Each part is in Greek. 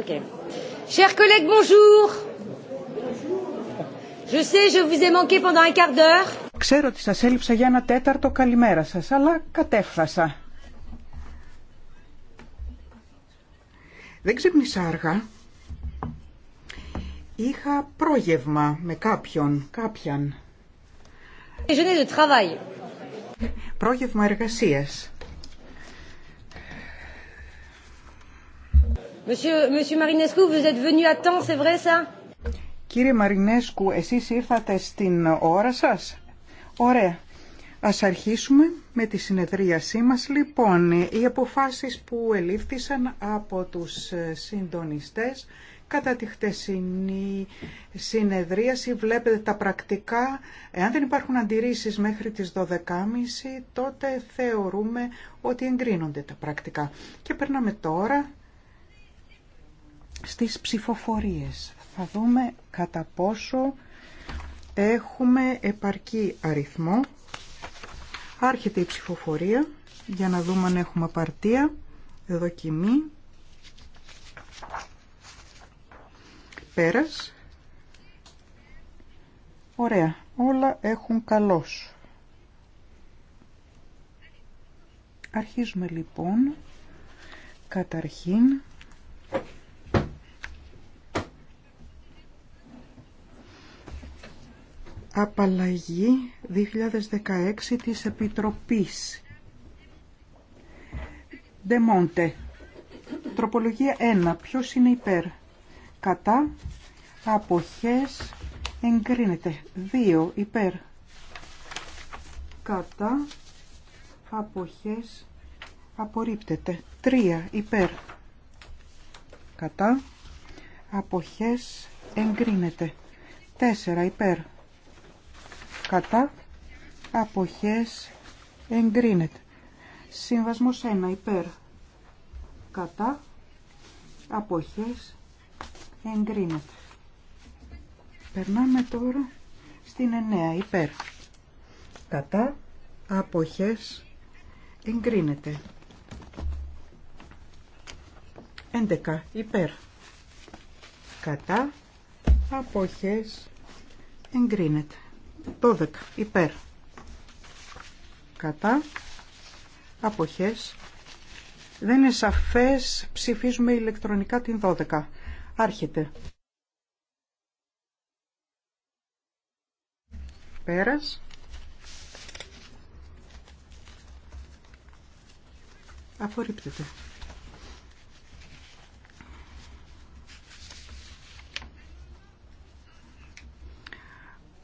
Ok. Chers collègues, bonjour. Je sais, je vous ai manqué pendant un quart d'heure. Ξέρω ότι σας έλειψα για ένα τέταρτο καλημέρα σας, αλλά κατέφθασα. Δεν ξύπνησα αργά. Είχα πρόγευμα με κάποιον, κάποιαν. Déjeuner de travail. Πρόγευμα εργασίας. Monsieur, Marinescu, vous êtes Κύριε Μαρινέσκου, εσείς ήρθατε στην ώρα σας. Ωραία. Ας αρχίσουμε με τη συνεδρίασή μας. Λοιπόν, οι αποφάσεις που ελήφθησαν από τους συντονιστές κατά τη χτεσινή συνεδρίαση βλέπετε τα πρακτικά. Εάν δεν υπάρχουν αντιρρήσεις μέχρι τις 12.30 τότε θεωρούμε ότι εγκρίνονται τα πρακτικά. Και περνάμε τώρα στις ψηφοφορίες. Θα δούμε κατά πόσο έχουμε επαρκή αριθμό. Άρχεται η ψηφοφορία για να δούμε αν έχουμε απαρτία, δοκιμή, πέρας. Ωραία, όλα έχουν καλός. Αρχίζουμε λοιπόν καταρχήν απαλλαγή 2016 της Επιτροπής. Δεμόντε. Τροπολογία 1. Ποιος είναι υπέρ. Κατά. Αποχές. Εγκρίνεται. 2. Υπέρ. Κατά. Αποχές. Απορρίπτεται. 3. Υπέρ. Κατά. Αποχές. Εγκρίνεται. 4. Υπέρ κατά αποχές εγκρίνεται. Σύμβασμος 1 υπέρ κατά αποχές εγκρίνεται. Περνάμε τώρα στην 9 υπέρ κατά αποχές εγκρίνεται. 11 υπέρ κατά αποχές εγκρίνεται. 12 υπέρ κατά αποχές δεν είναι σαφές ψηφίζουμε ηλεκτρονικά την 12 άρχεται πέρας απορρίπτεται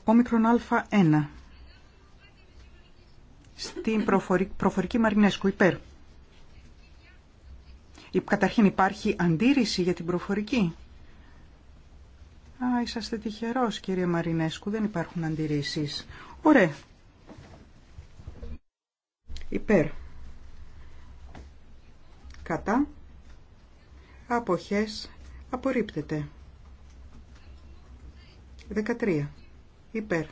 όμικρον α1. Στην προφορική, προφορική Μαρινέσκου, υπέρ. Καταρχήν υπάρχει αντίρρηση για την προφορική. Α, είσαστε τυχερός κύριε Μαρινέσκου, δεν υπάρχουν αντιρρήσεις. Ωραία. Υπέρ. Κατά. Αποχές. Απορρίπτεται. 13 υπέρ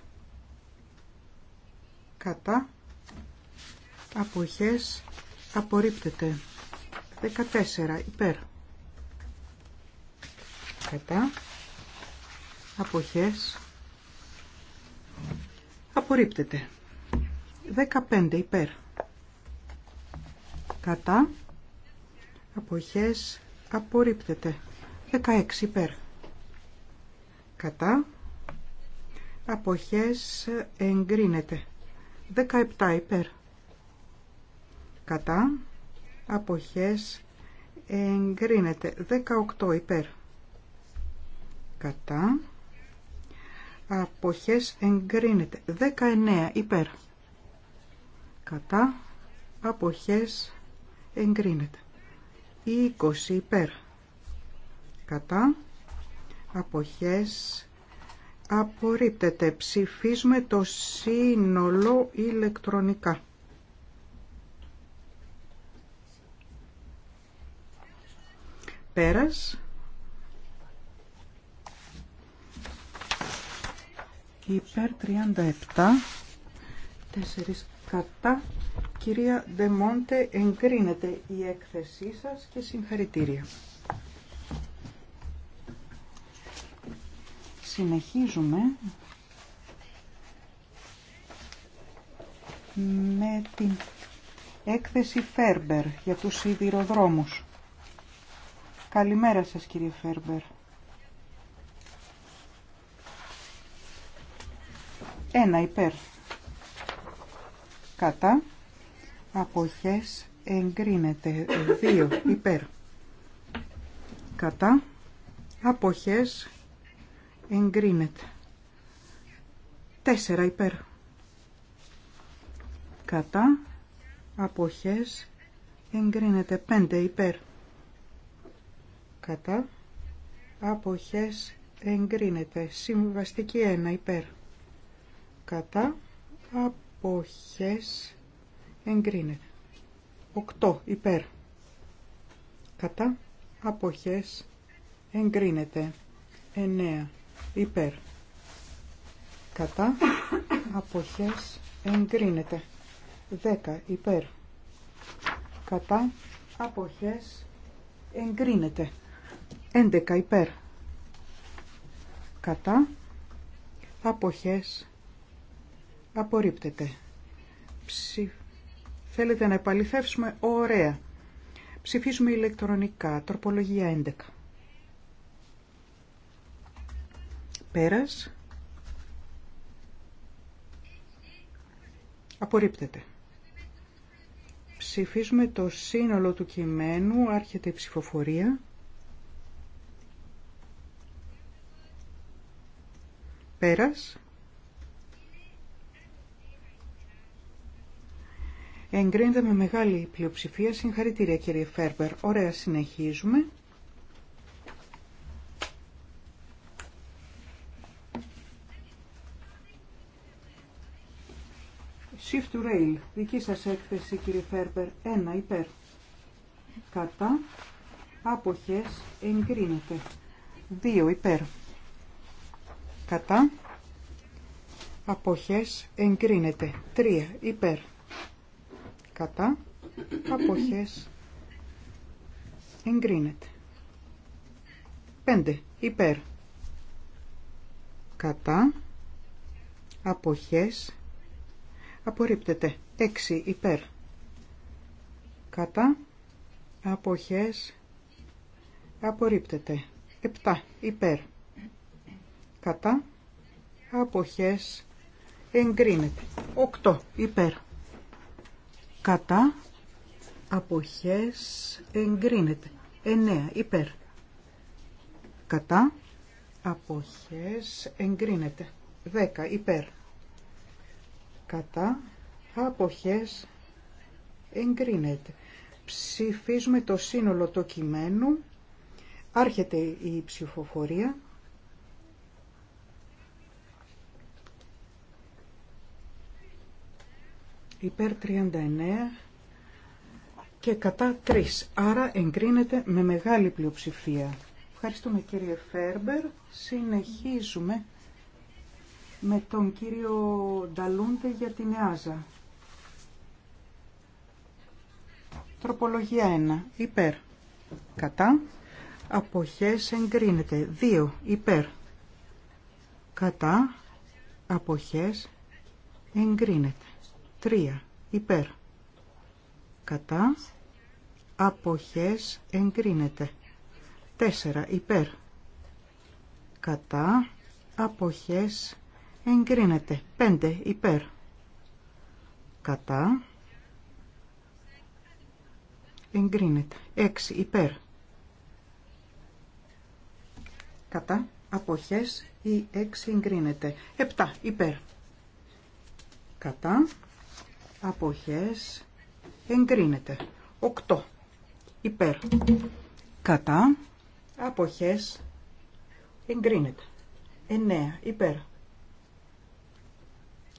κατά αποχές απορρίπτεται 14 υπέρ κατά αποχές απορρίπτεται 15 υπέρ κατά αποχές απορρίπτεται 16 υπέρ κατά αποχές εγκρίνεται 17 υπέρ κατά αποχές εγκρίνεται 18 υπέρ κατά αποχές εγκρίνεται 19 υπέρ κατά αποχές εγκρίνεται 20 υπέρ κατά αποχές Απορρίπτεται. Ψηφίζουμε το σύνολο ηλεκτρονικά. Πέρας. Υπέρ 37. Τέσσερις κατά. Κυρία Ντεμόντε, εγκρίνεται η έκθεσή σας και συγχαρητήρια. Συνεχίζουμε με την έκθεση Φέρμπερ για τους σιδηροδρόμους. Καλημέρα σας κύριε Φέρμπερ. Ένα υπέρ. Κατά. Αποχές εγκρίνεται. Δύο υπέρ. Κατά. Αποχές εγκρίνεται. 4 υπέρ. Κατά αποχές εγκρίνεται. 5 υπέρ. Κατά αποχές εγκρίνεται. Συμβαστική 1 υπέρ. Κατά αποχές εγκρίνεται. 8 υπέρ. Κατά αποχές εγκρίνεται. 9 υπέρ κατά αποχές εγκρίνεται 10 υπέρ κατά αποχές εγκρίνεται 11 υπέρ κατά αποχές απορρίπτεται Ψη... θέλετε να επαληθεύσουμε ωραία ψηφίζουμε ηλεκτρονικά τροπολογία 11 Πέρας. Απορρίπτεται. Ψηφίζουμε το σύνολο του κειμένου, άρχεται η ψηφοφορία. Πέρας. Εγκρίνεται με μεγάλη πλειοψηφία. Συγχαρητήρια κύριε Φέρμπερ. Ωραία συνεχίζουμε. to Δική σας έκθεση κύριε Φέρπερ. 1 υπέρ. Κατά. Άποχες. Εγκρίνεται. 2 υπέρ. Κατά. Αποχές. Εγκρίνεται. 3 υπέρ. Κατά. Αποχές. Εγκρίνεται. 5 υπέρ. Κατά. Αποχές απορρίπτεται 6 υπέρ κατά αποχές απορρίπτεται 7 υπέρ κατά αποχές εγκρίνεται 8 υπέρ κατά αποχές εγκρίνεται 9 υπέρ κατά αποχές εγκρίνεται 10 υπέρ κατά αποχές εγκρίνεται. Ψηφίζουμε το σύνολο το κειμένου. Άρχεται η ψηφοφορία. Υπέρ 39 και κατά 3. Άρα εγκρίνεται με μεγάλη πλειοψηφία. Ευχαριστούμε κύριε Φέρμπερ. Συνεχίζουμε με τον κύριο Νταλούντε για την ΕΑΖΑ. Τροπολογία 1. Υπέρ. Κατά. Αποχές εγκρίνεται. 2. Υπέρ. Κατά. Αποχές εγκρίνεται. 3. Υπέρ. Κατά. Αποχές εγκρίνεται. 4. Υπέρ. Κατά. Αποχές εγκρίνεται 5 υπέρ κατά εγκρίνεται 6 υπέρ κατά αποχές η 6 εγκρίνεται 7 υπέρ κατά αποχές εγκρίνεται 8 υπέρ κατά αποχές εγκρίνεται 9 υπέρ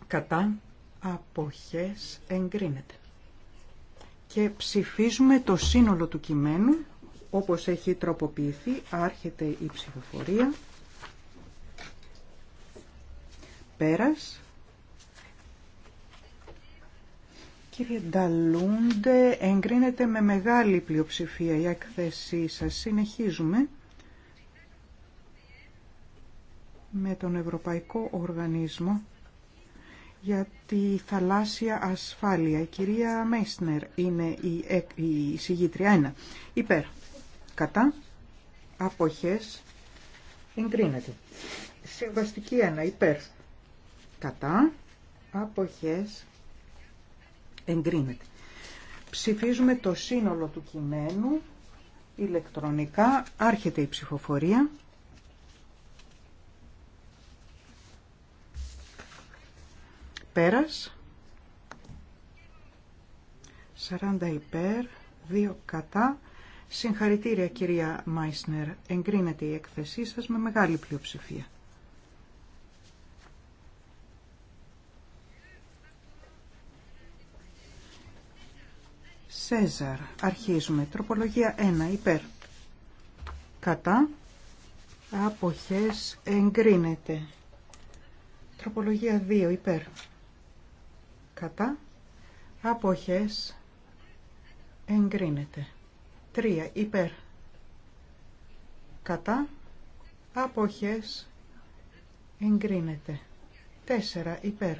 κατά αποχές εγκρίνεται. Και ψηφίζουμε το σύνολο του κειμένου, όπως έχει τροποποιηθεί, άρχεται η ψηφοφορία. Πέρας. Κύριε Νταλούντε, εγκρίνεται με μεγάλη πλειοψηφία η έκθεσή σας. Συνεχίζουμε με τον Ευρωπαϊκό Οργανισμό για τη θαλάσσια ασφάλεια. Η κυρία Μέσνερ είναι η, η συγγήτρια. Ένα. Υπέρ. Κατά. Αποχές. Εγκρίνεται. Συμβαστική ένα Υπέρ. Κατά. Αποχές. Εγκρίνεται. Ψηφίζουμε το σύνολο του κειμένου ηλεκτρονικά. Άρχεται η ψηφοφορία. Πέρας. 40 υπέρ, 2 κατά. Συγχαρητήρια κυρία Μάισνερ. Εγκρίνεται η έκθεσή σας με μεγάλη πλειοψηφία. Σέζαρ. Αρχίζουμε. Τροπολογία 1. Υπέρ. Κατά. Αποχές εγκρίνεται. Τροπολογία 2. Υπέρ κατά, αποχές, εγκρίνεται. 3. Υπέρ, κατά, αποχές, εγκρίνεται. 4. Υπέρ,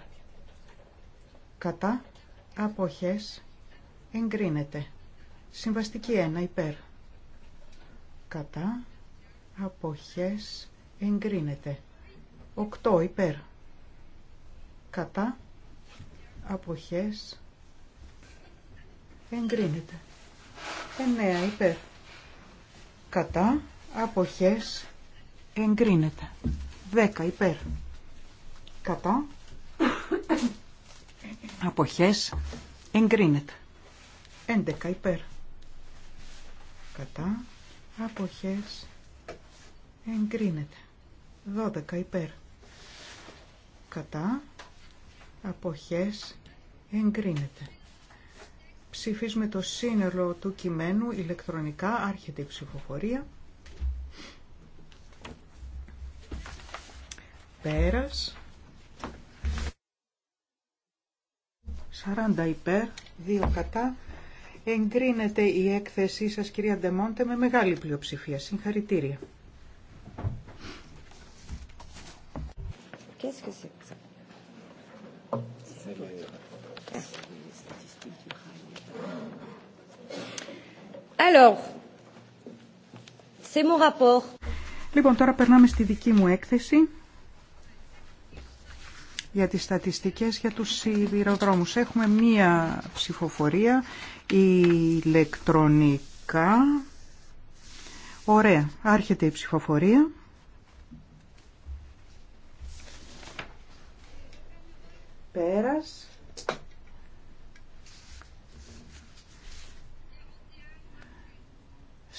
κατά, αποχές, εγκρίνεται. Συμβαστική 1. Υπέρ, κατά, αποχές, εγκρίνεται. 8. Υπέρ, κατά, αποχές εγκρίνεται 9 υπέρ κατά αποχές εγκρίνεται 10 υπέρ κατά αποχές εγκρίνεται 11 υπέρ κατά αποχές εγκρίνεται 12 υπέρ κατά αποχές εγκρίνεται. Ψηφίζουμε το σύνολο του κειμένου ηλεκτρονικά, άρχεται η ψηφοφορία. Πέρας. 40 υπέρ, 2 κατά. Εγκρίνεται η έκθεσή σας κυρία Ντεμόντε με μεγάλη πλειοψηφία. Λοιπόν, τώρα περνάμε στη δική μου έκθεση για τις στατιστικές για τους σιδηροδρόμους. Έχουμε μία ψηφοφορία ηλεκτρονικά. Ωραία, άρχεται η ψηφοφορία. Πέρας.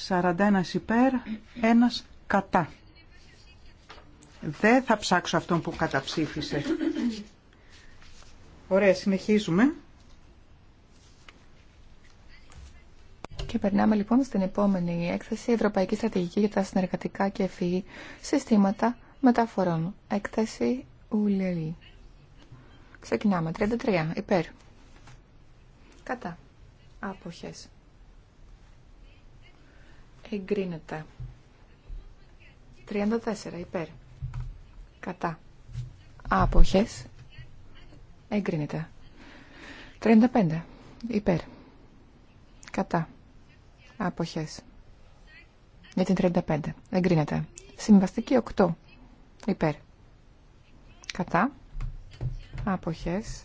41 υπέρ, ένας κατά. Δεν θα ψάξω αυτόν που καταψήφισε. Ωραία, συνεχίζουμε. Και περνάμε λοιπόν στην επόμενη έκθεση Ευρωπαϊκή Στρατηγική για τα Συνεργατικά και Εφηγή Συστήματα Μεταφορών. Έκθεση Ουλελή. Ξεκινάμε. 33. Υπέρ. Κατά. Άποχες. Εγκρίνεται. 34. Υπέρ. Κατά. Άποχες. Εγκρίνεται. 35. Υπέρ. Κατά. Άποχες. γιατί 35. Εγκρίνεται. Συμβαστική 8. Υπέρ. Κατά. Αποχές.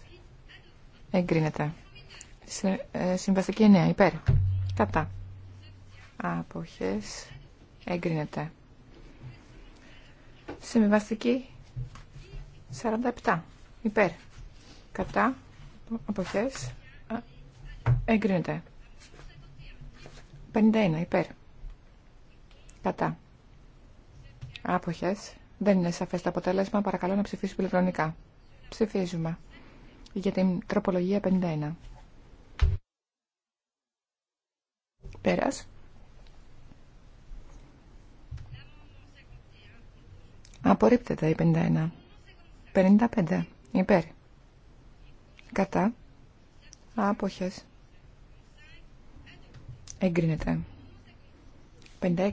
Εγκρίνεται. Ε, συμβαστική 9. Υπέρ. Κατά. Αποχές. Εγκρίνεται. Συμβαστική 47. Υπέρ. Κατά. Αποχές. Εγκρίνεται. 51. Υπέρ. Κατά. Άποχες. Δεν είναι σαφές το αποτέλεσμα. Παρακαλώ να ψηφίσουμε ηλεκτρονικά. Ψηφίζουμε για την τροπολογία 51. Πέρας. Απορρίπτεται η 51. 55. Υπέρ. Κατά. Άποχες. Εγκρίνεται. 56.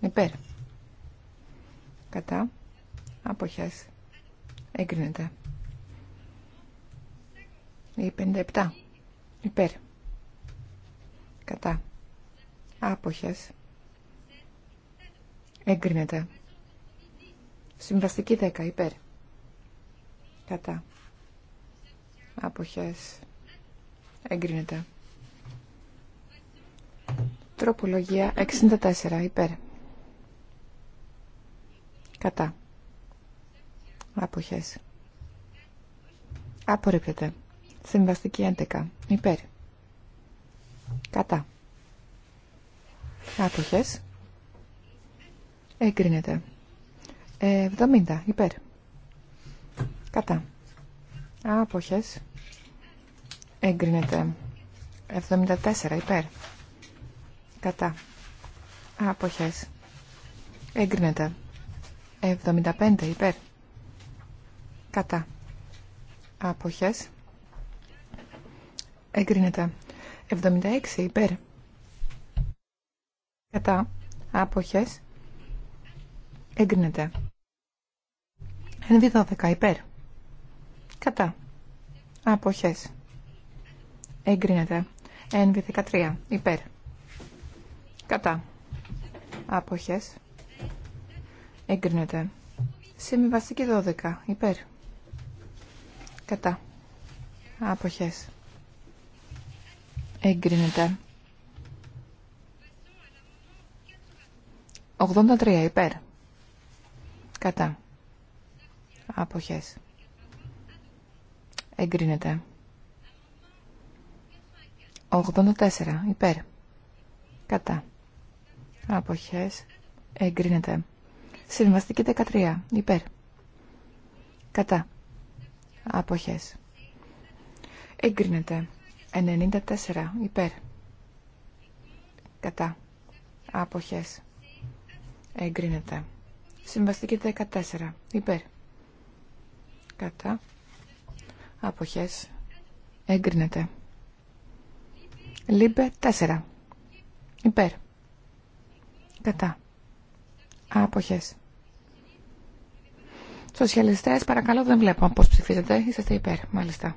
Υπέρ. Κατά. Άποχες. Εγκρίνεται. Η 57. Υπέρ. Κατά. Άποχες. Έγκρινεται. Συμβαστική 10. Υπέρ. Κατά. Άποχες. Έγκρινεται. Τροπολογία 64. Υπέρ. Κατά. Άποχες. Απορρίπτεται. Συμβαστική 11. Υπέρ. Κατά. Άποχες. Εγκρίνεται. 70. Υπέρ. Κατά. Άποχες. Εγκρίνεται. 74. Υπέρ. Κατά. Άποχες. Εγκρίνεται. 75. Υπέρ. Κατά. Άποχες. Εγκρίνεται. 76 υπέρ. Κατά. Άποχες. Εγκρίνεται. 12 υπέρ. Κατά. Αποχές. Εγκρίνεται. NV13. Υπέρ. Κατά. Αποχές. Εγκρίνεται. Συμβιβαστική 12. Υπέρ. Κατά. Αποχές. Εγκρίνεται. 83 υπέρ. Κατά. Αποχές. Εγκρίνεται. 84 υπέρ. Κατά. Αποχές. Εγκρίνεται. Συμβαστική 13 υπέρ. Κατά. Αποχές. Εγκρίνεται. 94 υπέρ. Κατά. Αποχές. Εγκρίνεται. Συμβαστική 14 υπέρ. Κατά. Αποχές. Εγκρίνεται. Λίμπε 4. Υπέρ. Κατά. Άποχες. Σοσιαλιστές, παρακαλώ, δεν βλέπω πώς ψηφίζετε. Είσαστε υπέρ, μάλιστα.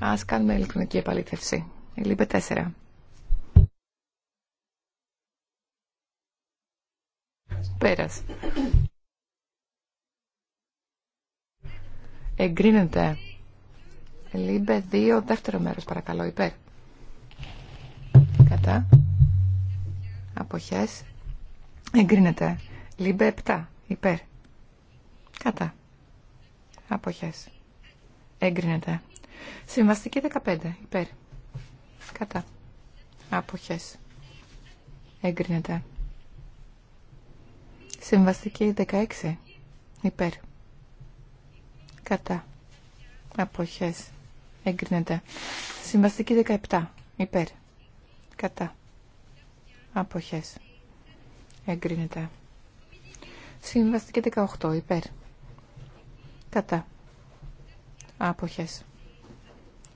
Ας κάνουμε ηλεκτρονική επαλήθευση. Λείπε 4. Πέρας. Εγκρίνεται. Λίμπε 2, δεύτερο μέρος παρακαλώ, υπέρ. Κατά. Αποχές. Εγκρίνεται. Λίμπε 7, υπέρ. Κατά. Αποχές. Εγκρίνεται. Συμβαστική 15. Υπέρ. Κατά. Αποχές. Έγκρινεται. Συμβαστική 16. Υπέρ. Κατά. Αποχές. Έγκρινεται. Συμβαστική 17. Υπέρ. Κατά. Αποχές. Έγκρινεται. Συμβαστική 18. Υπέρ. Κατά. Άποχες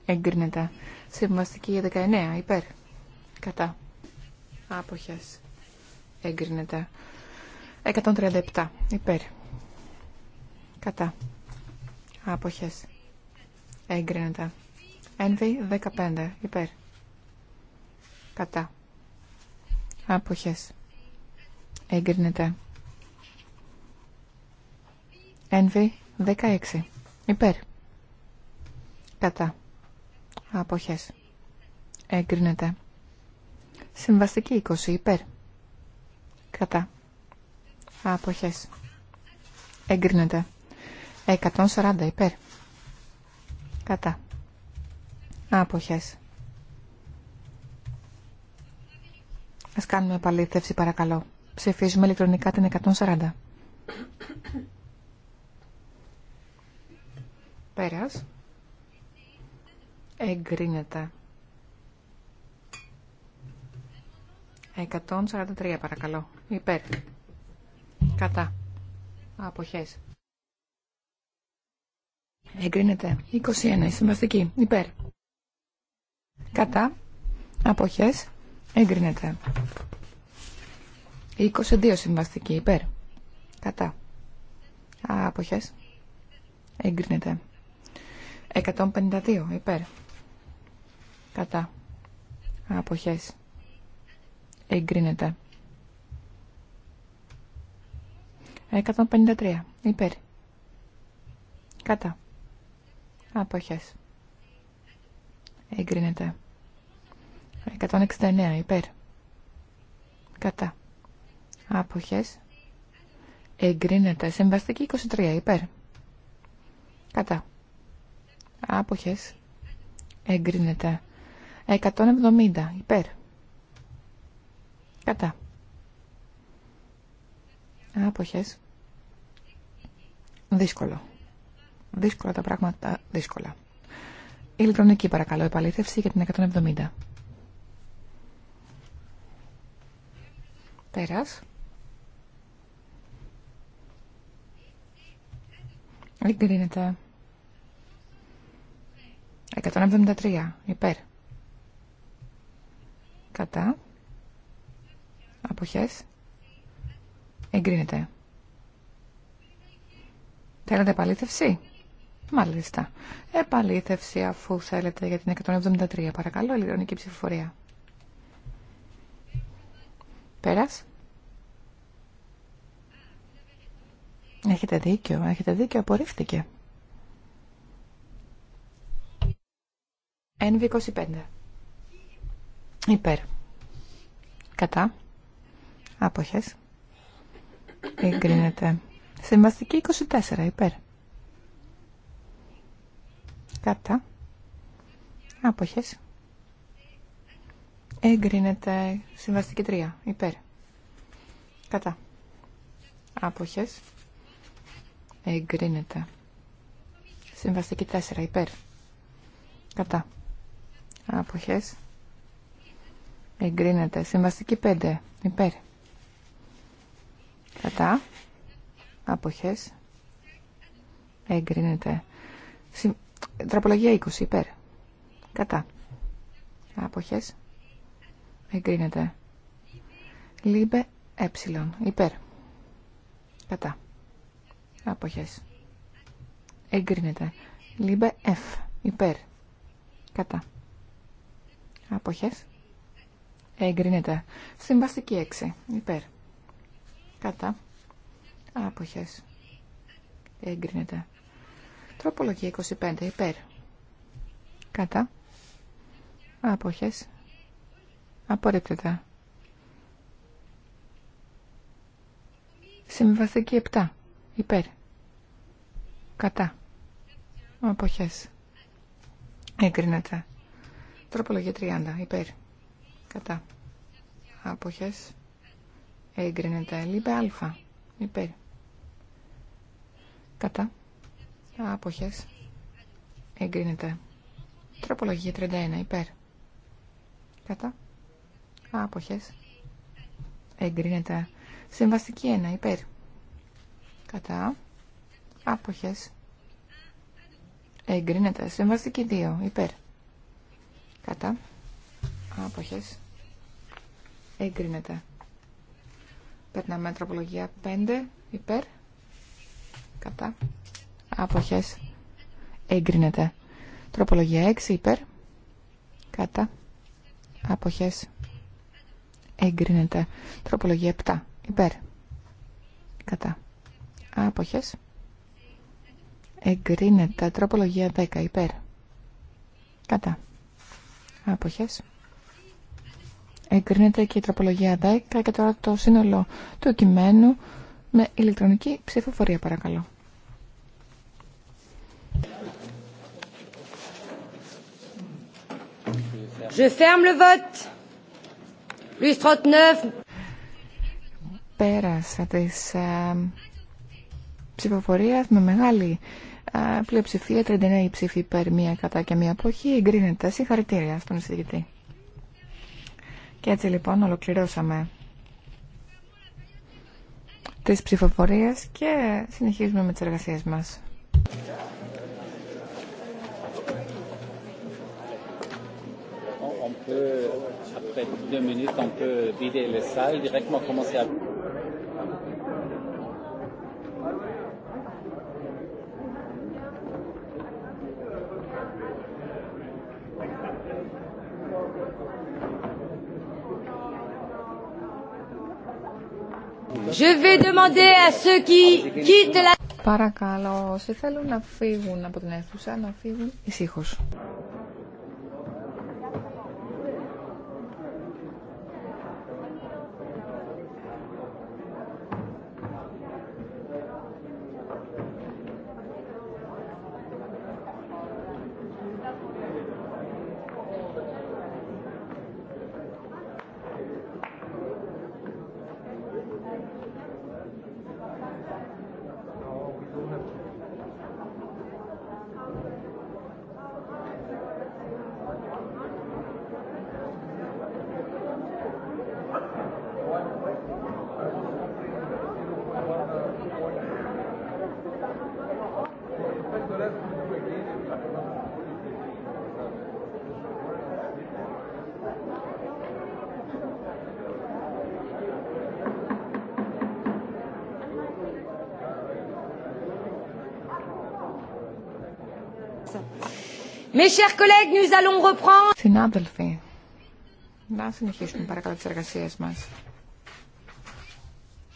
εγκρίνεται. για 19 υπέρ. Κατά. Άποχες. Εγκρίνεται. 137 υπέρ. Κατά. Άποχες. Εγκρίνεται. Ένδυ 15 υπέρ. Κατά. Άποχες. Εγκρίνεται. εγκρίνεται 16. Υπέρ. Κατά. Αποχές. Εγκρίνεται. Συμβαστική 20 υπέρ. Κατά. Αποχές. Εγκρίνεται. 140 υπέρ. Κατά. Αποχές. Ας κάνουμε επαλήθευση παρακαλώ. Ψηφίζουμε ηλεκτρονικά την 140. Πέρας. Εγκρίνεται. 143 παρακαλώ. Υπέρ. Κατά. Αποχές. Εγκρίνεται. 21. Συμβαστική. Υπέρ. Κατά. Αποχές. Εγκρίνεται. 22. Συμβαστική. Υπέρ. Κατά. Αποχές. Εγκρίνεται. 152. Υπέρ κατά αποχές εγκρίνεται 153 υπέρ κατά αποχές εγκρίνεται 169 υπέρ κατά άποχες εγκρίνεται συμβαστική 23 υπέρ κατά άποχες εγκρίνεται 170 υπέρ. Κατά. Άποχες. Δύσκολο. Δύσκολα τα πράγματα, δύσκολα. Ηλεκτρονική παρακαλώ, επαλήθευση για την 170. Πέρα. Εγκρίνεται. 173. Υπέρ. Κατά. Αποχές. Εγκρίνεται. Θέλετε επαλήθευση. Μάλιστα. Επαλήθευση αφού θέλετε για την 173. Παρακαλώ, ηλεκτρονική ψηφοφορία. Πέρας. Έχετε δίκιο, έχετε δίκιο, απορρίφθηκε. NV25. Υπέρ. Κατά. Άποχες. Εγκρίνεται. Συμβαστική 24. Υπέρ. Κατά. Άποχες. Εγκρίνεται. Συμβαστική 3. Υπέρ. Κατά. Άποχες. Εγκρίνεται. Συμβαστική 4. Υπέρ. Κατά. Άποχες. Εγκρίνεται. Συμβαστική 5. Υπέρ. Κατά. Αποχές. Εγκρίνεται. Τραπολογία 20. Υπέρ. Κατά. Αποχές. Εγκρίνεται. Λίμπε ε. Υπέρ. Κατά. Αποχές. Εγκρίνεται. Λίμπε F. Υπέρ. Κατά. Αποχές. Εγκρίνεται. Συμβαστική 6. Υπέρ. Κατά. Άποχες. Εγκρίνεται. Τροπολογία 25. Υπέρ. Κατά. Άποχες. Απορρίπτεται. Συμβαστική 7. Υπέρ. Κατά. Αποχές. Εγκρίνεται. Τροπολογία 30. Υπέρ. Κατά. Αποχές. Εγκρίνεται. Λίπε α. Υπέρ. Κατά. Αποχές. Εγκρίνεται. Τροπολογία 31. Υπέρ. Κατά. Αποχές. Εγκρίνεται. Συμβαστική 1. Υπέρ. Κατά. Άποχες. Εγκρίνεται. Συμβαστική 2. Υπέρ. Κατά. Άποχες. Εγκρίνεται. Περνάμε τροπολογία 5 υπέρ. Κατά. άποχε. Εγκρίνεται. Τροπολογία 6 υπέρ. Κατά. άποχέ. Εγκρίνεται. Τροπολογία 7 υπέρ. Κατά. Αποχέ. Εγκρίνεται. Τροπολογία 10 υπέρ. Κατά. Αποχές. Εγκρίνεται και η τροπολογία 10 και τώρα το σύνολο του κειμένου με ηλεκτρονική ψηφοφορία παρακαλώ. Je ferme le vote. 39. Πέρασα τη ε, ψηφοφορία με μεγάλη ε, πλειοψηφία, 39 ψήφοι υπέρ, μία κατά και μία αποχή. Εγκρίνεται. Συγχαρητήρια στον εισηγητή. Και έτσι λοιπόν ολοκληρώσαμε τις ψηφοφορίες και συνεχίζουμε με τις εργασίες μας. On peut, après deux minutes, on peut vider les salles, directement commencer à... Je vais demander à ceux qui quittent la... Παρακαλώ, όσοι θέλουν να φύγουν από την αίθουσα, να φύγουν ησύχως. Συνάδελφοι, να συνεχίσουμε παρακαλώ τις εργασίες μας.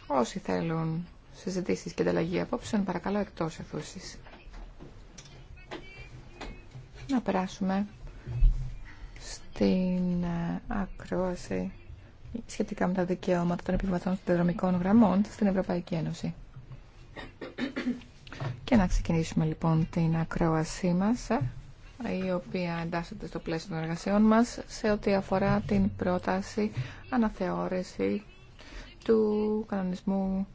Όσοι θέλουν συζητήσεις και ανταλλαγή απόψεων, παρακαλώ εκτός αιθούσης. Να περάσουμε στην ε, ακρόαση σχετικά με τα δικαιώματα των επιβατών συνδρομικών γραμμών στην Ευρωπαϊκή Ένωση. Και να ξεκινήσουμε λοιπόν την ακρόασή μας ε η οποία εντάσσεται στο πλαίσιο των εργασιών μας σε ό,τι αφορά την πρόταση αναθεώρηση του κανονισμού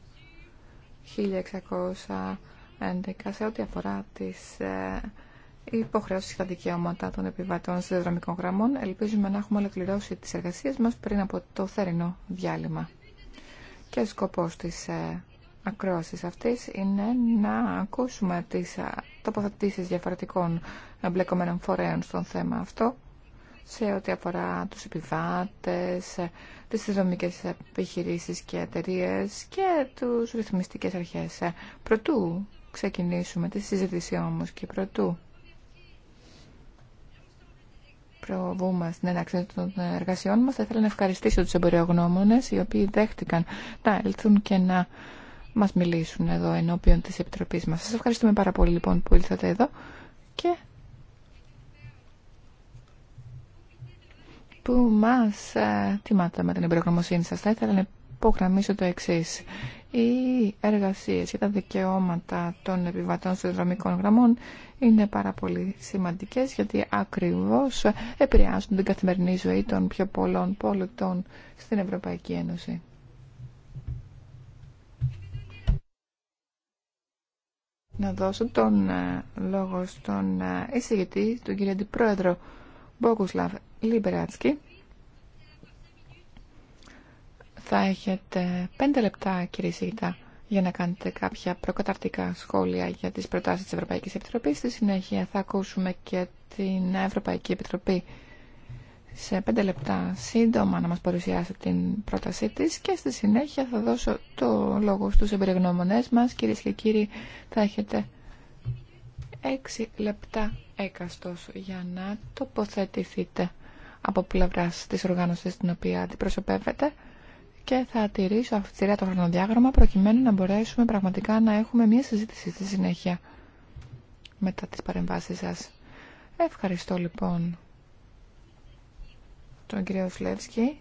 1611 σε ό,τι αφορά τις ε, υποχρεώσεις και τα δικαιώματα των επιβατών συνδεδρομικών γραμμών. Ελπίζουμε να έχουμε ολοκληρώσει τις εργασίες μας πριν από το θερινό διάλειμμα. Και ο σκοπός της ε, ακρόασης αυτής είναι να ακούσουμε τις ε, τοποθετήσεις διαφορετικών εμπλεκομένων φορέων στον θέμα αυτό σε ό,τι αφορά τους επιβάτες, ε, τις δομικές επιχειρήσεις και εταιρείε και τους ρυθμιστικές αρχές. Ε, προτού ξεκινήσουμε τη συζήτηση όμως και προτού προβούμε στην έναρξη των εργασιών μας, θα ήθελα να ευχαριστήσω τους εμπορεογνώμονες οι οποίοι δέχτηκαν να έλθουν και να μας μιλήσουν εδώ ενώπιον της Επιτροπής μας. Σας ευχαριστούμε πάρα πολύ λοιπόν που ήλθατε εδώ και που μας ε, τιμάται με την εμπειρογνωμοσύνη σας. Θα ήθελα να υπογραμμίσω το εξή. Οι εργασίες και τα δικαιώματα των επιβατών συνδρομικών γραμμών είναι πάρα πολύ σημαντικές γιατί ακριβώς επηρεάζουν την καθημερινή ζωή των πιο πολλών πολιτών στην Ευρωπαϊκή Ένωση. Να δώσω τον ε, λόγο στον ε, εισηγητή, τον κύριο Αντιπρόεδρο Μπόγκουσλαβ Λιμπεράτσκι. Θα έχετε πέντε λεπτά, κύριε Σιγητά, για να κάνετε κάποια προκαταρτικά σχόλια για τις προτάσεις της Ευρωπαϊκής Επιτροπής. Στη συνέχεια θα ακούσουμε και την Ευρωπαϊκή Επιτροπή σε πέντε λεπτά σύντομα να μας παρουσιάσει την πρότασή της και στη συνέχεια θα δώσω το λόγο στους εμπειρογνώμονές μας. Κυρίες και κύριοι, θα έχετε έξι λεπτά έκαστος για να τοποθετηθείτε από πλευρά τη οργάνωσης την οποία αντιπροσωπεύετε και θα τηρήσω αυτή το χρονοδιάγραμμα προκειμένου να μπορέσουμε πραγματικά να έχουμε μια συζήτηση στη συνέχεια μετά τις παρεμβάσεις σας. Ευχαριστώ λοιπόν τον κύριο Σλεύσκη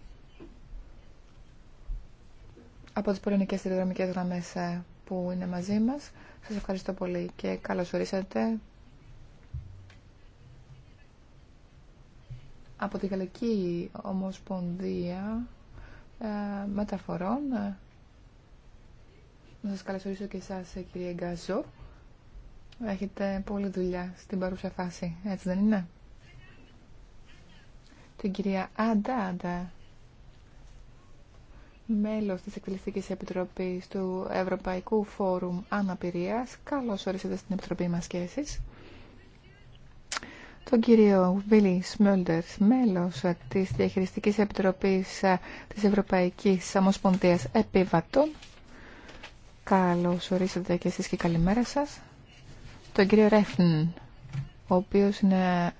από τις πολιτικές τηλεδρομικές γραμμές ε, που είναι μαζί μας. Σας ευχαριστώ πολύ και καλώς ορίσατε από τη Γαλλική Ομοσπονδία ε, Μεταφορών. Ε, να σας καλωσορίσω και εσάς, ε, κύριε Γκαζό. Έχετε πολλή δουλειά στην παρούσα φάση, έτσι δεν είναι. Την κυρία Άντα μέλος της Εκτελεστικής Επιτροπής του Ευρωπαϊκού Φόρουμ Αναπηρίας. Καλώς ορίσατε στην Επιτροπή μας και εσείς τον κύριο Βίλι Σμιόλτερς, μέλος της Διαχειριστικής Επιτροπής ε, της Ευρωπαϊκής Ομοσπονδίας Επίβατων. Καλώς ορίσατε και εσείς και καλημέρα σας. Τον κύριο Ρέφν, ο οποίος είναι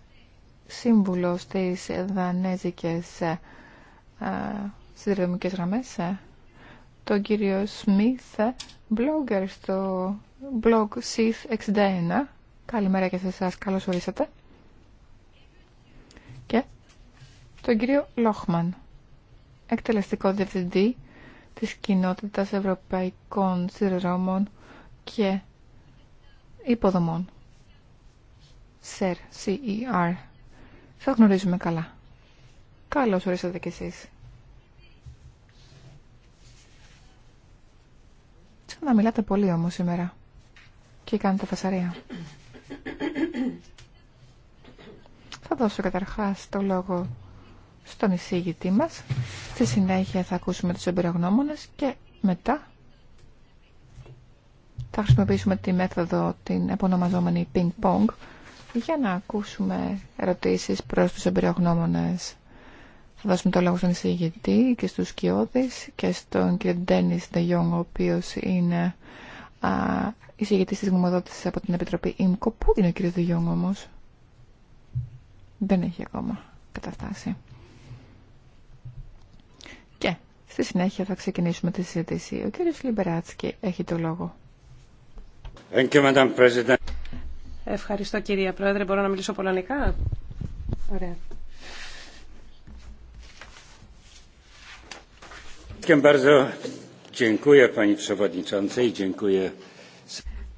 σύμβουλος της Δανέζικες ε, ε, Συνδρομικές Γραμμές. Τον κύριο Σμιθ, blogger στο blog SIF61. Καλημέρα και σε εσάς, καλώς ορίσατε και τον κύριο Λόχμαν, εκτελεστικό διευθυντή της Κοινότητας Ευρωπαϊκών Συρρώμων και Υποδομών. ΣΕΡ, CER. Θα γνωρίζουμε καλά. Καλώς ορίσατε κι εσείς. Σαν να μιλάτε πολύ όμως σήμερα. Και κάνετε φασαρία. Θα δώσω καταρχάς το λόγο στον εισήγητή μας. Στη συνέχεια θα ακούσουμε τους εμπειρογνώμονες και μετά θα χρησιμοποιήσουμε τη μέθοδο την επωνομαζόμενη ping-pong για να ακούσουμε ερωτήσεις προς τους εμπειρογνώμονες. Θα δώσουμε το λόγο στον εισηγητή και στους Κιώδης και στον κύριο Ντένις Ντεγιόγκ, ο οποίος είναι εισηγητής της γνωμοδότησης από την Επιτροπή ΙΜΚΟ. Πού είναι ο κύριος όμως? δεν έχει ακόμα καταφτάσει. Και στη συνέχεια θα ξεκινήσουμε τη συζήτηση. Ο κύριος Λιμπεράτσκι έχει το λόγο. Ευχαριστώ κυρία Πρόεδρε. Μπορώ να μιλήσω πολωνικά. Ωραία.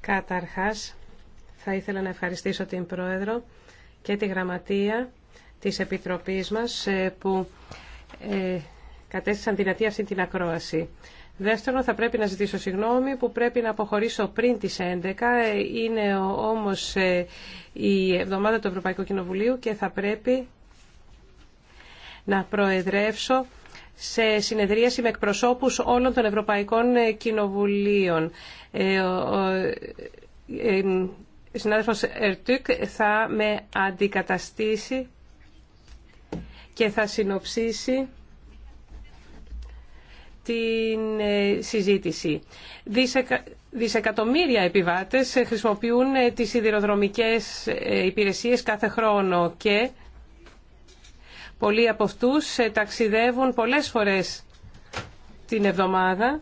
Καταρχάς, θα ήθελα να ευχαριστήσω την Πρόεδρο και τη γραμματεία της Επιτροπής μας ε, που ε, κατέστησαν δυνατή αυτή την ακρόαση. Δεύτερον, θα πρέπει να ζητήσω συγγνώμη που πρέπει να αποχωρήσω πριν τις 11. Ε, είναι όμως η εβδομάδα του Ευρωπαϊκού Κοινοβουλίου και θα πρέπει να προεδρεύσω σε συνεδρίαση με εκπροσώπους όλων των Ευρωπαϊκών Κοινοβουλίων συνάδελφος Ερτούκ θα με αντικαταστήσει και θα συνοψίσει την ε, συζήτηση. Δισεκατομμύρια επιβάτες χρησιμοποιούν ε, τις σιδηροδρομικές ε, υπηρεσίες κάθε χρόνο και πολλοί από αυτούς ταξιδεύουν πολλές φορές την εβδομάδα,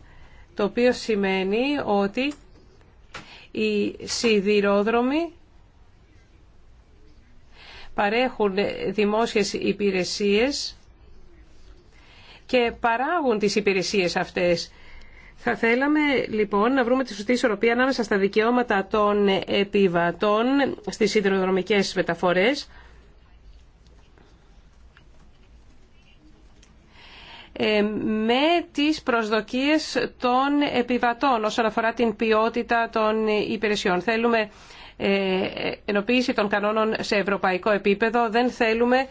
το οποίο σημαίνει ότι οι σιδηρόδρομοι παρέχουν δημόσιες υπηρεσίες και παράγουν τις υπηρεσίες αυτές. Θα θέλαμε λοιπόν να βρούμε τη σωστή ισορροπία ανάμεσα στα δικαιώματα των επιβατών στις σιδηροδρομικές μεταφορές Ε, με τις προσδοκίες των επιβατών όσον αφορά την ποιότητα των υπηρεσιών. Θέλουμε ε, ενοποίηση των κανόνων σε ευρωπαϊκό επίπεδο. Δεν θέλουμε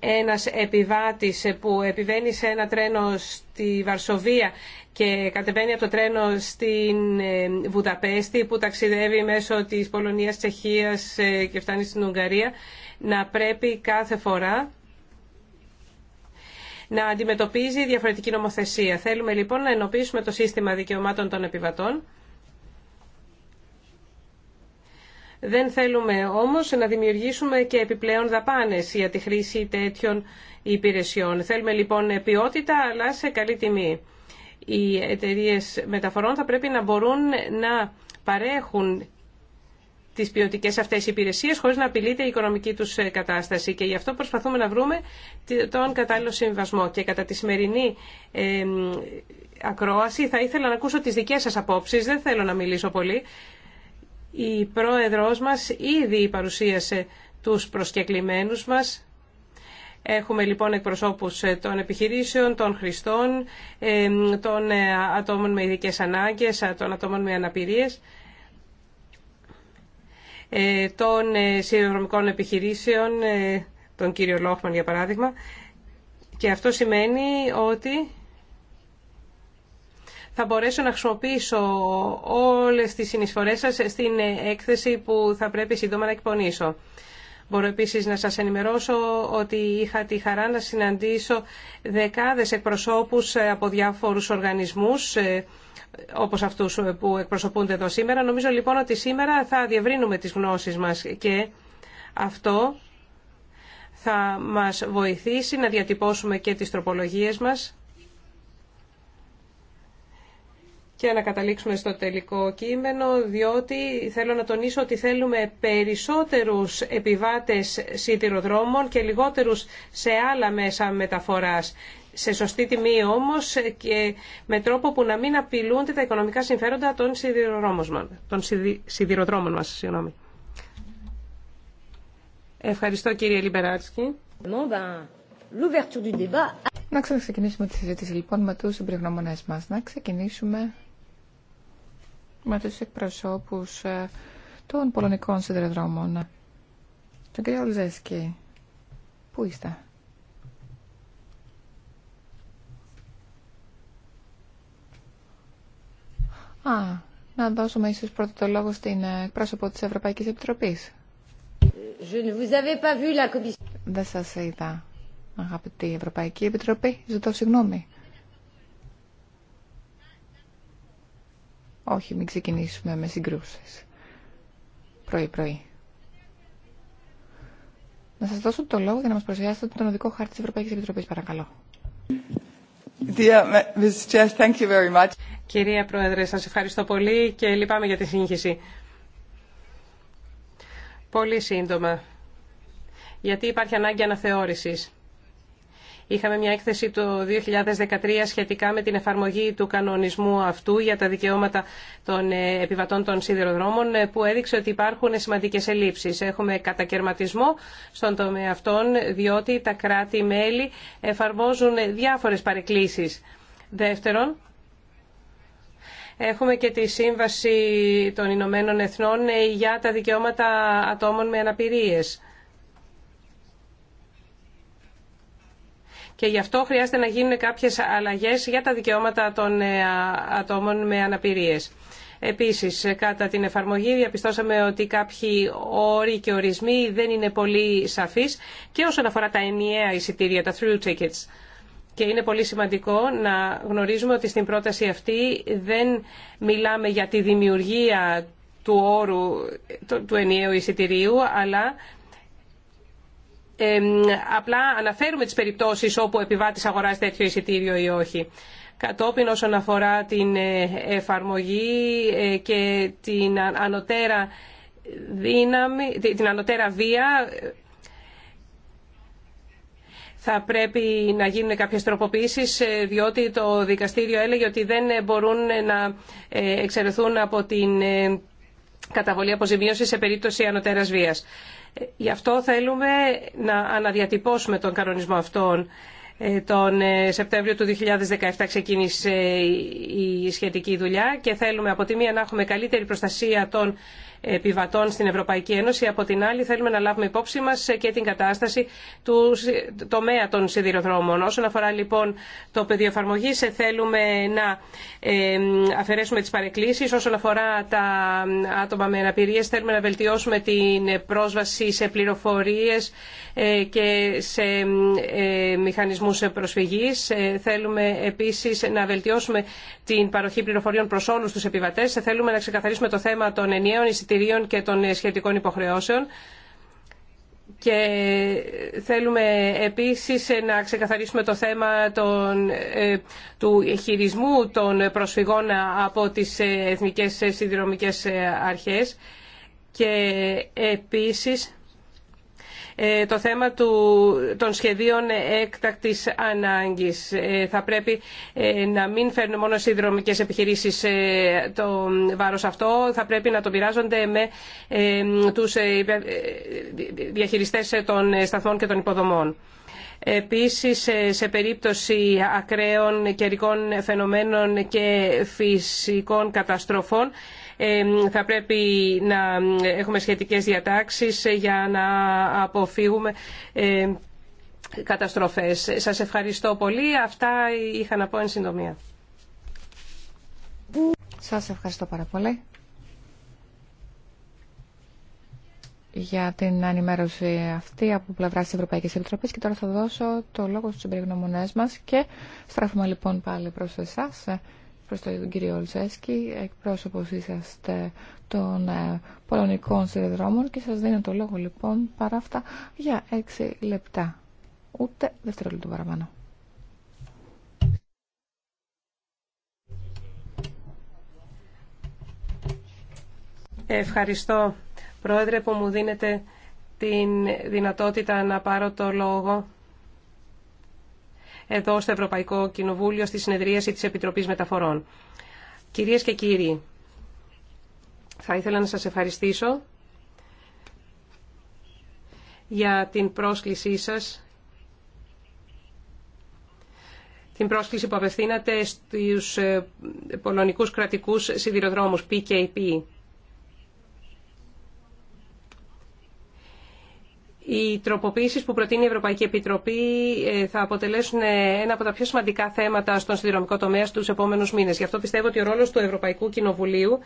ένας επιβάτης που επιβαίνει σε ένα τρένο στη Βαρσοβία και κατεβαίνει από το τρένο στην ε, Βουδαπέστη που ταξιδεύει μέσω της Πολωνίας, Τσεχίας και φτάνει στην Ουγγαρία να πρέπει κάθε φορά να αντιμετωπίζει διαφορετική νομοθεσία. Θέλουμε λοιπόν να ενοποιήσουμε το σύστημα δικαιωμάτων των επιβατών. Δεν θέλουμε όμως να δημιουργήσουμε και επιπλέον δαπάνες για τη χρήση τέτοιων υπηρεσιών. Θέλουμε λοιπόν ποιότητα αλλά σε καλή τιμή. Οι εταιρείε μεταφορών θα πρέπει να μπορούν να παρέχουν τις ποιοτικέ αυτές υπηρεσίες χωρίς να απειλείται η οικονομική του ε, κατάσταση και γι' αυτό προσπαθούμε να βρούμε τον κατάλληλο συμβασμό και κατά τη σημερινή ακρόαση θα ήθελα να ακούσω τις δικές σας απόψεις, δεν θέλω να μιλήσω πολύ. Η πρόεδρός μας ήδη παρουσίασε τους προσκεκλημένους μας. Έχουμε λοιπόν εκπροσώπους ε, των επιχειρήσεων, των χρηστών, των ε, ατόμων με ειδικές ανάγκες, των ατόμων με αναπηρίες. Ε, των ε, σιδηροδρομικών επιχειρήσεων, ε, τον κύριο Λόχμαν για παράδειγμα. Και αυτό σημαίνει ότι θα μπορέσω να χρησιμοποιήσω όλες τις συνεισφορές σας στην έκθεση που θα πρέπει σύντομα να εκπονήσω. Μπορώ επίσης να σας ενημερώσω ότι είχα τη χαρά να συναντήσω δεκάδες εκπροσώπους από διάφορους οργανισμούς όπως αυτού ε, που εκπροσωπούνται εδώ σήμερα. Νομίζω λοιπόν ότι σήμερα θα διευρύνουμε τις γνώσεις μας και αυτό θα μας βοηθήσει να διατυπώσουμε και τι τροπολογίες μας και να καταλήξουμε στο τελικό κείμενο, διότι θέλω να τονίσω ότι θέλουμε περισσότερους επιβάτες σιδηροδρόμων και λιγότερους σε άλλα μέσα μεταφοράς σε σωστή τιμή όμως και με τρόπο που να μην απειλούνται τα οικονομικά συμφέροντα των, των σιδηροδρόμων μας. Ευχαριστώ κύριε Λιμπεράτσκι. Να ξεκινήσουμε τη συζήτηση λοιπόν με τους εμπειρογνώμονες μας. Να ξεκινήσουμε με τους εκπροσώπους ε, των πολωνικών σιδηροδρόμων. Τον κύριο Λζέσκι, πού είστε. Α, να δώσουμε ίσω πρώτο το λόγο στην ε, πρόσωπο τη Ευρωπαϊκή Επιτροπή. Δεν σα είδα, αγαπητή Ευρωπαϊκή Επιτροπή. Ζητώ συγγνώμη. Όχι, μην ξεκινήσουμε με συγκρούσεις. Πρωί-πρωί. Να σας δώσω το λόγο για να μας παρουσιάσετε τον οδικό χάρτη της Ευρωπαϊκής Επιτροπής, παρακαλώ. Dear uh, Κυρία Πρόεδρε, σας ευχαριστώ πολύ και λυπάμαι για τη σύγχυση. Πολύ σύντομα. Γιατί υπάρχει ανάγκη αναθεώρησης. Είχαμε μια έκθεση το 2013 σχετικά με την εφαρμογή του κανονισμού αυτού για τα δικαιώματα των ε, επιβατών των σιδηροδρόμων ε, που έδειξε ότι υπάρχουν σημαντικές ελλείψεις. Έχουμε κατακαιρματισμό στον τομέα αυτών διότι τα κράτη-μέλη εφαρμόζουν διάφορες παρεκκλήσεις. Δεύτερον, Έχουμε και τη Σύμβαση των Ηνωμένων Εθνών ε, για τα δικαιώματα ατόμων με αναπηρίες. Και γι' αυτό χρειάζεται να γίνουν κάποιες αλλαγές για τα δικαιώματα των ε, ατόμων με αναπηρίες. Επίσης, κατά την εφαρμογή διαπιστώσαμε ότι κάποιοι όροι και ορισμοί δεν είναι πολύ σαφείς και όσον αφορά τα ενιαία εισιτήρια, τα through tickets. Και είναι πολύ σημαντικό να γνωρίζουμε ότι στην πρόταση αυτή δεν μιλάμε για τη δημιουργία του όρου του ενιαίου εισιτηρίου, αλλά απλά αναφέρουμε τις περιπτώσεις όπου ο επιβάτης αγοράζει τέτοιο εισιτήριο ή όχι. Κατόπιν όσον αφορά την ε, εφαρμογή ε, και την ανωτέρα δύναμη, την ανωτέρα βία θα πρέπει να γίνουν κάποιες τροποποιήσεις ε, διότι το δικαστήριο έλεγε ότι δεν μπορούν να ε, εξαιρεθούν από την ε, καταβολή αποζημίωση σε περίπτωση ανωτέρας βίας. Γι' αυτό θέλουμε να αναδιατυπώσουμε τον κανονισμό αυτόν. Τον Σεπτέμβριο του 2017 ξεκίνησε η σχετική δουλειά και θέλουμε από τη μία να έχουμε καλύτερη προστασία των επιβατών στην Ευρωπαϊκή Ένωση. Από την άλλη θέλουμε να λάβουμε υπόψη μα και την κατάσταση του τομέα των σιδηροδρόμων. Όσον αφορά λοιπόν το πεδίο εφαρμογή, ε, θέλουμε να ε, αφαιρέσουμε τι παρεκκλήσει. Όσον αφορά τα άτομα με αναπηρίε, θέλουμε να βελτιώσουμε την πρόσβαση σε πληροφορίε ε, και σε μηχανισμού προσφυγή. Θέλουμε επίση να βελτιώσουμε την παροχή πληροφοριών προ όλου του επιβατέ. Θέλουμε να ξεκαθαρίσουμε το θέμα των ενιαίων τερίων και των ε, σχετικών υποχρεώσεων. Και θέλουμε επίσης ε, να ξεκαθαρίσουμε το θέμα των, ε, του χειρισμού των προσφυγών από τις Εθνικές Συνδρομικές Αρχές και επίσης ε, το θέμα του, των σχεδίων έκτακτης ανάγκης. Ε, θα πρέπει ε, να μην φέρνουν μόνο συνδρομικές επιχειρήσεις το βάρος αυτό. Θα πρέπει να το πειράζονται με τους διαχειριστές των σταθμών και των υποδομών. Επίσης, σε περίπτωση ακραίων καιρικών φαινομένων και φυσικών καταστροφών, θα πρέπει να έχουμε σχετικές διατάξεις ε, για να αποφύγουμε καταστροφές. Σας ευχαριστώ πολύ. Αυτά είχα να πω εν συντομία. Σας ευχαριστώ πάρα πολύ για την ανημέρωση αυτή από πλευρά της Ευρωπαϊκής Επιτροπής και τώρα θα δώσω το λόγο στους εμπειρογνωμονές μας και στράφουμε λοιπόν πάλι προς εσάς προς τον κύριο Ολσέσκι, εκπρόσωπος είσαστε των ε, πολωνικών συνδρόμων και σας δίνω το λόγο λοιπόν παρά αυτά για έξι λεπτά. Ούτε δευτερόλεπτο παραπάνω. Ευχαριστώ, Πρόεδρε, που μου δίνετε την δυνατότητα να πάρω το λόγο εδώ στο Ευρωπαϊκό Κοινοβούλιο στη συνεδρίαση της Επιτροπής Μεταφορών. Κυρίες και κύριοι, θα ήθελα να σας ευχαριστήσω για την πρόσκλησή σας την πρόσκληση που απευθύνατε στους ε, πολωνικούς κρατικούς σιδηροδρόμους PKP. Οι τροποποίησεις που προτείνει η Ευρωπαϊκή Επιτροπή ε, θα αποτελέσουν ε, ένα από τα πιο σημαντικά θέματα στον συνδρομικό τομέα στους επόμενους μήνες. Γι' αυτό πιστεύω ότι ο ρόλος του Ευρωπαϊκού Κοινοβουλίου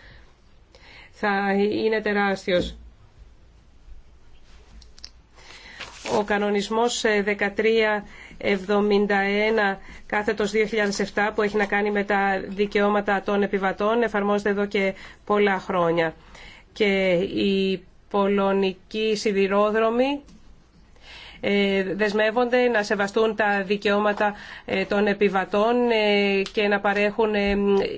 θα είναι τεράστιος. Ο κανονισμός 1371 ε, κάθετος 2007 που έχει να κάνει με τα δικαιώματα των επιβατών εφαρμόζεται εδώ και πολλά χρόνια. Και η πολωνικοί σιδηρόδρομοι ε, δεσμεύονται να σεβαστούν τα δικαιώματα ε, των επιβατών ε, και να παρέχουν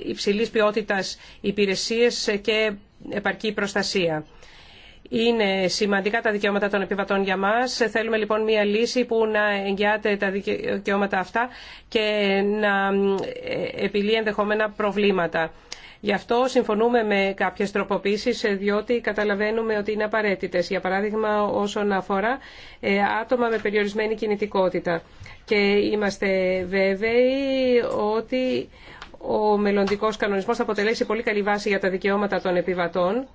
υψηλής ποιότητας υπηρεσίες και επαρκή προστασία. Είναι σημαντικά τα δικαιώματα των επιβατών για μας. Θέλουμε λοιπόν μια λύση που να εγγυάται τα δικαιώματα αυτά και να επιλύει ενδεχόμενα προβλήματα. Γι' αυτό συμφωνούμε με κάποιε τροποποίησει, ε, διότι καταλαβαίνουμε ότι είναι απαραίτητε, Για παράδειγμα, όσον αφορά ε, άτομα με περιορισμένη κινητικότητα. Και είμαστε βέβαιοι ότι ο μελλοντικό κανονισμό θα αποτελέσει πολύ καλή βάση για τα δικαιώματα των επιβατών.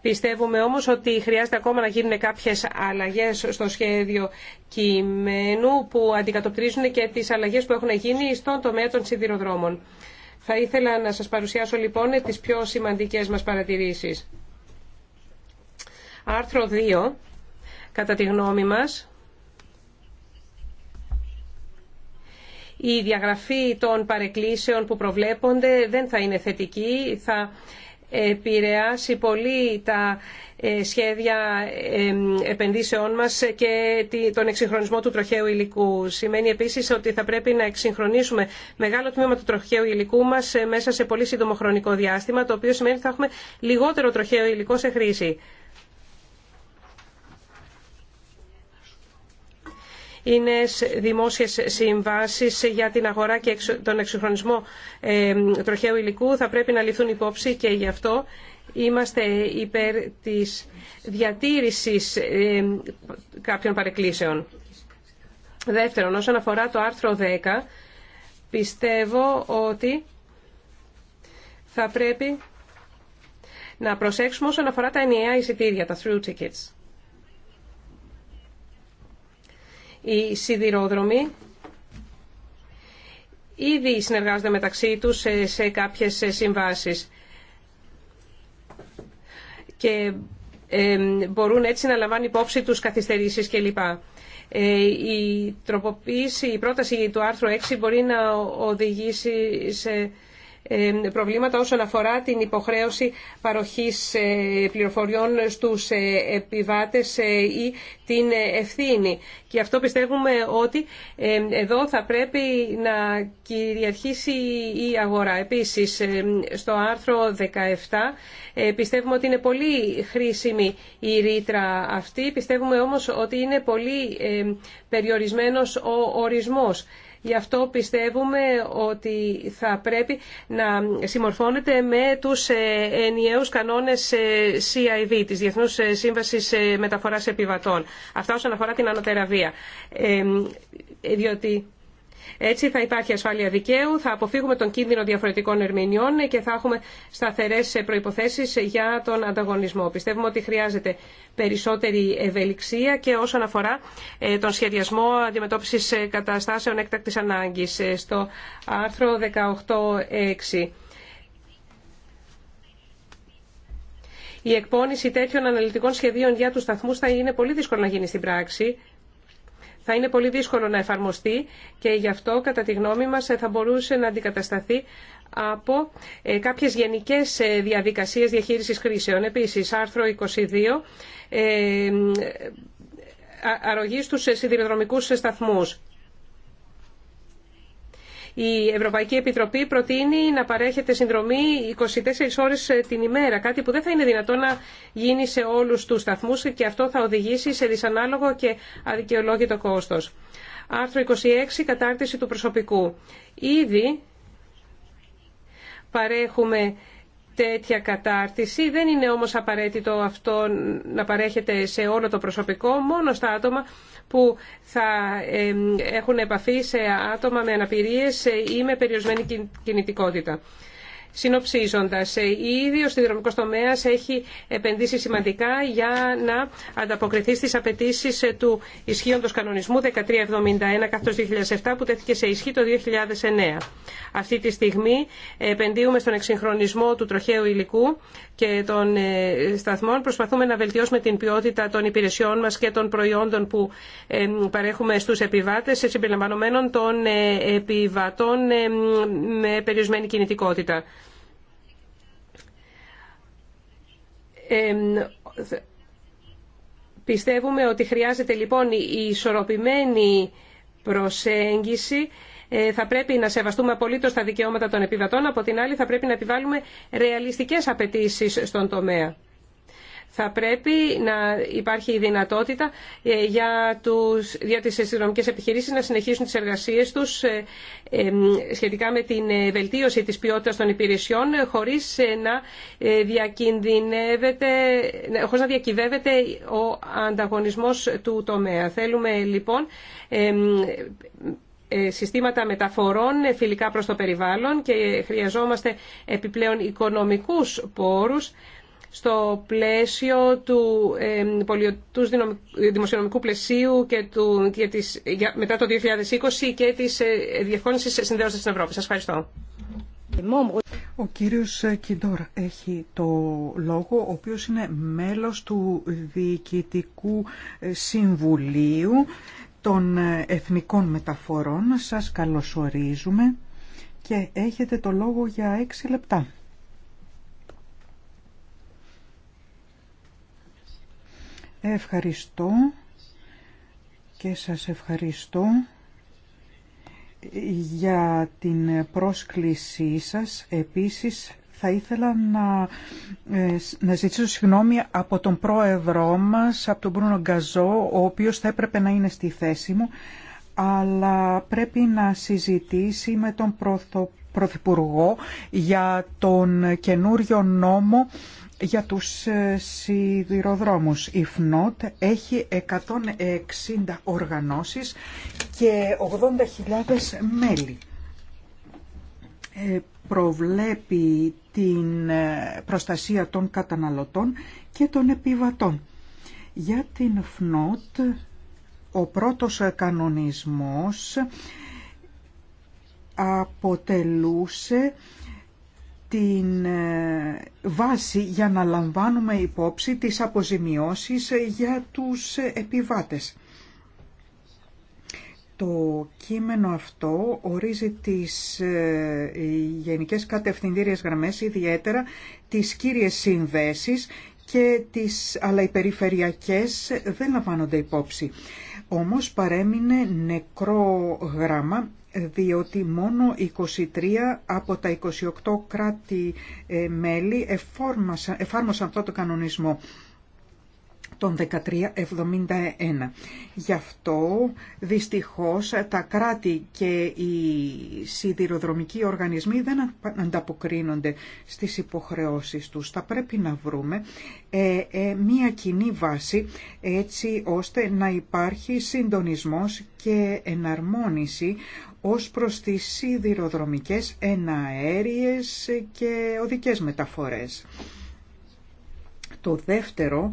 Πιστεύουμε όμως ότι χρειάζεται ακόμα να γίνουν κάποιες αλλαγές στο σχέδιο κειμένου που αντικατοπτρίζουν και τις αλλαγές που έχουν γίνει στον τομέα των σιδηροδρόμων. Θα ήθελα να σας παρουσιάσω λοιπόν τις πιο σημαντικές μας παρατηρήσεις. Άρθρο 2, κατά τη γνώμη μας, η διαγραφή των παρεκκλήσεων που προβλέπονται δεν θα είναι θετική, θα επηρεάσει πολύ τα ε, σχέδια ε, επενδύσεών μας και τον εξυγχρονισμό του τροχαίου υλικού. Σημαίνει επίσης ότι θα πρέπει να εξυγχρονίσουμε μεγάλο τμήμα του τροχαίου υλικού μας ε, μέσα σε πολύ σύντομο χρονικό διάστημα, το οποίο σημαίνει ότι θα έχουμε λιγότερο τροχαίο υλικό σε χρήση. οι νέες δημόσιες συμβάσεις για την αγορά και τον εξυγχρονισμό τροχαίου υλικού θα πρέπει να ληφθούν υπόψη και γι' αυτό είμαστε υπέρ της διατήρησης κάποιων παρεκκλήσεων. Δεύτερον, όσον αφορά το άρθρο 10, πιστεύω ότι θα πρέπει να προσέξουμε όσον αφορά τα ενιαία εισιτήρια, τα through tickets. Οι σιδηρόδρομοι ήδη συνεργάζονται μεταξύ τους σε κάποιες συμβάσεις και μπορούν έτσι να λαμβάνουν υπόψη τους καθυστερήσεις κλπ. Ε, η τροποποίηση, η πρόταση του άρθρου 6 μπορεί να οδηγήσει σε προβλήματα όσον αφορά την υποχρέωση παροχής ε, πληροφοριών στους ε, επιβάτες ε, ή την ευθύνη. Και αυτό πιστεύουμε ότι εδώ θα πρέπει να κυριαρχήσει η αγορά. Επίσης, στο άρθρο 17 πιστεύουμε ότι είναι πολύ χρήσιμη η ρήτρα αυτή. Πιστεύουμε όμως ότι είναι πολύ περιορισμένος ο ορισμός. Γι' αυτό πιστεύουμε ότι θα πρέπει να συμμορφώνεται με τους ε, ενιαίους κανόνες ε, CIV, της Διεθνούς ε, Σύμβασης Μεταφοράς Επιβατών. Αυτά όσον αφορά την ανωτεραβία. διότι έτσι θα υπάρχει ασφάλεια δικαίου, θα αποφύγουμε τον κίνδυνο διαφορετικών ερμηνεών και θα έχουμε σταθερέ προποθέσει για τον ανταγωνισμό. Πιστεύουμε ότι χρειάζεται περισσότερη ευελιξία και όσον αφορά ε, τον σχεδιασμό αντιμετώπιση ε, καταστάσεων έκτακτης ανάγκης ε, στο άρθρο 18.6. Η εκπόνηση τέτοιων αναλυτικών σχεδίων για τους σταθμούς θα είναι πολύ δύσκολο να γίνει στην πράξη θα είναι πολύ δύσκολο να εφαρμοστεί και γι' αυτό κατά τη γνώμη μας ε, θα μπορούσε να αντικατασταθεί από ε, κάποιες γενικές ε, διαδικασίες διαχείρισης κρίσεων. Επίσης, άρθρο 22, αρρωγή στους σιδηροδρομικούς σταθμούς. Η Ευρωπαϊκή Επιτροπή προτείνει να παρέχεται συνδρομή 24 ώρες ε, την ημέρα, κάτι που δεν θα είναι δυνατό να γίνει σε όλους τους σταθμούς και αυτό θα οδηγήσει σε δυσανάλογο και αδικαιολόγητο κόστος. Άρθρο 26. Κατάρτιση του προσωπικού. Ήδη παρέχουμε τέτοια κατάρτιση. Δεν είναι όμως απαραίτητο αυτό να παρέχεται σε όλο το προσωπικό, μόνο στα άτομα που θα έχουν επαφή σε άτομα με αναπηρίες ή με περιορισμένη κινητικότητα. Συνοψίζοντα, ε, ήδη ο σιδηροδρομικό τομέα έχει επενδύσει σημαντικά για να ανταποκριθεί στι απαιτήσει ε, του ισχύοντο κανονισμού 1371 2007 που τέθηκε σε ισχύ το 2009. Αυτή τη στιγμή επενδύουμε στον εξυγχρονισμό του τροχαίου υλικού και των ε, σταθμών. Προσπαθούμε να βελτιώσουμε την ποιότητα των υπηρεσιών μας και των προϊόντων που ε, παρέχουμε στους επιβάτες, ε, συμπεριλαμβανομένων των επιβατών με περιορισμένη κινητικότητα. Πιστεύουμε ότι χρειάζεται λοιπόν η ισορροπημένη προσέγγιση ε, θα πρέπει να σεβαστούμε απολύτω τα δικαιώματα των επιβατών, από την άλλη θα πρέπει να επιβάλλουμε ρεαλιστικέ απαιτήσει στον τομέα. Θα πρέπει να υπάρχει η δυνατότητα ε, για, τους, για τις επιχειρήσεις να συνεχίσουν τις εργασίες τους ε, σχετικά με την βελτίωση της ποιότητας των υπηρεσιών χωρίς να, διακινδυνεύεται, χωρίς να διακυβεύεται ο ανταγωνισμός του τομέα. Θέλουμε λοιπόν ε, συστήματα μεταφορών ε, φιλικά προς το περιβάλλον και χρειαζόμαστε επιπλέον οικονομικούς πόρους στο πλαίσιο του ε, πολιωτούς δημοσιονομικού πλαισίου και, του, και της, μετά το 2020 και της ε, διευκόλυνσης συνδέοντας στην Ευρώπη. Σας ευχαριστώ. Ο κύριος ε, Κιντόρ έχει το λόγο, ο οποίος είναι μέλος του Διοικητικού Συμβουλίου των ε, εθνικών μεταφορών. Σας καλωσορίζουμε και έχετε το λόγο για έξι λεπτά. Ευχαριστώ και σας ευχαριστώ για την πρόσκλησή σας. Επίσης θα ήθελα να, ε, να ζητήσω συγγνώμη από τον πρόεδρό μας, από τον Μπρούνο Γκαζό, ο οποίος θα έπρεπε να είναι στη θέση μου, αλλά πρέπει να συζητήσει με τον Πρωθυπουργό για τον καινούριο νόμο για τους ε, σιδηροδρόμους. Η ΦΝΟΤ έχει 160 οργανώσεις και 80.000 μέλη. Ε, προβλέπει την ε, προστασία των καταναλωτών και των επιβατών. Για την ΦΝΟΤ, ο πρώτος ε, κανονισμός αποτελούσε την ε, βάση για να λαμβάνουμε υπόψη τις αποζημιώσεις για τους επιβάτες. Το κείμενο αυτό ορίζει τις ε, γενικές κατευθυντήριες γραμμές, ιδιαίτερα τις κύριες συνδέσεις, και τις, αλλά οι περιφερειακές δεν λαμβάνονται υπόψη. Όμως παρέμεινε νεκρό γράμμα, διότι μόνο 23 από τα 28 κράτη-μέλη ε, εφάρμοσαν αυτό το κανονισμό το 1371. Γι' αυτό δυστυχώς τα κράτη και οι σιδηροδρομικοί οργανισμοί δεν ανταποκρίνονται στις υποχρεώσεις τους. Θα πρέπει να βρούμε ε, ε, μία κοινή βάση έτσι ώστε να υπάρχει συντονισμός και εναρμόνιση ως προς τις σιδηροδρομικές εναέριες και οδικές μεταφορές. Το δεύτερο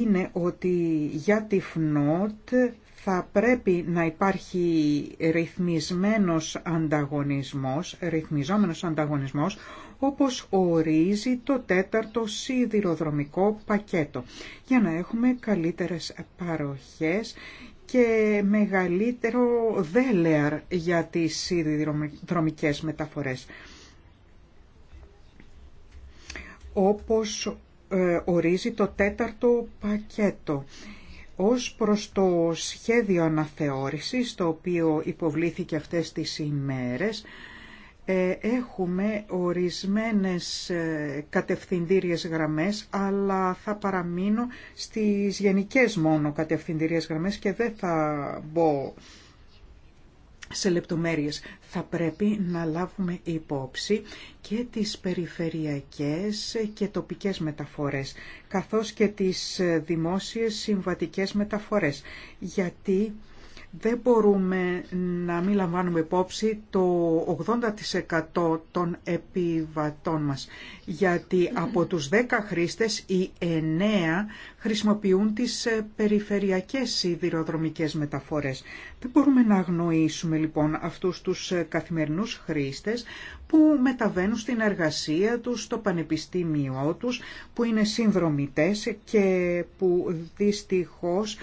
είναι ότι για τη ΦΝΟΤ θα πρέπει να υπάρχει ρυθμισμένος ανταγωνισμός, ρυθμιζόμενος ανταγωνισμός, όπως ορίζει το τέταρτο σιδηροδρομικό πακέτο, για να έχουμε καλύτερες παροχές και μεγαλύτερο δέλεαρ για τις σιδηροδρομικές μεταφορές. Όπως ε, ορίζει το τέταρτο πακέτο. Ως προς το σχέδιο αναθεώρησης, το οποίο υποβλήθηκε αυτές τις ημέρες, ε, έχουμε ορισμένες ε, κατευθυντήριες γραμμές, αλλά θα παραμείνω στις γενικές μόνο κατευθυντήριες γραμμές και δεν θα μπω σε λεπτομέρειες. Θα πρέπει να λάβουμε υπόψη και τις περιφερειακές και τοπικές μεταφορές, καθώς και τις δημόσιες συμβατικές μεταφορές, γιατί δεν μπορούμε να μην λαμβάνουμε υπόψη το 80% των επιβατών μας. Γιατί από τους 10 χρήστες οι 9 χρησιμοποιούν τις ε, περιφερειακές σιδηροδρομικές μεταφορές. Δεν μπορούμε να αγνοήσουμε λοιπόν αυτούς τους ε, καθημερινούς χρήστες που μεταβαίνουν στην εργασία τους, στο πανεπιστήμιό τους, που είναι συνδρομητές και που δυστυχώς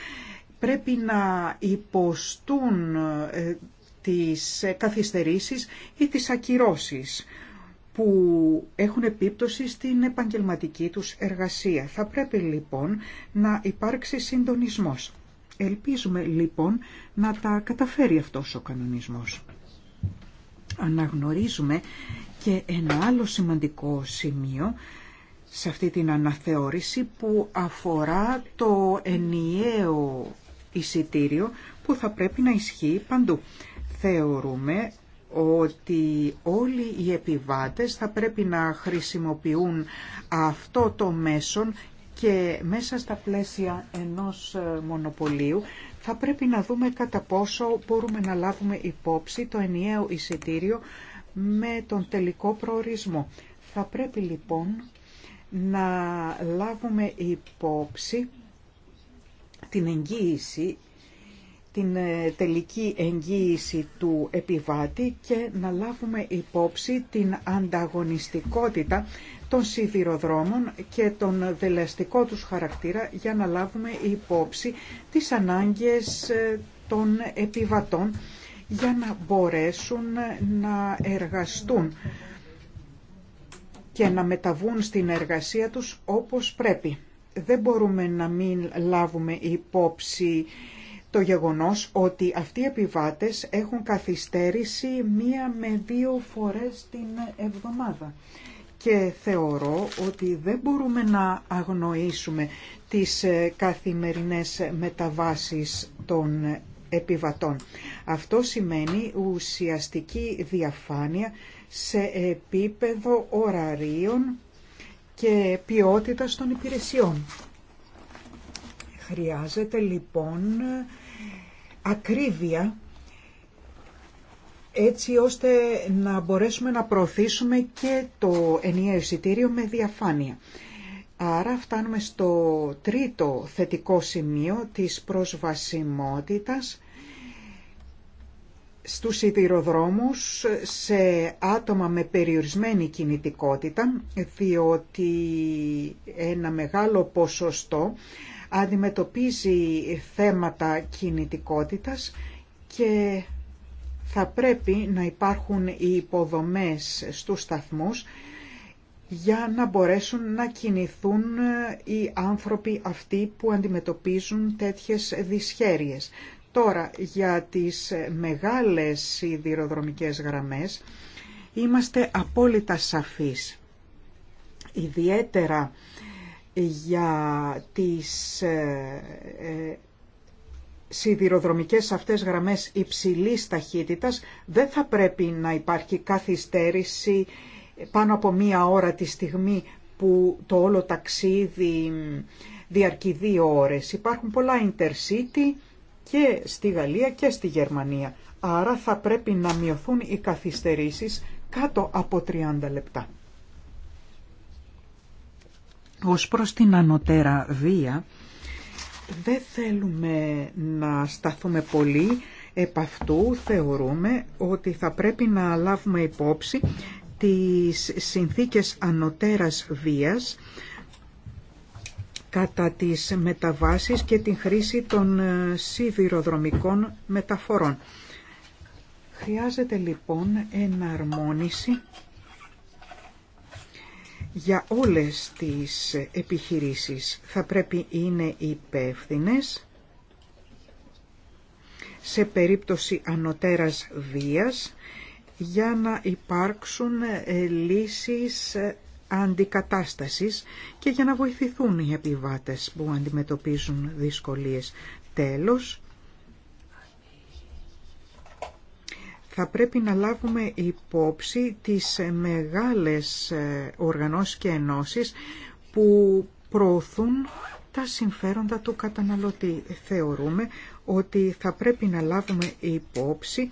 πρέπει να υποστούν ε, τις καθυστερήσεις ή τις ακυρώσεις που έχουν επίπτωση στην επαγγελματική τους εργασία. Θα πρέπει λοιπόν να υπάρξει συντονισμός. Ελπίζουμε λοιπόν να τα καταφέρει αυτός ο κανονισμός. Αναγνωρίζουμε και ένα άλλο σημαντικό σημείο σε αυτή την αναθεώρηση που αφορά το ενιαίο εισιτήριο που θα πρέπει να ισχύει παντού. Θεωρούμε ότι όλοι οι επιβάτες θα πρέπει να χρησιμοποιούν αυτό το μέσον και μέσα στα πλαίσια ενός ε, μονοπωλίου θα πρέπει να δούμε κατά πόσο μπορούμε να λάβουμε υπόψη το ενιαίο εισιτήριο με τον τελικό προορισμό. Θα πρέπει λοιπόν να λάβουμε υπόψη την εγγύηση, την ε, τελική εγγύηση του επιβάτη και να λάβουμε υπόψη την ανταγωνιστικότητα των σιδηροδρόμων και τον δελεστικό τους χαρακτήρα για να λάβουμε υπόψη τις ανάγκες ε, των επιβατών για να μπορέσουν ε, να εργαστούν και να μεταβούν στην εργασία τους όπως πρέπει δεν μπορούμε να μην λάβουμε υπόψη το γεγονός ότι αυτοί οι επιβάτες έχουν καθυστέρηση μία με δύο φορές την εβδομάδα. Και θεωρώ ότι δεν μπορούμε να αγνοήσουμε τις ε, καθημερινές μεταβάσεις των επιβατών. Αυτό σημαίνει ουσιαστική διαφάνεια σε επίπεδο ωραρίων και ποιότητας των υπηρεσιών. Χρειάζεται λοιπόν ακρίβεια έτσι ώστε να μπορέσουμε να προωθήσουμε και το ενιαίο εισιτήριο με διαφάνεια. Άρα φτάνουμε στο τρίτο θετικό σημείο της προσβασιμότητας στους σιδηροδρόμους σε άτομα με περιορισμένη κινητικότητα, διότι ένα μεγάλο ποσοστό αντιμετωπίζει θέματα κινητικότητας και θα πρέπει να υπάρχουν οι υποδομές στους σταθμούς για να μπορέσουν να κινηθούν οι άνθρωποι αυτοί που αντιμετωπίζουν τέτοιες δυσχέρειες. Τώρα, για τις μεγάλες σιδηροδρομικές γραμμές είμαστε απόλυτα σαφείς. Ιδιαίτερα για τις ε, ε, σιδηροδρομικές αυτές γραμμές υψηλής ταχύτητας δεν θα πρέπει να υπάρχει καθυστέρηση πάνω από μία ώρα τη στιγμή που το όλο ταξίδι διαρκεί δύο ώρες. Υπάρχουν πολλά intercity και στη Γαλλία και στη Γερμανία. Άρα θα πρέπει να μειωθούν οι καθυστερήσεις κάτω από 30 λεπτά. Ως προς την ανωτέρα βία, δεν θέλουμε να σταθούμε πολύ επ' αυτού θεωρούμε ότι θα πρέπει να λάβουμε υπόψη τις συνθήκες ανωτέρας βίας κατά τις μεταβάσεις και την χρήση των ε, σιδηροδρομικών μεταφορών. Χρειάζεται λοιπόν εναρμόνιση για όλες τις επιχειρήσεις. Θα πρέπει είναι υπεύθυνε σε περίπτωση ανωτέρας βίας για να υπάρξουν ε, λύσεις ε, αντικατάστασης και για να βοηθηθούν οι επιβάτες που αντιμετωπίζουν δυσκολίες. Τέλος, θα πρέπει να λάβουμε υπόψη τις μεγάλες ε, οργανώσεις και ενώσεις που προωθούν τα συμφέροντα του καταναλωτή. Θεωρούμε ότι θα πρέπει να λάβουμε υπόψη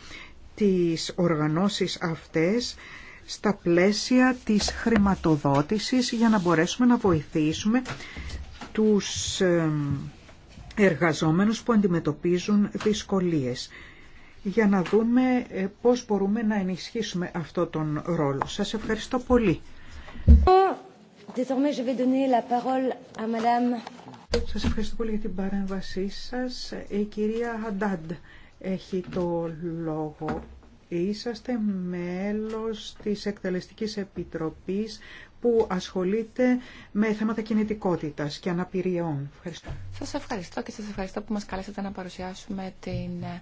τις οργανώσεις αυτές στα πλαίσια της χρηματοδότησης για να μπορέσουμε να βοηθήσουμε τους εργαζόμενους που αντιμετωπίζουν δυσκολίες για να δούμε ε, πώς μπορούμε να ενισχύσουμε αυτό τον ρόλο. Σας ευχαριστώ πολύ. Σας ευχαριστώ πολύ για την παρέμβασή σας. Ε, η κυρία Αντάντ έχει το λόγο. Είσαστε μέλος της Εκτελεστικής Επιτροπής που ασχολείται με θέματα κινητικότητας και αναπηριών. Ευχαριστώ. Σας ευχαριστώ και σας ευχαριστώ που μας καλέσατε να παρουσιάσουμε την ε,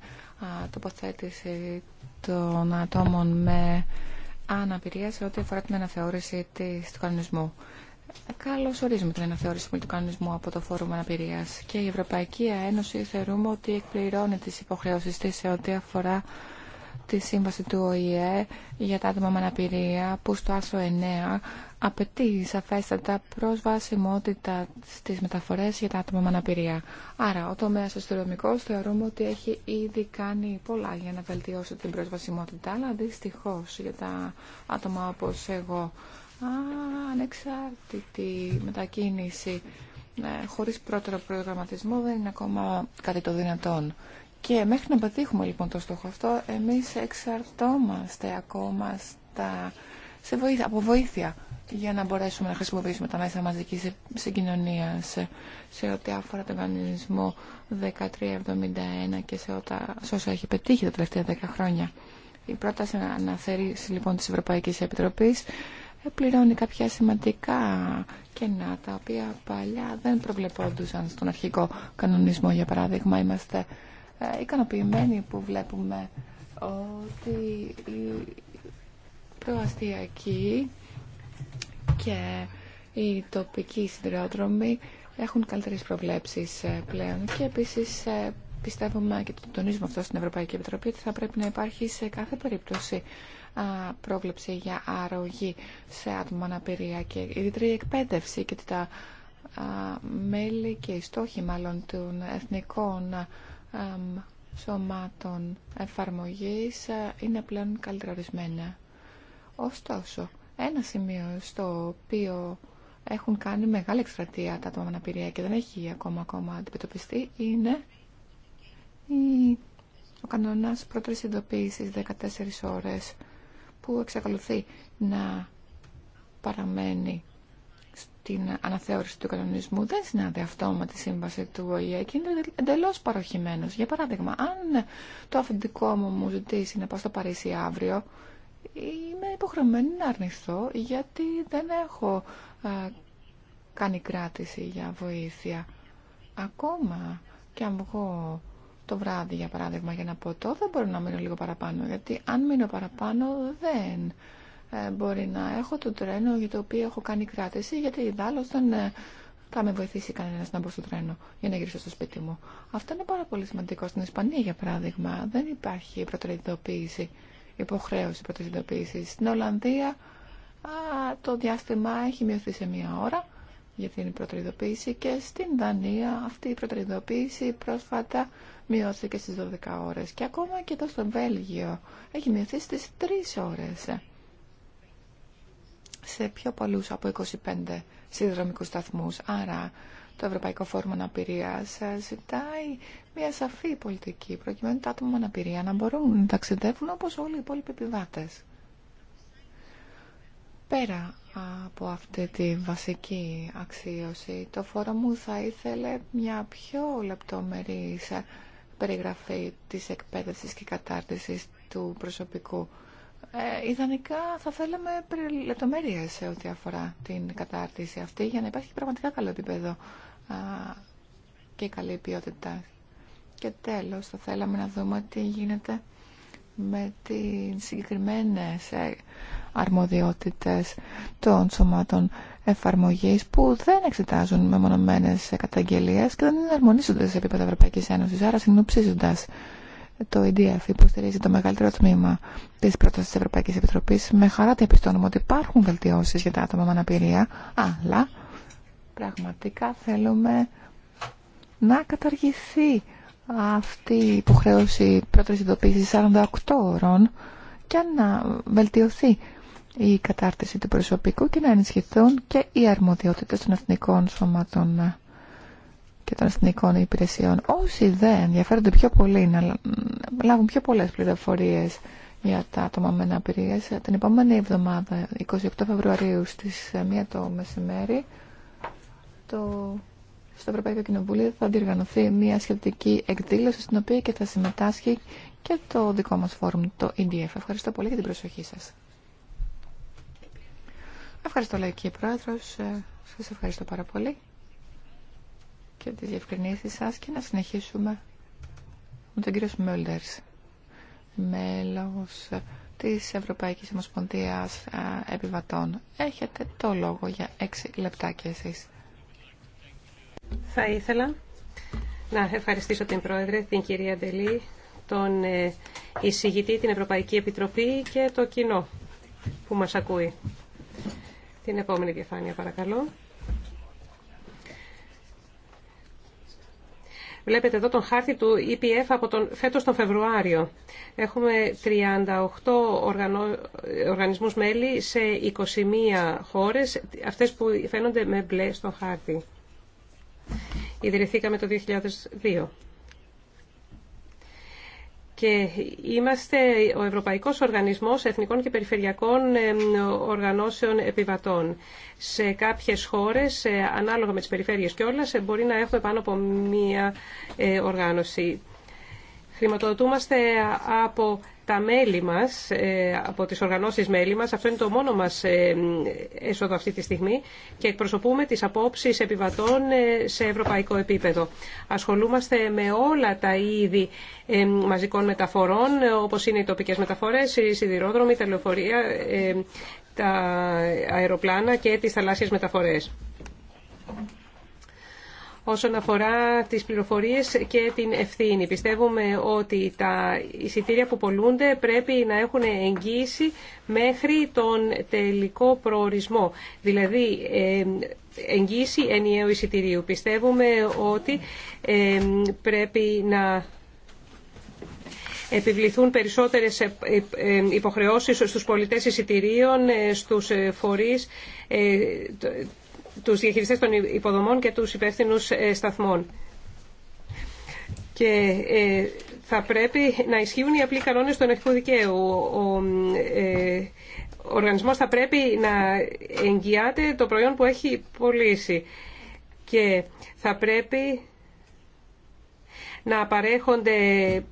τοποθέτηση των ατόμων με αναπηρία σε ό,τι αφορά την αναθεώρηση της, του κανονισμού. Καλώ ορίζουμε την αναθεώρηση του κανονισμού από το Φόρουμ Αναπηρία και η Ευρωπαϊκή Ένωση θεωρούμε ότι εκπληρώνει τι υποχρεώσει τη σε ό,τι αφορά τη σύμβαση του ΟΗΕ για τα άτομα με αναπηρία που στο άρθρο 9 απαιτεί σαφέστατα προσβασιμότητα στις μεταφορές για τα άτομα με αναπηρία. Άρα ο τομέας αστυνομικό θεωρούμε ότι έχει ήδη κάνει πολλά για να βελτιώσει την προσβασιμότητα αλλά δυστυχώς για τα άτομα όπως εγώ ανεξάρτητη μετακίνηση ε, χωρίς πρώτερο προγραμματισμό δεν είναι ακόμα κάτι το δυνατόν. Και μέχρι να πετύχουμε λοιπόν το στόχο αυτό, εμείς εξαρτώμαστε ακόμα στα... σε βοήθεια, από βοήθεια για να μπορέσουμε να χρησιμοποιήσουμε τα μέσα μαζικής συγκοινωνίας σε, σε ό,τι αφορά τον κανονισμό 1371 και σε, ότα, σε όσα έχει πετύχει τα τελευταία 10 χρόνια. Η πρόταση αναθερήση λοιπόν της Ευρωπαϊκής Επιτροπής ε, πληρώνει κάποια σημαντικά κενά τα οποία παλιά δεν προβλεπόντουσαν στον αρχικό κανονισμό. Για παράδειγμα, είμαστε ε, ικανοποιημένοι που βλέπουμε ότι η προαστιακή και οι τοπικοί σιδηρόδρομοι έχουν καλύτερες προβλέψεις ε, πλέον και επίσης ε, πιστεύουμε και το τονίζουμε αυτό στην Ευρωπαϊκή Επιτροπή ότι θα πρέπει να υπάρχει σε κάθε περίπτωση πρόβλεψη για αρρωγή σε άτομα αναπηρία και ιδιαίτερη εκπαίδευση και τα μέλη και οι στόχοι μάλλον των εθνικών σωμάτων εφαρμογής ε, είναι πλέον καλύτερα ορισμένα. Ωστόσο, ένα σημείο στο οποίο έχουν κάνει μεγάλη εκστρατεία τα άτομα με αναπηρία και δεν έχει ακόμα, ακόμα αντιμετωπιστεί είναι η... ο κανόνας πρώτης ειδοποίησης 14 ώρες που εξακολουθεί να παραμένει στην αναθεώρηση του κανονισμού δεν συνάδει αυτό με τη σύμβαση του ΟΗΕ και είναι εντελώ παροχημένο. Για παράδειγμα, αν το αφεντικό μου μου ζητήσει να πάω στο Παρίσι αύριο, είμαι υποχρεωμένη να αρνηθώ γιατί δεν έχω α, ε, κάνει κράτηση για βοήθεια. Ακόμα και αν βγω το βράδυ, για παράδειγμα, για να το δεν μπορώ να μείνω λίγο παραπάνω, γιατί αν μείνω παραπάνω δεν ε, μπορεί να έχω το τρένο για το οποίο έχω κάνει κράτηση, γιατί δάλλως δεν ε, θα με βοηθήσει κανένα να μπω στο τρένο για να γυρίσω στο σπίτι μου. Αυτό είναι πάρα πολύ σημαντικό. Στην Ισπανία, για παράδειγμα, δεν υπάρχει προτεραιτητοποίηση, υποχρέωση προτεραιοποίηση. Στην Ολλανδία α, το διάστημα έχει μειωθεί σε μία ώρα για την προτεραιοποίηση και στην Δανία αυτή η προτεραιοποίηση πρόσφατα μειώθηκε στις 12 ώρες και ακόμα και εδώ στο Βέλγιο έχει μειωθεί στις 3 ώρες σε πιο πολλούς από 25 συνδρομικούς σταθμούς. Άρα το Ευρωπαϊκό Φόρμα Αναπηρίας ζητάει μια σαφή πολιτική προκειμένου τα άτομα με αναπηρία να μπορούν να ταξιδεύουν όπως όλοι οι υπόλοιποι επιβάτες. Πέρα από αυτή τη βασική αξίωση, το μου θα ήθελε μια πιο λεπτομερή περιγραφή της εκπαίδευσης και κατάρτισης του προσωπικού ε, ιδανικά θα θέλαμε λεπτομέρειε σε ό,τι αφορά την κατάρτιση αυτή για να υπάρχει πραγματικά καλό επίπεδο α, και καλή ποιότητα. Και τέλος θα θέλαμε να δούμε τι γίνεται με τις συγκεκριμένες ε, αρμοδιότητες των σωμάτων εφαρμογής που δεν εξετάζουν μεμονωμένες καταγγελίες και δεν εναρμονίζονται σε επίπεδο Ευρωπαϊκής Ένωσης, άρα συνοψίζοντας το EDF υποστηρίζει το μεγαλύτερο τμήμα της πρόταση τη Ευρωπαϊκή Επιτροπής. Με χαρά την επιστώνουμε ότι υπάρχουν βελτιώσεις για τα άτομα με αναπηρία, αλλά πραγματικά θέλουμε να καταργηθεί αυτή η υποχρέωση πρώτη ειδοποίηση 48 ώρων και να βελτιωθεί η κατάρτιση του προσωπικού και να ενισχυθούν και οι αρμοδιότητες των εθνικών σωματών και των αστυνικών υπηρεσιών. Όσοι δεν ενδιαφέρονται πιο πολύ να λάβουν πιο πολλές πληροφορίες για τα άτομα με αναπηρίες, την επόμενη εβδομάδα, 28 Φεβρουαρίου στις 1 ε, το μεσημέρι, το... στο Ευρωπαϊκό Κοινοβούλιο θα διοργανωθεί μια σχετική εκδήλωση στην οποία και θα συμμετάσχει και το δικό μας φόρουμ, το EDF. Ευχαριστώ πολύ για την προσοχή σας. Ευχαριστώ, Λαϊκή Πρόεδρος. Ε, σας ευχαριστώ πάρα πολύ και τις διευκρινήσεις σας και να συνεχίσουμε με τον κύριο Σμιόλτερς μέλος της Ευρωπαϊκής Ομοσπονδίας Επιβατών. Έχετε το λόγο για έξι λεπτάκια και εσείς. Θα ήθελα να ευχαριστήσω την Πρόεδρε, την κυρία Ντελή, τον ε, εισηγητή, την Ευρωπαϊκή Επιτροπή και το κοινό που μας ακούει. Την επόμενη διαφάνεια παρακαλώ. Βλέπετε εδώ τον χάρτη του EPF από τον, φέτος τον Φεβρουάριο. Έχουμε 38 οργανώ, οργανισμούς μέλη σε 21 χώρες, αυτές που φαίνονται με μπλε στον χάρτη. Ιδρυθήκαμε το 2002 και είμαστε ο Ευρωπαϊκός Οργανισμός Εθνικών και Περιφερειακών Οργανώσεων Επιβατών. Σε κάποιες χώρες, ε, ανάλογα με τις περιφέρειες και όλα, ε, μπορεί να έχουμε πάνω από μία ε, οργάνωση χρηματοδοτούμαστε από τα μέλη μας, ε, από τις οργανώσεις μέλη μας, αυτό είναι το μόνο μας ε, έσοδο αυτή τη στιγμή και εκπροσωπούμε τις απόψεις επιβατών ε, σε ευρωπαϊκό επίπεδο. Ασχολούμαστε με όλα τα είδη μαζικών μεταφορών, όπως είναι οι τοπικές μεταφορές, οι σιδηρόδρομοι, τα λεωφορεία, τα αεροπλάνα και τις θαλάσσιες μεταφορές όσον αφορά τις πληροφορίες και την ευθύνη. Πιστεύουμε ότι τα εισιτήρια που πολλούνται πρέπει να έχουν εγγύηση μέχρι τον τελικό προορισμό, δηλαδή ε, εγγύηση ενιαίου εισιτηρίου. Πιστεύουμε ότι ε, πρέπει να επιβληθούν περισσότερες ε, υποχρεώσεις στους πολιτές εισιτηρίων, στους φορείς τους διαχειριστές των υποδομών και τους υπεύθυνους ε, σταθμών. Και ε, θα πρέπει να ισχύουν οι απλοί κανόνες του ενοχικού δικαίου. Ε, ο οργανισμός θα πρέπει να εγγυάται το προϊόν που έχει πωλήσει και θα πρέπει να παρέχονται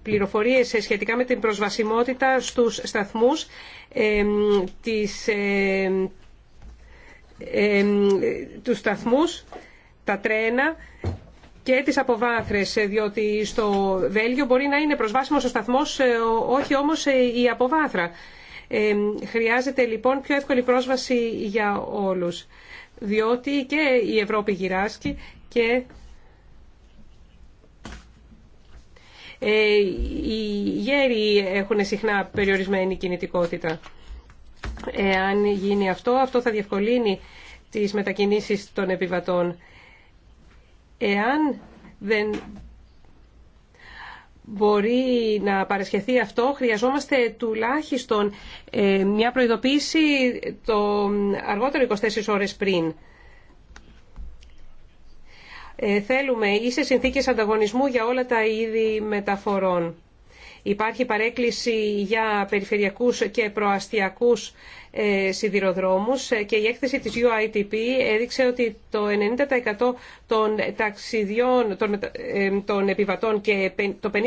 πληροφορίες σχετικά με την προσβασιμότητα στους σταθμούς της τους σταθμούς, τα τρένα και τις αποβάθρες, ε, διότι στο Βέλγιο μπορεί να είναι προσβάσιμος ο σταθμός, ε, όχι όμως ε, η αποβάθρα. Χρειάζεται λοιπόν πιο εύκολη πρόσβαση για όλους, διότι και η Ευρώπη γυράσκει και οι γέροι έχουν συχνά περιορισμένη κινητικότητα. Εάν γίνει αυτό, αυτό θα διευκολύνει τις μετακινήσεις των επιβατών. Εάν δεν μπορεί να παρασχεθεί αυτό, χρειαζόμαστε τουλάχιστον ε, μια προειδοποίηση το αργότερο 24 ώρες πριν. Ε, θέλουμε σε συνθήκες ανταγωνισμού για όλα τα είδη μεταφορών. Υπάρχει παρέκκληση για περιφερειακούς και προαστιακούς ε, σιδηροδρόμους ε, και η έκθεση της UITP έδειξε ότι το 90% των ταξιδιών των, ε, επιβατών και το 50%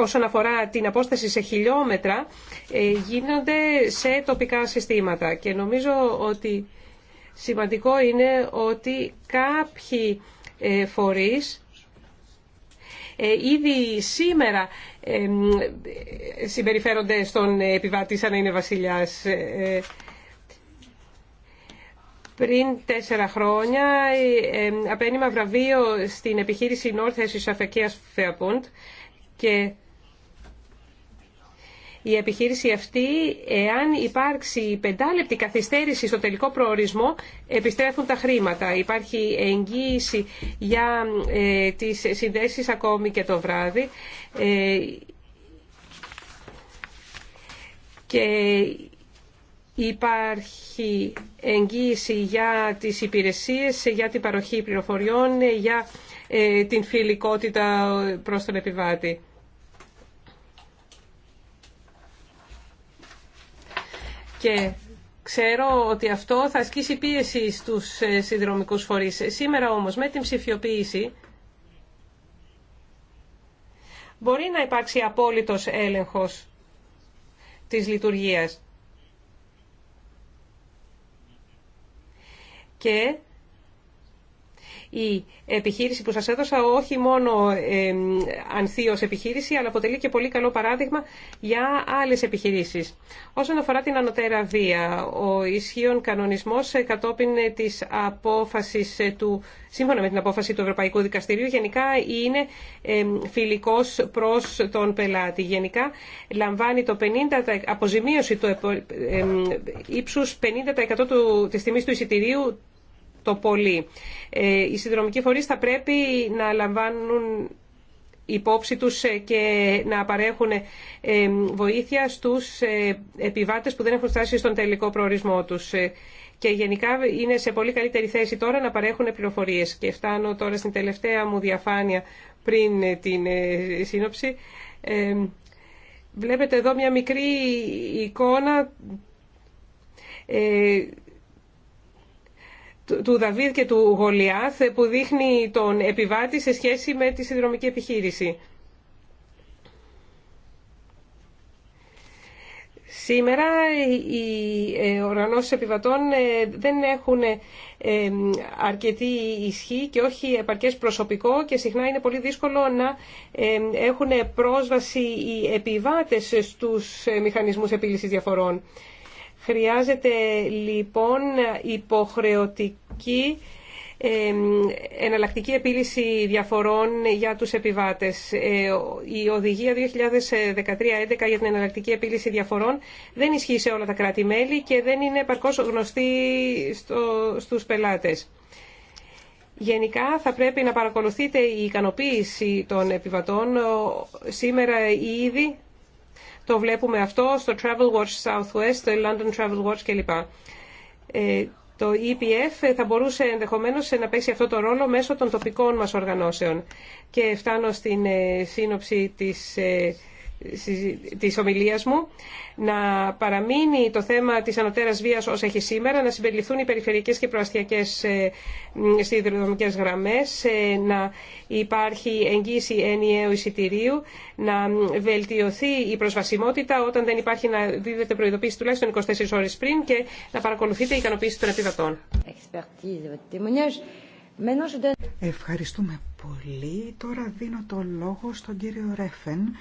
όσον αφορά την απόσταση σε χιλιόμετρα γίνονται σε τοπικά συστήματα και νομίζω ότι σημαντικό είναι ότι κάποιοι φορείς ε, ήδη σήμερα συμπεριφέρονται στον επιβάτη σαν να είναι βασιλιάς. Ε, ε, πριν τέσσερα χρόνια απένιμα βραβείο στην επιχείρηση North Αφεκίας Φεαποντ και η επιχείρηση αυτή, εάν υπάρξει πεντάλεπτη καθυστέρηση στο τελικό προορισμό, επιστρέφουν τα χρήματα. Υπάρχει εγγύηση για ε, τις συνδέσεις ακόμη και το βράδυ. Ε, και υπάρχει εγγύηση για τις υπηρεσίες, για την παροχή πληροφοριών, για ε, την φιλικότητα προς τον επιβάτη. και ξέρω ότι αυτό θα ασκήσει πίεση στους ε, συνδρομικούς φορείς. Σήμερα όμως με την ψηφιοποίηση μπορεί να υπάρξει απόλυτος έλεγχος της λειτουργίας. Και η επιχείρηση που σας έδωσα όχι μόνο ε, επιχείρηση, αλλά αποτελεί και πολύ καλό παράδειγμα για άλλες επιχειρήσεις. Όσον αφορά την ανωτέρα βία, ο ισχύων κανονισμός κατόπιν της απόφασης του, σύμφωνα με την απόφαση του Ευρωπαϊκού Δικαστηρίου, γενικά είναι ε, φιλικός προς τον πελάτη. Γενικά λαμβάνει το 50, αποζημίωση του ε, 50% του, της τιμής του εισιτηρίου το πολύ. Ε, οι συνδρομικοί φορείς θα πρέπει να λαμβάνουν υπόψη τους ε, και να παρέχουν ε, βοήθεια στους επιβάτες που δεν έχουν φτάσει στον τελικό προορισμό τους. Και γενικά είναι σε πολύ καλύτερη θέση τώρα να παρέχουν πληροφορίες. Και φτάνω τώρα στην τελευταία μου διαφάνεια πριν την σύνοψη. Βλέπετε εδώ μια μικρή εικόνα του Δαβίδ και του Γολιάθ που δείχνει τον επιβάτη σε σχέση με τη συνδρομική επιχείρηση. Σήμερα οι ε, οργανώσεις επιβατών ε, δεν έχουν ε, αρκετή ισχύ και όχι επαρκές προσωπικό και συχνά είναι πολύ δύσκολο να έχουν πρόσβαση οι επιβάτες στους μηχανισμούς επίλυσης διαφορών. Χρειάζεται λοιπόν υποχρεωτική εναλλακτική επίλυση διαφορών για τους επιβάτες. Ε, η Οδηγία 2013-11 για την εναλλακτική επίλυση διαφορών δεν ισχύει σε όλα τα κράτη-μέλη και δεν είναι επαρκώς γνωστή στους πελάτες. Γενικά θα πρέπει να παρακολουθείτε η ικανοποίηση των επιβατών. Σήμερα ήδη το βλέπουμε αυτό στο Travel Watch Southwest, το London Travel Watch κλπ. Ε, το EPF θα μπορούσε ενδεχομένως να παίξει αυτό το ρόλο μέσω των τοπικών μας οργανώσεων. Και φτάνω στην ε, σύνοψη της ε, της ομιλίας μου να παραμείνει το θέμα της ανωτέρας βίας όσο έχει σήμερα, να συμπεριληφθούν οι περιφερειακές και προαστιακές ε, σιδηροδρομικές γραμμές, ε, να υπάρχει εγγύηση ενιαίου εισιτηρίου, να βελτιωθεί η προσβασιμότητα όταν δεν υπάρχει να δίδεται προειδοποίηση τουλάχιστον 24 ώρες πριν και να παρακολουθείτε η ικανοποίηση των επιβατών. Ευχαριστούμε πολύ. Τώρα δίνω το λόγο στον κύριο Ρέφεν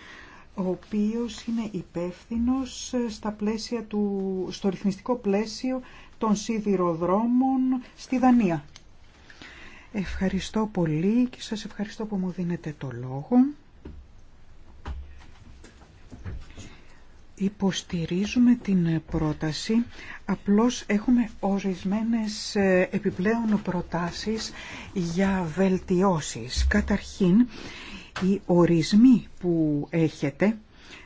ο οποίος είναι υπεύθυνος στα πλαίσια του, στο ρυθμιστικό πλαίσιο των σιδηροδρόμων στη Δανία. Ευχαριστώ πολύ και σας ευχαριστώ που μου δίνετε το λόγο. Υποστηρίζουμε την πρόταση, απλώς έχουμε ορισμένες ε, επιπλέον προτάσεις για βελτιώσεις. Καταρχήν, οι ορισμοί που έχετε.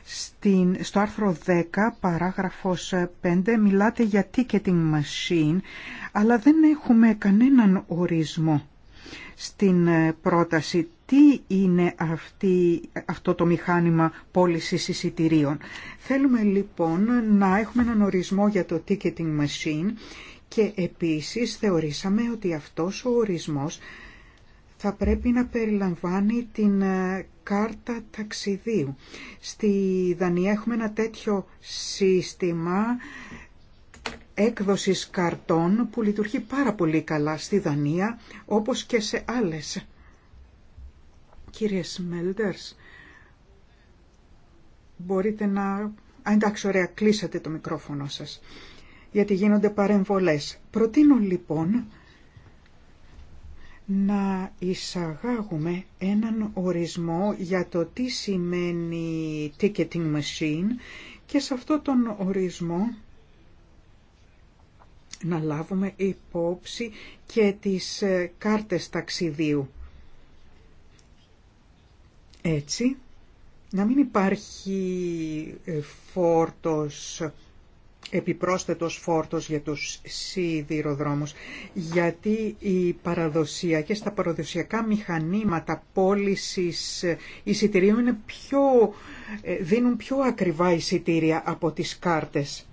Στην, στο άρθρο 10, παράγραφος 5, μιλάτε για ticketing machine, αλλά δεν έχουμε κανέναν ορισμό στην ε, πρόταση. Τι είναι αυτή, αυτό το μηχάνημα πώληση εισιτηρίων. Θέλουμε λοιπόν να έχουμε έναν ορισμό για το ticketing machine και επίσης θεωρήσαμε ότι αυτός ο ορισμός θα πρέπει να περιλαμβάνει την ε, κάρτα ταξιδίου. Στη Δανία έχουμε ένα τέτοιο σύστημα έκδοσης καρτών που λειτουργεί πάρα πολύ καλά στη Δανία όπως και σε άλλες. Κύριε Σμέλντερς, μπορείτε να... Α, εντάξει, ωραία, κλείσατε το μικρόφωνο σας, γιατί γίνονται παρεμβολές. Προτείνω λοιπόν να εισαγάγουμε έναν ορισμό για το τι σημαίνει ticketing machine και σε αυτό τον ορισμό να λάβουμε υπόψη και τις ε, κάρτες ταξιδίου. Έτσι, να μην υπάρχει ε, φόρτος επιπρόσθετος φόρτος για τους σιδηροδρόμους, γιατί οι παραδοσιακές, τα παραδοσιακά μηχανήματα πώλησης εισιτηρίων είναι πιο, ε, δίνουν πιο ακριβά εισιτήρια από τις κάρτες.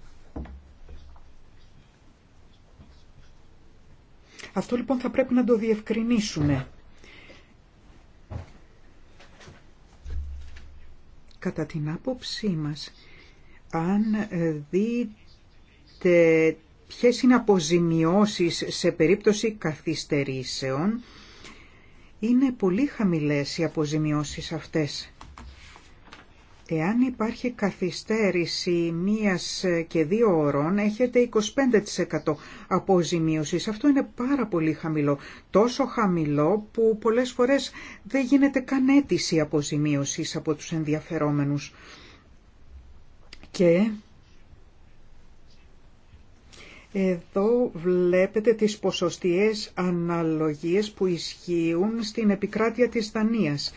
Αυτό λοιπόν θα πρέπει να το διευκρινίσουμε. Κατά την άποψή μας, αν ε, δείτε ποιες είναι αποζημιώσεις σε περίπτωση καθυστερήσεων. Είναι πολύ χαμηλές οι αποζημιώσεις αυτές. Εάν υπάρχει καθυστέρηση μίας και δύο ώρων, έχετε 25% αποζημιωση Αυτό είναι πάρα πολύ χαμηλό. Τόσο χαμηλό που πολλές φορές δεν γίνεται καν αίτηση αποζημίωσης από τους ενδιαφερόμενους. Και εδώ βλέπετε τις ποσοστιαίες αναλογίες που ισχύουν στην επικράτεια της Δανίας.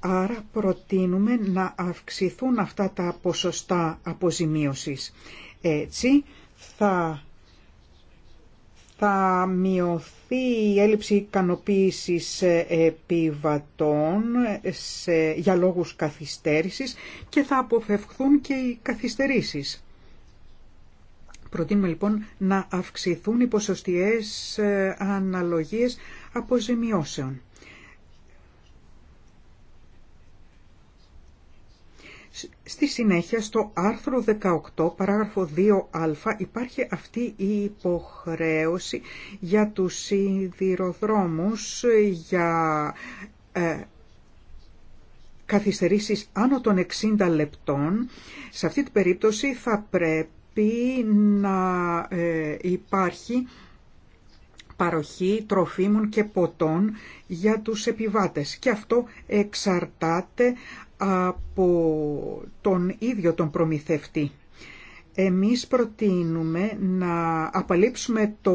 Άρα προτείνουμε να αυξηθούν αυτά τα ποσοστά αποζημίωσης. Έτσι θα, θα μειωθεί η έλλειψη ικανοποίησης επιβατών σε, για λόγους καθυστέρησης και θα αποφευχθούν και οι καθυστερήσεις. Προτείνουμε λοιπόν να αυξηθούν οι ποσοστιαίες ε, αναλογίες αποζημιώσεων. Στη συνέχεια, στο άρθρο 18, παράγραφο 2α, υπάρχει αυτή η υποχρέωση για τους σιδηροδρόμους, ε, για ε, καθυστερήσεις άνω των 60 λεπτών. Σε αυτή την περίπτωση θα πρέπει πρέπει να ε, υπάρχει παροχή τροφίμων και ποτών για τους επιβάτες. Και αυτό εξαρτάται από τον ίδιο τον προμηθευτή. Εμείς προτείνουμε να απαλείψουμε το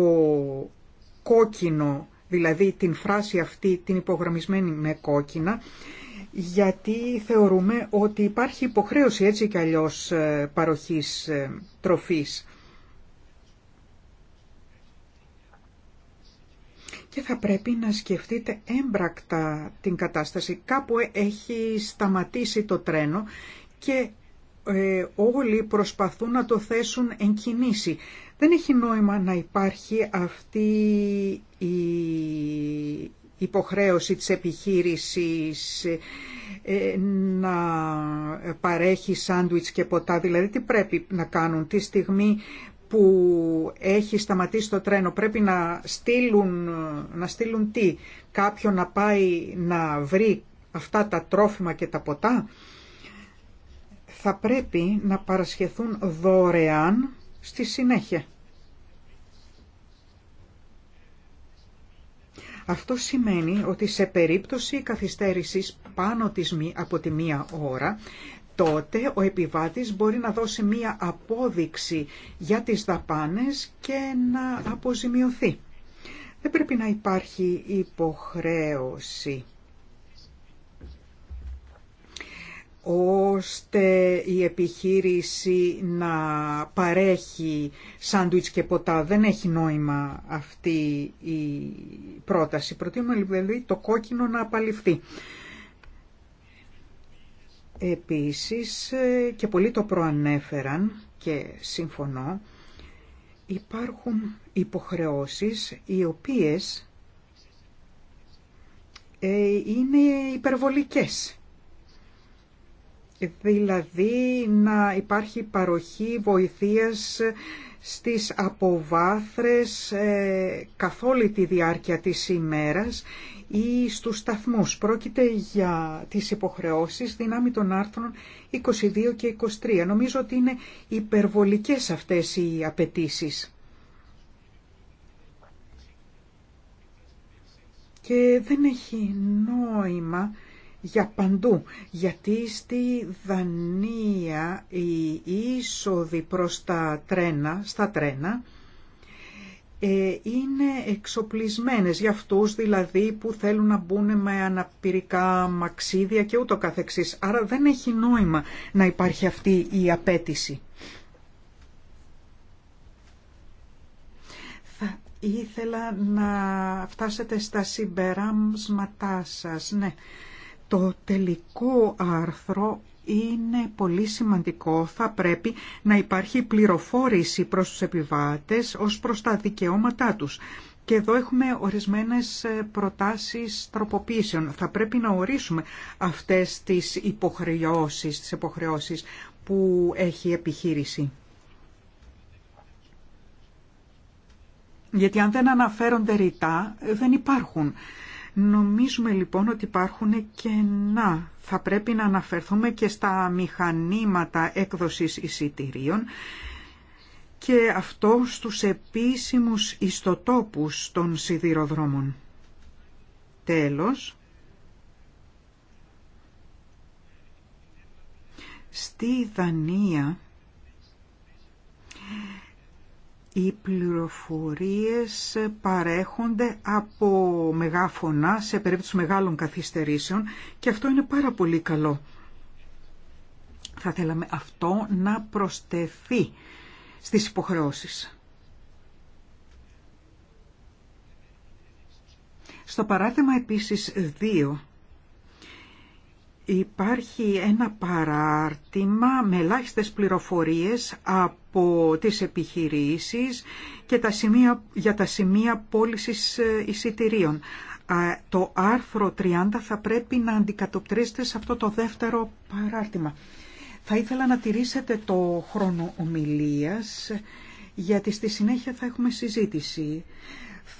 κόκκινο, δηλαδή την φράση αυτή την υπογραμμισμένη με κόκκινα, γιατί θεωρούμε ότι υπάρχει υποχρέωση έτσι κι αλλιώς ε, παροχής ε, τροφής. Και θα πρέπει να σκεφτείτε έμπρακτα την κατάσταση. Κάπου ε, έχει σταματήσει το τρένο και όλοι προσπαθούν να το θέσουν εν κινήσει. Δεν έχει νόημα να υπάρχει αυτή η υποχρέωση της επιχείρησης ε, να παρέχει σάντουιτς και ποτά. Δηλαδή τι πρέπει να κάνουν τη στιγμή που έχει σταματήσει το τρένο. Πρέπει να στείλουν, να στείλουν τι, κάποιον να πάει να βρει αυτά τα τρόφιμα και τα ποτά. Θα πρέπει να παρασχεθούν δωρεάν στη συνέχεια. Αυτό σημαίνει ότι σε περίπτωση καθυστέρησης πάνω από τη μία ώρα, τότε ο επιβάτης μπορεί να δώσει μία απόδειξη για τις δαπάνες και να αποζημιωθεί. Δεν πρέπει να υπάρχει υποχρέωση ώστε η επιχείρηση να παρέχει σάντουιτς και ποτά. Δεν έχει νόημα αυτή η πρόταση. Προτείνουμε δηλαδή το κόκκινο να απαλληφθεί. Επίσης, ε, και πολύ το προανέφεραν και συμφωνώ, υπάρχουν υποχρεώσεις οι οποίες ε, είναι υπερβολικές δηλαδή να υπάρχει παροχή βοηθείας στις αποβάθρες ε, καθ' όλη τη διάρκεια της ημέρας ή στους σταθμούς. Πρόκειται για τις υποχρεώσεις δυνάμει των άρθρων 22 και 23. Νομίζω ότι είναι υπερβολικές αυτές οι απαιτήσεις. Και δεν έχει νόημα για παντού, γιατί στη Δανία η είσοδη προς τα τρένα, στα τρένα ε, είναι εξοπλισμένες για αυτούς δηλαδή που θέλουν να μπουν με αναπηρικά μαξίδια και ούτω καθεξής. Άρα δεν έχει νόημα να υπάρχει αυτή η απέτηση. Θα ήθελα να φτάσετε στα συμπεράσματά σας. Ναι, το τελικό άρθρο είναι πολύ σημαντικό. Θα πρέπει να υπάρχει πληροφόρηση προς τους επιβάτες ως προς τα δικαιώματά τους. Και εδώ έχουμε ορισμένες ε, προτάσεις τροποποίησεων. Θα πρέπει να ορίσουμε αυτές τις υποχρεώσεις, τις υποχρεώσεις που έχει η επιχείρηση. Γιατί αν δεν αναφέρονται ρητά, δεν υπάρχουν. Νομίζουμε λοιπόν ότι υπάρχουν κενά. Θα πρέπει να αναφερθούμε και στα μηχανήματα έκδοσης εισιτηρίων και αυτό στους επίσημους ιστοτόπους των σιδηροδρόμων. Τέλος, στη Δανία οι πληροφορίες παρέχονται από μεγάφωνα σε περίπτωση μεγάλων καθυστερήσεων και αυτό είναι πάρα πολύ καλό. Θα θέλαμε αυτό να προστεθεί στις υποχρεώσεις. Στο παράθεμα επίσης 2 Υπάρχει ένα παράρτημα με ελάχιστε πληροφορίες από τις επιχειρήσεις και τα σημεία, για τα σημεία πώλησης ε, εισιτηρίων. Το άρθρο 30 θα πρέπει να αντικατοπτρίζεται σε αυτό το δεύτερο παράρτημα. Θα ήθελα να τηρήσετε το χρόνο ομιλίας, ε, γιατί στη συνέχεια θα έχουμε συζήτηση.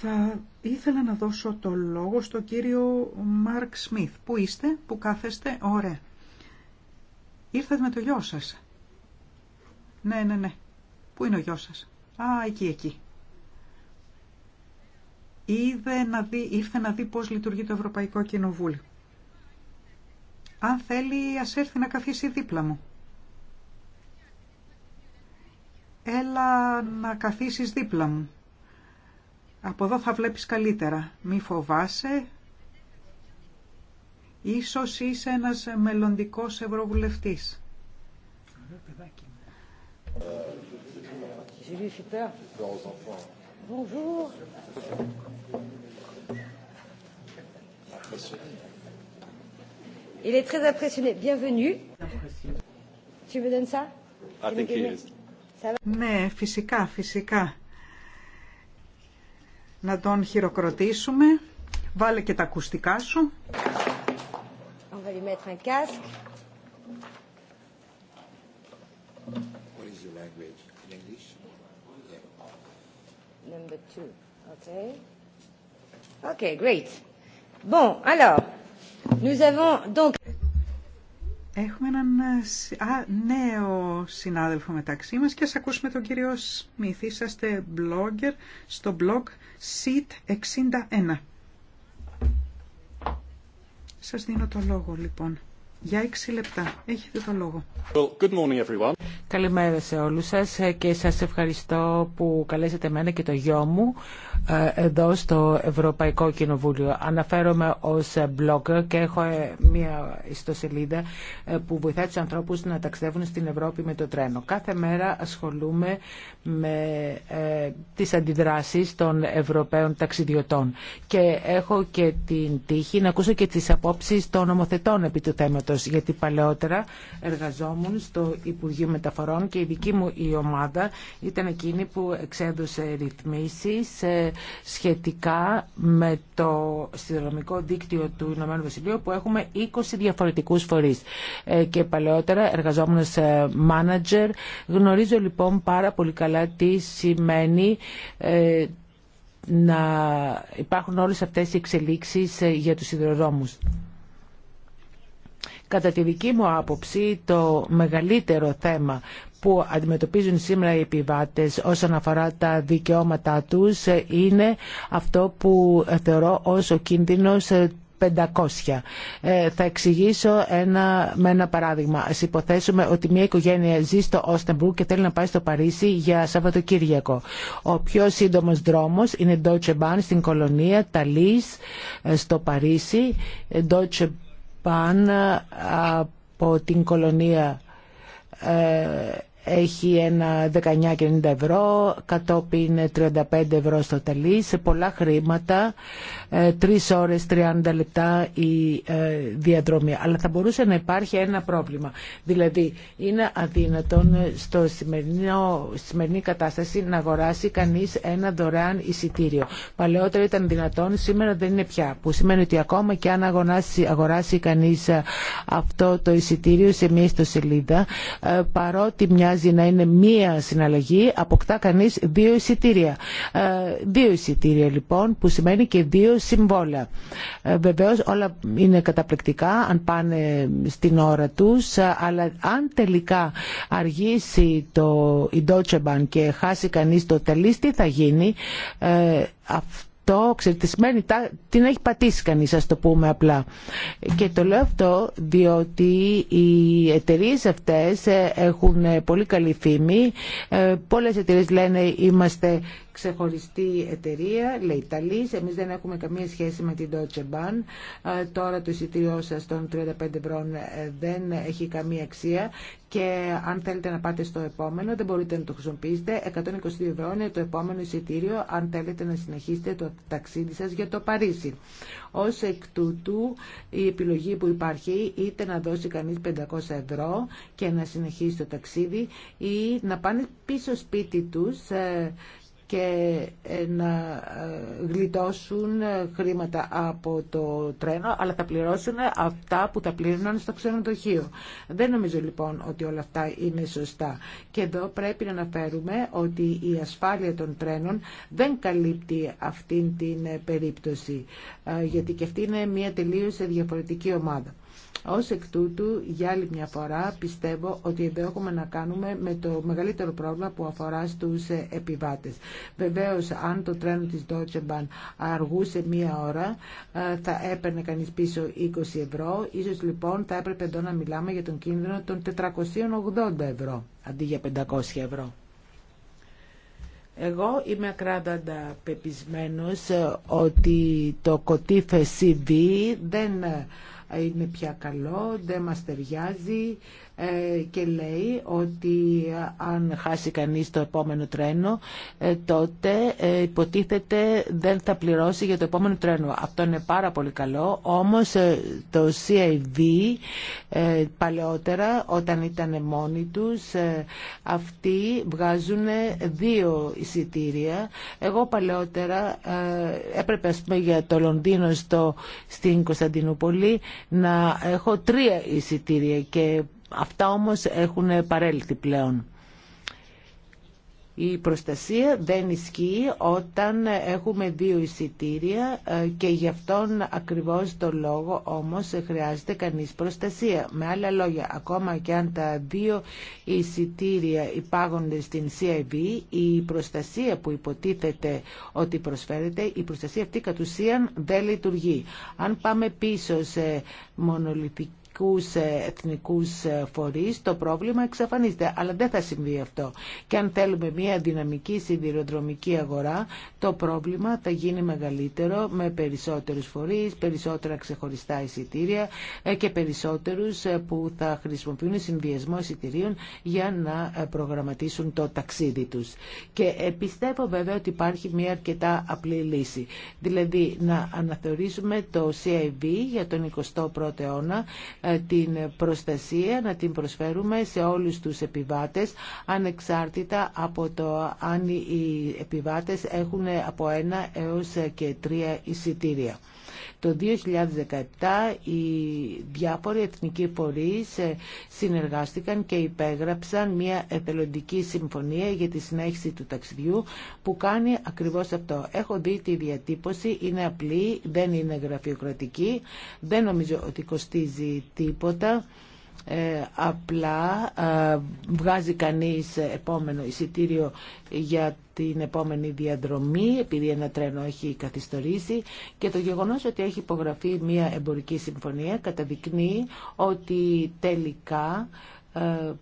Θα ήθελα να δώσω το λόγο στο κύριο Μάρκ Σμιθ. Πού είστε, πού κάθεστε, ωραία. Ήρθατε με το γιο σας. Ναι, ναι, ναι. Πού είναι ο γιος σας. Α, εκεί, εκεί. Είδε να δει, ήρθε να δει πώς λειτουργεί το Ευρωπαϊκό Κοινοβούλιο. Αν θέλει, ας έρθει να καθίσει δίπλα μου. Έλα να καθίσεις δίπλα μου. Από εδώ θα βλέπεις καλύτερα. Μη φοβάσαι. Ίσως είσαι ένας μελλοντικός ευρωβουλευτής. Il est très impressionné. Bienvenue. Tu me donnes ça? Ah, think he is. Ναι, φυσικά, φυσικά να τον χειροκροτήσουμε. Βάλε και τα ακουστικά σου. Number two. Okay. Okay, great. Bon, alors, nous avons donc... Έχουμε έναν ε, α, νέο συνάδελφο μεταξύ μας και ας ακούσουμε τον κύριο Σμιθ. Είσαστε blogger στο blog SEAT61. Σας δίνω το λόγο λοιπόν. Για 6 λεπτά. Έχετε το λόγο. Well, good morning Καλημέρα σε όλους σας και σας ευχαριστώ που καλέσατε εμένα και το γιο μου ε, εδώ στο Ευρωπαϊκό Κοινοβούλιο. Αναφέρομαι ως blogger και έχω ε, μια ιστοσελίδα ε, που βοηθάει τους ανθρώπους να ταξιδεύουν στην Ευρώπη με το τρένο. Κάθε μέρα ασχολούμαι με τις αντιδράσεις των Ευρωπαίων ταξιδιωτών και έχω και την τύχη να ακούσω και τις απόψεις των νομοθετών επί του θέματος γιατί παλαιότερα εργαζόμουν στο Υπουργείο Μεταφορών και η δική μου η ομάδα ήταν εκείνη που εξέδωσε ρυθμίσει ε, σχετικά με το συνδρομικό δίκτυο του Ηνωμένου Βασιλείου που έχουμε 20 διαφορετικούς φορείς. Ε, και παλαιότερα εργαζόμενος μάνατζερ, manager. Γνωρίζω λοιπόν πάρα πολύ καλά τι σημαίνει ε, να υπάρχουν όλες αυτές οι εξελίξεις για του σιδηροδρόμους. Κατά τη δική μου άποψη το μεγαλύτερο θέμα που αντιμετωπίζουν σήμερα οι επιβάτες όσον αφορά τα δικαιώματά τους είναι αυτό που θεωρώ ως ο κίνδυνος 500. Ε, θα εξηγήσω ένα, με ένα παράδειγμα. Α υποθέσουμε ότι μια οικογένεια ζει στο Όστεμπουργκ και θέλει να πάει στο Παρίσι για Σαββατοκύριακο. Ο πιο σύντομο δρόμο είναι Deutsche Bahn στην κολονία Ταλή ε, στο Παρίσι. Ε, Deutsche πάνω ε, από την κολονία ε, έχει ένα 19,90 ευρώ, κατόπιν 35 ευρώ στο τελή, σε πολλά χρήματα, 3 ε, ώρες 30 λεπτά η ε, διαδρομή. Αλλά θα μπορούσε να υπάρχει ένα πρόβλημα. Δηλαδή, είναι αδύνατον στο σημερινό, σημερινή κατάσταση να αγοράσει κανείς ένα δωρεάν εισιτήριο. Παλαιότερα ήταν δυνατόν, σήμερα δεν είναι πια. Που σημαίνει ότι ακόμα και αν αγοράσει, αγοράσει κανείς ε, αυτό το εισιτήριο σε μια ιστοσελίδα, παρότι μια να είναι μία συναλλαγή, αποκτά κανείς δύο εισιτήρια. Ε, δύο εισιτήρια λοιπόν που σημαίνει και δύο συμβόλαια. Ε, βεβαίως όλα είναι καταπληκτικά αν πάνε στην ώρα τους, ε, αλλά αν τελικά αργήσει το, η Deutsche Bank και χάσει κανείς το τελίστη θα γίνει. Αυτό το ξερτισμένη την έχει πατήσει κανείς, ας το πούμε απλά. Και το λέω αυτό διότι οι εταιρείε αυτές ε, έχουν ε, πολύ καλή φήμη. Ε, πολλές εταιρείε λένε είμαστε ξεχωριστή εταιρεία, λέει Ταλής, εμείς δεν έχουμε καμία σχέση με την Deutsche Bahn, ε, τώρα το εισιτήριό σας των 35 ευρώ ε, δεν έχει καμία αξία και αν θέλετε να πάτε στο επόμενο δεν μπορείτε να το χρησιμοποιήσετε, 122 ευρώ είναι το επόμενο εισιτήριο αν θέλετε να συνεχίσετε το ταξίδι σας για το Παρίσι. Ως εκ τούτου η επιλογή που υπάρχει είτε να δώσει κανείς 500 ευρώ και να συνεχίσει το ταξίδι ή να πάνε πίσω σπίτι τους ε, και ε, να ε, γλιτώσουν ε, χρήματα από το τρένο, αλλά θα πληρώσουν αυτά που θα πλήρωναν στο ξενοδοχείο. Δεν νομίζω λοιπόν ότι όλα αυτά είναι σωστά. Και εδώ πρέπει να αναφέρουμε ότι η ασφάλεια των τρένων δεν καλύπτει αυτήν την περίπτωση, γιατί και αυτή είναι μια τελείως διαφορετική ομάδα. Ως εκ τούτου, για άλλη μια φορά, πιστεύω ότι εδώ έχουμε να κάνουμε με το μεγαλύτερο πρόβλημα που αφορά στους ε, επιβάτες. Βεβαίως, αν το τρένο της Deutsche Bahn αργούσε μία ώρα, ε, θα έπαιρνε κανείς πίσω 20 ευρώ. Ίσως λοιπόν θα έπρεπε εδώ να μιλάμε για τον κίνδυνο των 480 ευρώ, αντί για 500 ευρώ. Εγώ είμαι ακράδαντα πεπισμένος ε, ότι το κοτήφε CV δεν είναι πια καλό, δεν μας ταιριάζει, ε, και λέει ότι αν χάσει κανείς το επόμενο τρένο ε, τότε ε, υποτίθεται δεν θα πληρώσει για το επόμενο τρένο. Αυτό είναι πάρα πολύ καλό, όμως το CIV παλαιότερα όταν ήταν μόνοι τους αυτοί βγάζουν δύο εισιτήρια. Εγώ παλαιότερα έπρεπε ας πούμε για το Λονδίνο στο, στην Κωνσταντινούπολη να έχω τρία εισιτήρια και Αυτά όμως έχουν παρέλθει πλέον. Η προστασία δεν ισχύει όταν έχουμε δύο εισιτήρια ε, και γι' αυτόν ακριβώς το λόγο όμως χρειάζεται κανείς προστασία. Με άλλα λόγια, ακόμα και αν τα δύο εισιτήρια υπάγονται στην CIV, η προστασία που υποτίθεται ότι προσφέρεται, η προστασία αυτή κατ' ουσίαν δεν λειτουργεί. Αν πάμε πίσω σε μονολυθική βασικούς εθνικούς ε, ε, φορείς το πρόβλημα εξαφανίζεται. Αλλά δεν θα συμβεί αυτό. Και αν θέλουμε μια δυναμική σιδηροδρομική αγορά, το πρόβλημα θα γίνει μεγαλύτερο με περισσότερους φορείς, περισσότερα ξεχωριστά εισιτήρια ε, και περισσότερους που θα χρησιμοποιούν συνδυασμό εισιτηρίων για να προγραμματίσουν το ταξίδι τους. Και πιστεύω βέβαια ότι υπάρχει μια αρκετά απλή λύση. Δηλαδή να αναθεωρήσουμε το CIV για τον 21ο αιώνα ε, την προστασία να την προσφέρουμε σε όλους τους επιβάτες ανεξάρτητα από το αν οι επιβάτες έχουν από ένα έως και τρία εισιτήρια. Το 2017 οι διάφοροι εθνικοί φορείς ε, συνεργάστηκαν και υπέγραψαν μια εθελοντική συμφωνία για τη συνέχιση του ταξιδιού που κάνει ακριβώς αυτό. Έχω δει τη διατύπωση, είναι απλή, δεν είναι γραφειοκρατική, δεν νομίζω ότι κοστίζει τίποτα. Ε, απλά ε, βγάζει κανείς επόμενο εισιτήριο για την επόμενη διαδρομή επειδή ένα τρένο έχει καθυστορήσει και το γεγονός ότι έχει υπογραφεί μια εμπορική συμφωνία καταδεικνύει ότι τελικά ε,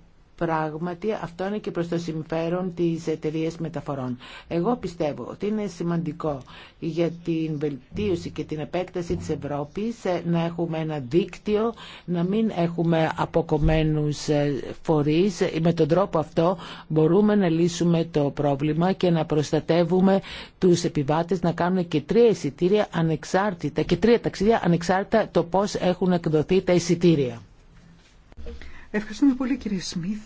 πράγματι αυτό είναι και προς το συμφέρον της εταιρείας μεταφορών. Εγώ πιστεύω ότι είναι σημαντικό για την βελτίωση και την επέκταση της Ευρώπης ε, να έχουμε ένα δίκτυο, να μην έχουμε αποκομμένους ε, φορείς. Ε, με τον τρόπο αυτό μπορούμε να λύσουμε το πρόβλημα και να προστατεύουμε τους επιβάτες να κάνουν και τρία εισιτήρια ανεξάρτητα και τρία ταξίδια ανεξάρτητα το πώς έχουν εκδοθεί τα εισιτήρια. Ευχαριστούμε πολύ κύριε Σμιθ.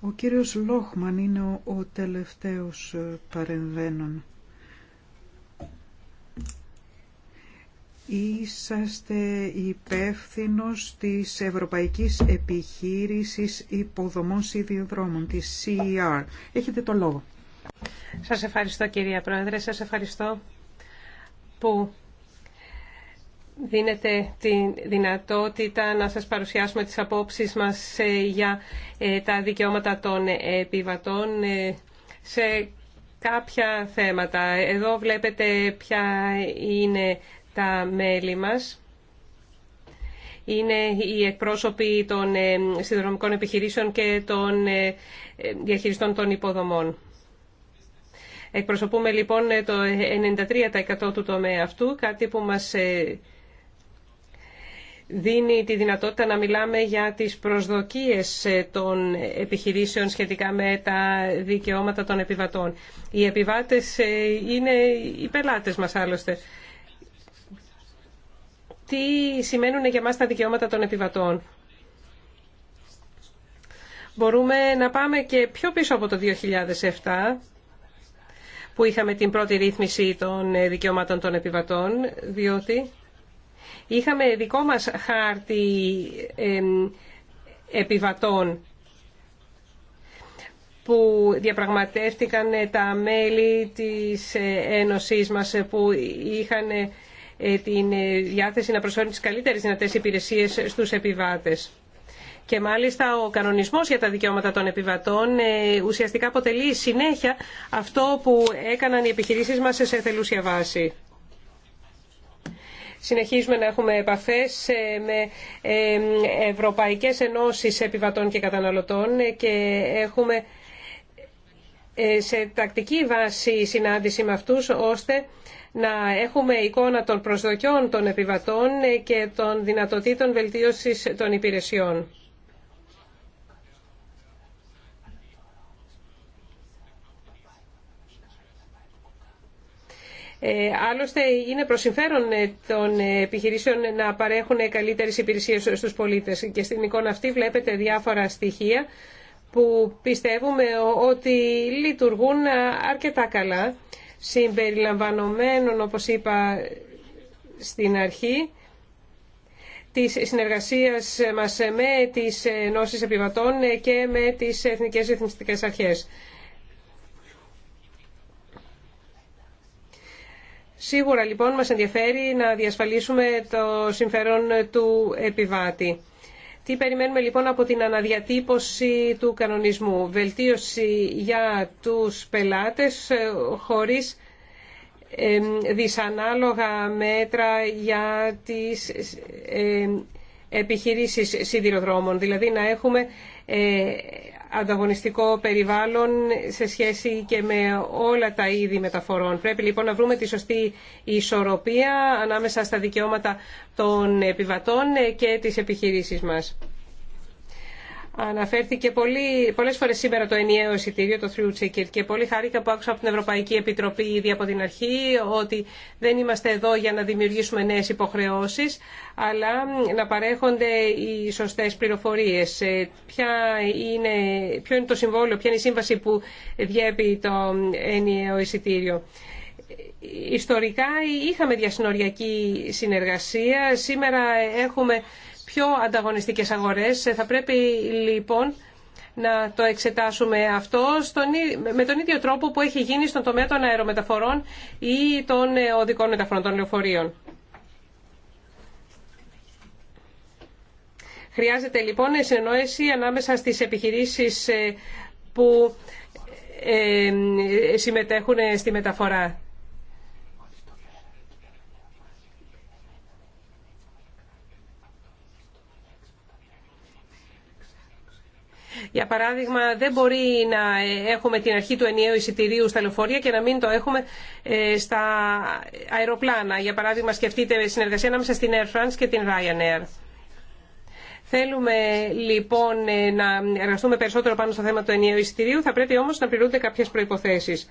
Ο κύριος Λόχμαν είναι ο, ο τελευταίος ε, παρεμβαίνων. Είσαστε υπεύθυνο της Ευρωπαϊκής Επιχείρησης Υποδομών Σιδηροδρόμων, της CER. Έχετε το λόγο. Σας ευχαριστώ κυρία Πρόεδρε, σας ευχαριστώ που δίνετε τη δυνατότητα να σας παρουσιάσουμε τις απόψεις μας ε, για ε, τα δικαιώματα των επιβατών ε, σε κάποια θέματα. Εδώ βλέπετε ποια είναι τα μέλη μας. Είναι οι εκπρόσωποι των συνδρομικών επιχειρήσεων και των διαχειριστών των υποδομών. Εκπροσωπούμε λοιπόν το 93% του τομέα αυτού, κάτι που μας δίνει τη δυνατότητα να μιλάμε για τις προσδοκίες ε, των επιχειρήσεων σχετικά με τα δικαιώματα των επιβατών. Οι επιβάτες ε, είναι οι πελάτες μας άλλωστε. Τι σημαίνουν για μας τα δικαιώματα των επιβατών. Μπορούμε να πάμε και πιο πίσω από το 2007 που είχαμε την πρώτη ρύθμιση των ε, δικαιωμάτων των επιβατών, διότι Είχαμε δικό μας χάρτη επιβατών που διαπραγματεύτηκαν τα μέλη της Ένωσής μας που είχαν ε, την διάθεση να προσφέρουν τις καλύτερες δυνατές υπηρεσίες στους επιβάτες. Και μάλιστα ο κανονισμός για τα δικαιώματα των επιβατών ε, ουσιαστικά αποτελεί συνέχεια αυτό που έκαναν οι επιχειρήσεις μας σε θελούσια βάση. Συνεχίζουμε να έχουμε επαφές ε, με ε, ευρωπαϊκές ενώσεις επιβατών και καταναλωτών και έχουμε ε, σε τακτική βάση συνάντηση με αυτούς ώστε να έχουμε εικόνα των προσδοκιών των επιβατών και των δυνατοτήτων βελτίωσης των υπηρεσιών. Ε, άλλωστε είναι προ συμφέρον ε, των ε, επιχειρήσεων να παρέχουν καλύτερες υπηρεσίες στους πολίτες και στην εικόνα αυτή βλέπετε διάφορα στοιχεία που πιστεύουμε ότι λειτουργούν αρκετά καλά συμπεριλαμβανομένων όπως είπα στην αρχή της συνεργασίας μας με τις ενώσεις επιβατών και με τις εθνικές ρυθμιστικές αρχές. Σίγουρα λοιπόν μας ενδιαφέρει να διασφαλίσουμε το συμφερόν του επιβάτη. Τι περιμένουμε λοιπόν από την αναδιατύπωση του κανονισμού. Βελτίωση για τους πελάτες ε, χωρίς δυσανάλογα μέτρα για τις ε, επιχειρήσεις σιδηροδρόμων. Δηλαδή να έχουμε ε, ανταγωνιστικό περιβάλλον σε σχέση και με όλα τα είδη μεταφορών. Πρέπει λοιπόν να βρούμε τη σωστή ισορροπία ανάμεσα στα δικαιώματα των επιβατών και της επιχειρήσεις μας. Αναφέρθηκε πολύ, πολλές φορές σήμερα το ενιαίο εισιτήριο, το through ticket και πολύ χάρηκα που άκουσα από την Ευρωπαϊκή Επιτροπή ήδη από την αρχή ότι δεν είμαστε εδώ για να δημιουργήσουμε νέες υποχρεώσεις αλλά να παρέχονται οι σωστές πληροφορίες. Ε, ποια ποιο είναι το συμβόλαιο, ποια είναι η σύμβαση που διέπει το ενιαίο εισιτήριο. Ιστορικά είχαμε διασυνοριακή συνεργασία, σήμερα έχουμε πιο ανταγωνιστικές αγορές. Ε, θα πρέπει λοιπόν να το εξετάσουμε αυτό με τον ίδιο τρόπο που έχει γίνει στον τομέα των αερομεταφορών ή των ε, οδικών μεταφορών των λεωφορείων. Χρειάζεται λοιπόν συνεννόηση ανάμεσα στις επιχειρήσεις ε, που συμμετέχουν στη μεταφορά. Για παράδειγμα, δεν μπορεί να έχουμε την αρχή του ενιαίου εισιτηρίου στα λεωφορεία και να μην το έχουμε ε, στα αεροπλάνα. Για παράδειγμα, σκεφτείτε συνεργασία ανάμεσα στην Air France και την Ryanair. Θέλουμε λοιπόν ε, να εργαστούμε περισσότερο πάνω στο θέμα του ενιαίου εισιτηρίου, θα πρέπει όμως να πληρούνται κάποιες προϋποθέσεις.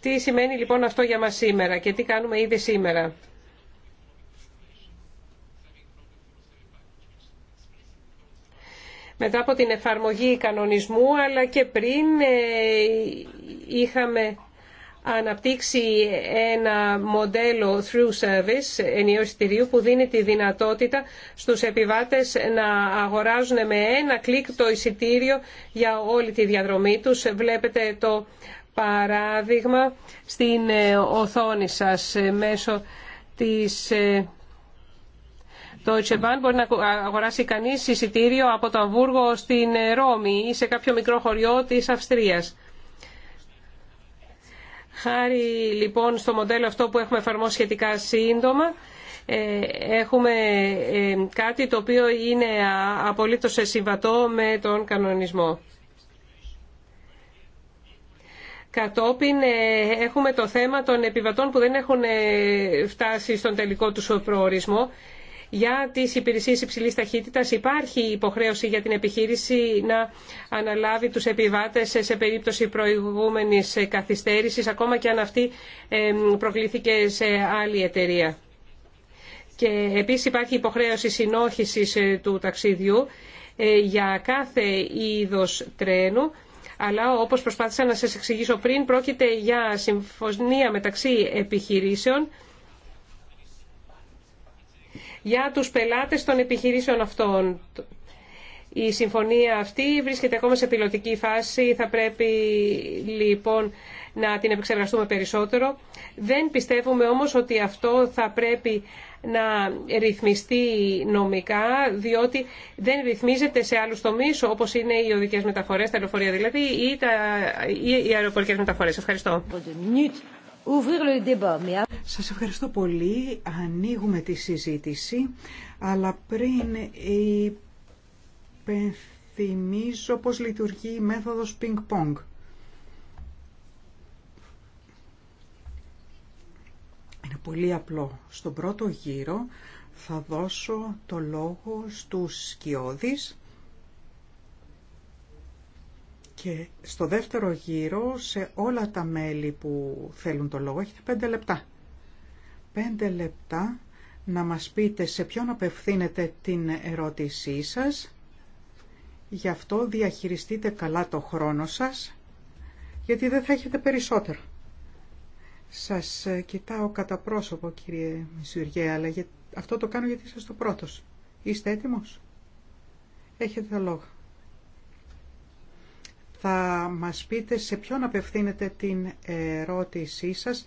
Τι σημαίνει λοιπόν αυτό για μας σήμερα και τι κάνουμε ήδη σήμερα. μετά από την εφαρμογή κανονισμού αλλά και πριν ε, είχαμε αναπτύξει ένα μοντέλο through service ενιαίου εισιτηρίου που δίνει τη δυνατότητα στους επιβάτες να αγοράζουν με ένα κλικ το εισιτήριο για όλη τη διαδρομή τους. Βλέπετε το παράδειγμα στην ε, οθόνη σας ε, μέσω της το τσεμπάν μπορεί να αγοράσει κανείς εισιτήριο από το Αμβούργο στην Ρώμη ή σε κάποιο μικρό χωριό της Αυστρίας. Χάρη λοιπόν στο μοντέλο αυτό που έχουμε εφαρμόσει σχετικά σύντομα, ε, έχουμε ε, κάτι το οποίο είναι απολύτως συμβατό με τον κανονισμό. Κατόπιν ε, έχουμε το θέμα των επιβατών που δεν έχουν φτάσει στον τελικό τους προορισμό για τις υπηρεσίες υψηλή ταχύτητα υπάρχει υποχρέωση για την επιχείρηση να αναλάβει τους επιβάτες σε περίπτωση προηγούμενη καθυστέρησης, ακόμα και αν αυτή προκλήθηκε σε άλλη εταιρεία. Και επίσης υπάρχει υποχρέωση συνόχισης ε, του ταξιδιού ε, για κάθε είδος τρένου, αλλά όπως προσπάθησα να σας εξηγήσω πριν, πρόκειται για συμφωνία μεταξύ επιχειρήσεων για τους πελάτες των επιχειρήσεων αυτών. Η συμφωνία αυτή βρίσκεται ακόμα σε πιλωτική φάση. Θα πρέπει λοιπόν να την επεξεργαστούμε περισσότερο. Δεν πιστεύουμε όμως ότι αυτό θα πρέπει να ρυθμιστεί νομικά, διότι δεν ρυθμίζεται σε άλλους τομείς, όπως είναι οι οδικές μεταφορές, τα αεροφορία δηλαδή, ή, τα... ή οι αεροπορικές μεταφορές. Ευχαριστώ. Σας ευχαριστώ πολύ. Ανοίγουμε τη συζήτηση, αλλά πριν υπενθυμίζω πώς λειτουργεί η μέθοδος ping-pong. Είναι πολύ απλό. Στον πρώτο γύρο θα δώσω το λόγο στους σκιώδεις και στο δεύτερο γύρο, σε όλα τα μέλη που θέλουν το λόγο, έχετε πέντε λεπτά. Πέντε λεπτά να μας πείτε σε ποιον απευθύνετε την ερώτησή σας. Γι' αυτό διαχειριστείτε καλά το χρόνο σας, γιατί δεν θα έχετε περισσότερο. Σας ε, κοιτάω κατά πρόσωπο, κύριε Μισουργέ, αλλά αυτό το κάνω γιατί είστε το πρώτος. Είστε έτοιμος. Έχετε το λόγο θα μας πείτε σε ποιον απευθύνετε την ερώτησή σας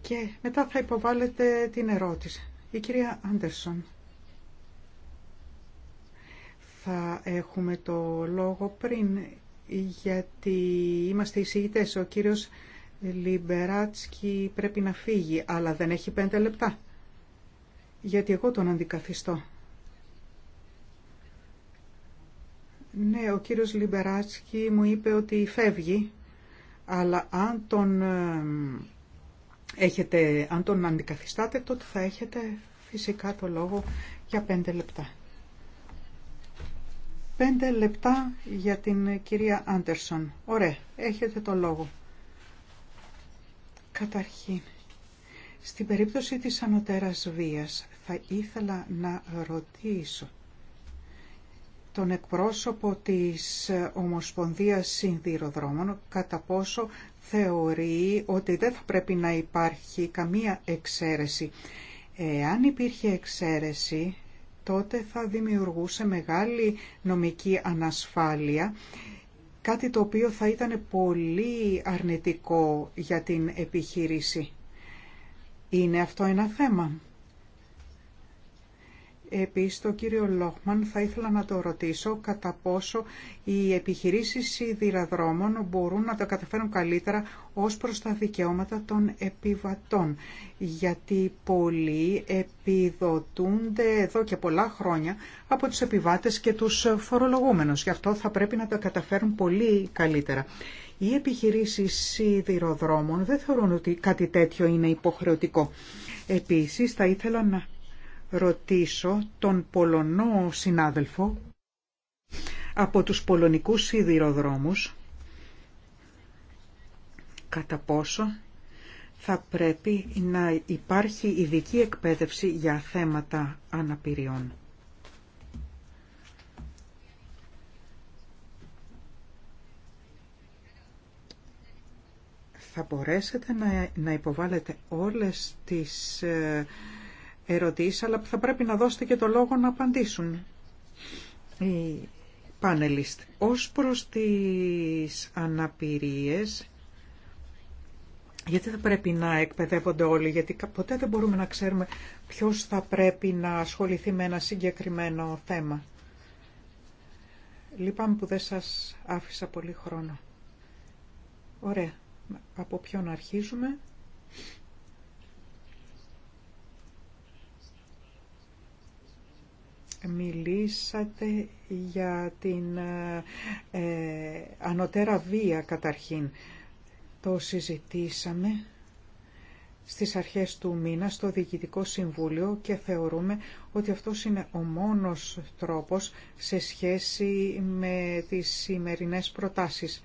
και μετά θα υποβάλλετε την ερώτηση. Η κυρία Άντερσον. Θα έχουμε το λόγο πριν, γιατί είμαστε εισηγητές. Ο κύριος Λιμπεράτσκι πρέπει να φύγει, αλλά δεν έχει πέντε λεπτά. Γιατί εγώ τον αντικαθιστώ. Ναι, ο κύριος Λιμπεράτσκι μου είπε ότι φεύγει, αλλά αν τον, ε, έχετε, αν τον αντικαθιστάτε τότε θα έχετε φυσικά το λόγο για πέντε λεπτά. Πέντε λεπτά για την κυρία Άντερσον. Ωραία, έχετε το λόγο. Καταρχήν, στην περίπτωση της ανωτέρας βίας θα ήθελα να ρωτήσω τον εκπρόσωπο της Ομοσπονδίας Συνδυροδρόμων κατά πόσο θεωρεί ότι δεν θα πρέπει να υπάρχει καμία εξαίρεση. Εάν υπήρχε εξαίρεση, τότε θα δημιουργούσε μεγάλη νομική ανασφάλεια, κάτι το οποίο θα ήταν πολύ αρνητικό για την επιχείρηση. Είναι αυτό ένα θέμα. Επίσης, το κύριο Λόχμαν θα ήθελα να το ρωτήσω κατά πόσο οι επιχειρήσεις σιδηραδρόμων μπορούν να τα καταφέρουν καλύτερα ως προς τα δικαιώματα των επιβατών. Γιατί πολλοί επιδοτούνται εδώ και πολλά χρόνια από τους επιβάτες και τους φορολογούμενους. Γι' αυτό θα πρέπει να τα καταφέρουν πολύ καλύτερα. Οι επιχειρήσεις σιδηροδρόμων δεν θεωρούν ότι κάτι τέτοιο είναι υποχρεωτικό. Επίσης, θα ήθελα να ρωτήσω τον Πολωνό συνάδελφο από τους πολωνικούς σιδηροδρόμους κατά πόσο θα πρέπει να υπάρχει ειδική εκπαίδευση για θέματα αναπηριών. Θα μπορέσετε να, να υποβάλλετε όλες τις ε, ερωτήσεις, αλλά θα πρέπει να δώσετε και το λόγο να απαντήσουν οι πάνελιστ. Ως προς τις αναπηρίες, γιατί θα πρέπει να εκπαιδεύονται όλοι, γιατί ποτέ δεν μπορούμε να ξέρουμε ποιος θα πρέπει να ασχοληθεί με ένα συγκεκριμένο θέμα. Λυπάμαι που δεν σας άφησα πολύ χρόνο. Ωραία. Από ποιον αρχίζουμε. Μιλήσατε για την ε, ανωτέρα βία καταρχήν. Το συζητήσαμε στις αρχές του μήνα στο Διοικητικό Συμβούλιο και θεωρούμε ότι αυτό είναι ο μόνος τρόπος σε σχέση με τις σημερινές προτάσεις.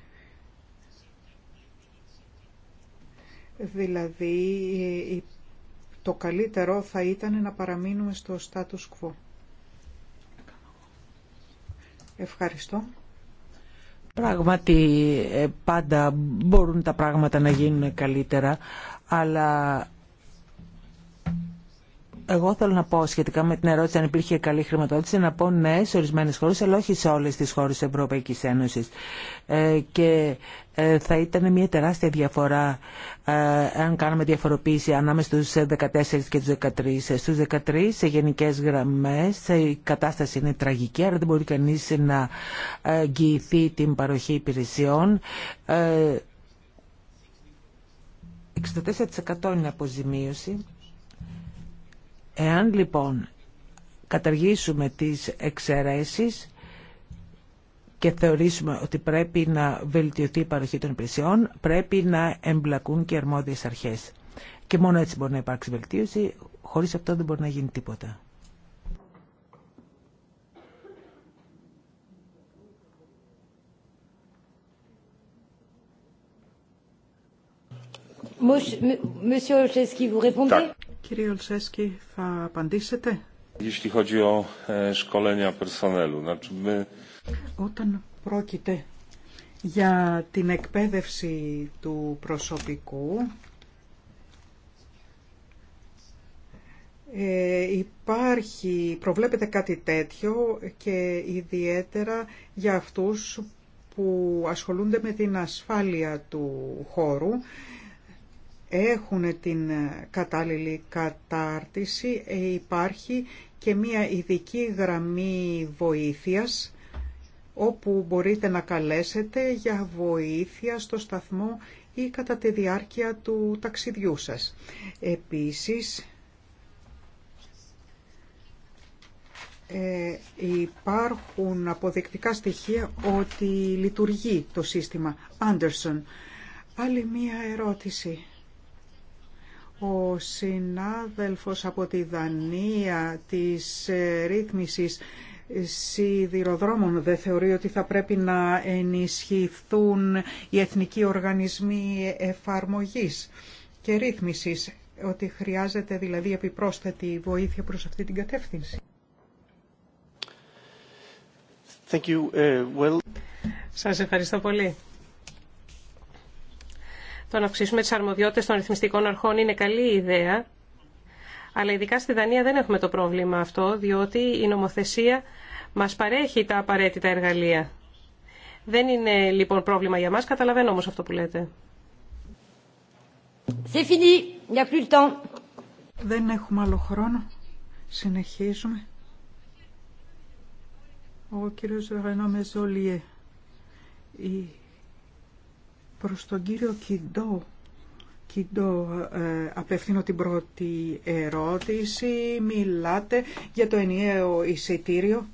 Δηλαδή, το καλύτερο θα ήταν να παραμείνουμε στο status quo. Ευχαριστώ. Πράγματι ε, πάντα μπορούν τα πράγματα να γίνουν καλύτερα, αλλά εγώ θέλω να πω σχετικά με την ερώτηση αν υπήρχε καλή χρηματοδότηση, να πω ναι σε ορισμένες χώρες, αλλά όχι σε όλες τις χώρες της Ευρωπαϊκής Ένωσης. Ε, και ε, θα ήταν μια τεράστια διαφορά ε, αν κάναμε διαφοροποίηση ανάμεσα στους 14 και τους 13. Στους 13 σε γενικές γραμμές η κατάσταση είναι τραγική, άρα δεν μπορεί κανείς να εγγυηθεί την παροχή υπηρεσιών. 64% είναι αποζημίωση. Εάν λοιπόν καταργήσουμε τις εξαιρέσεις και θεωρήσουμε ότι πρέπει να βελτιωθεί η παροχή των υπηρεσιών, πρέπει να εμπλακούν και οι αρμόδιες αρχές. Και μόνο έτσι μπορεί να υπάρξει βελτίωση, χωρίς αυτό δεν μπορεί να γίνει τίποτα. Monsieur Olszewski, vous répondez Κύριε Ολσέσκι, θα απαντήσετε. E, Όταν πρόκειται για την εκπαίδευση του προσωπικού, Ε, υπάρχει, προβλέπεται κάτι τέτοιο και ιδιαίτερα για αυτούς που ασχολούνται με την ασφάλεια του χώρου έχουν την ε, κατάλληλη κατάρτιση ε, υπάρχει και μία ειδική γραμμή βοήθειας όπου μπορείτε να καλέσετε για βοήθεια στο σταθμό ή κατά τη διάρκεια του ταξιδιού σας. Επίσης, ε, υπάρχουν αποδεικτικά στοιχεία ότι λειτουργεί το σύστημα Anderson. Άλλη μία ερώτηση. Ο συνάδελφος από τη Δανία της ε, ρύθμισης σιδηροδρόμων δεν θεωρεί ότι θα πρέπει να ενισχυθούν οι εθνικοί οργανισμοί εφαρμογής και ρύθμισης, ότι χρειάζεται δηλαδή επιπρόσθετη βοήθεια προς αυτή την κατεύθυνση. Thank you. Ε, well... Σας ευχαριστώ πολύ το να αυξήσουμε τι αρμοδιότητε των ρυθμιστικών αρχών είναι καλή ιδέα, αλλά ειδικά στη Δανία δεν έχουμε το πρόβλημα αυτό, διότι η νομοθεσία μας παρέχει τα απαραίτητα εργαλεία. Δεν είναι λοιπόν πρόβλημα για μας, καταλαβαίνω όμω αυτό που λέτε. Δεν έχουμε άλλο χρόνο. Συνεχίζουμε. Ο κύριος Ρενό Μεζολιέ, η Προς τον κύριο Κιντό, Κιντό ε, απευθύνω την πρώτη ερώτηση. Μιλάτε για το ενιαίο εισιτήριο.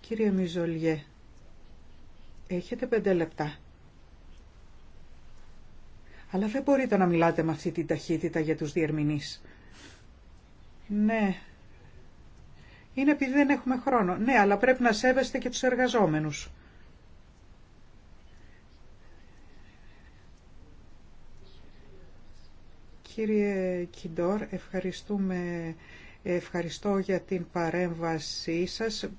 Κύριε Μιζολιέ, έχετε πέντε λεπτά. Αλλά δεν μπορείτε να μιλάτε με αυτή την ταχύτητα για τους διερμηνείς. Ναι. Είναι επειδή δεν έχουμε χρόνο. Ναι, αλλά πρέπει να σέβεστε και τους εργαζόμενους. Κύριε Κιντόρ, ευχαριστούμε, ευχαριστώ για την παρέμβασή σας ε,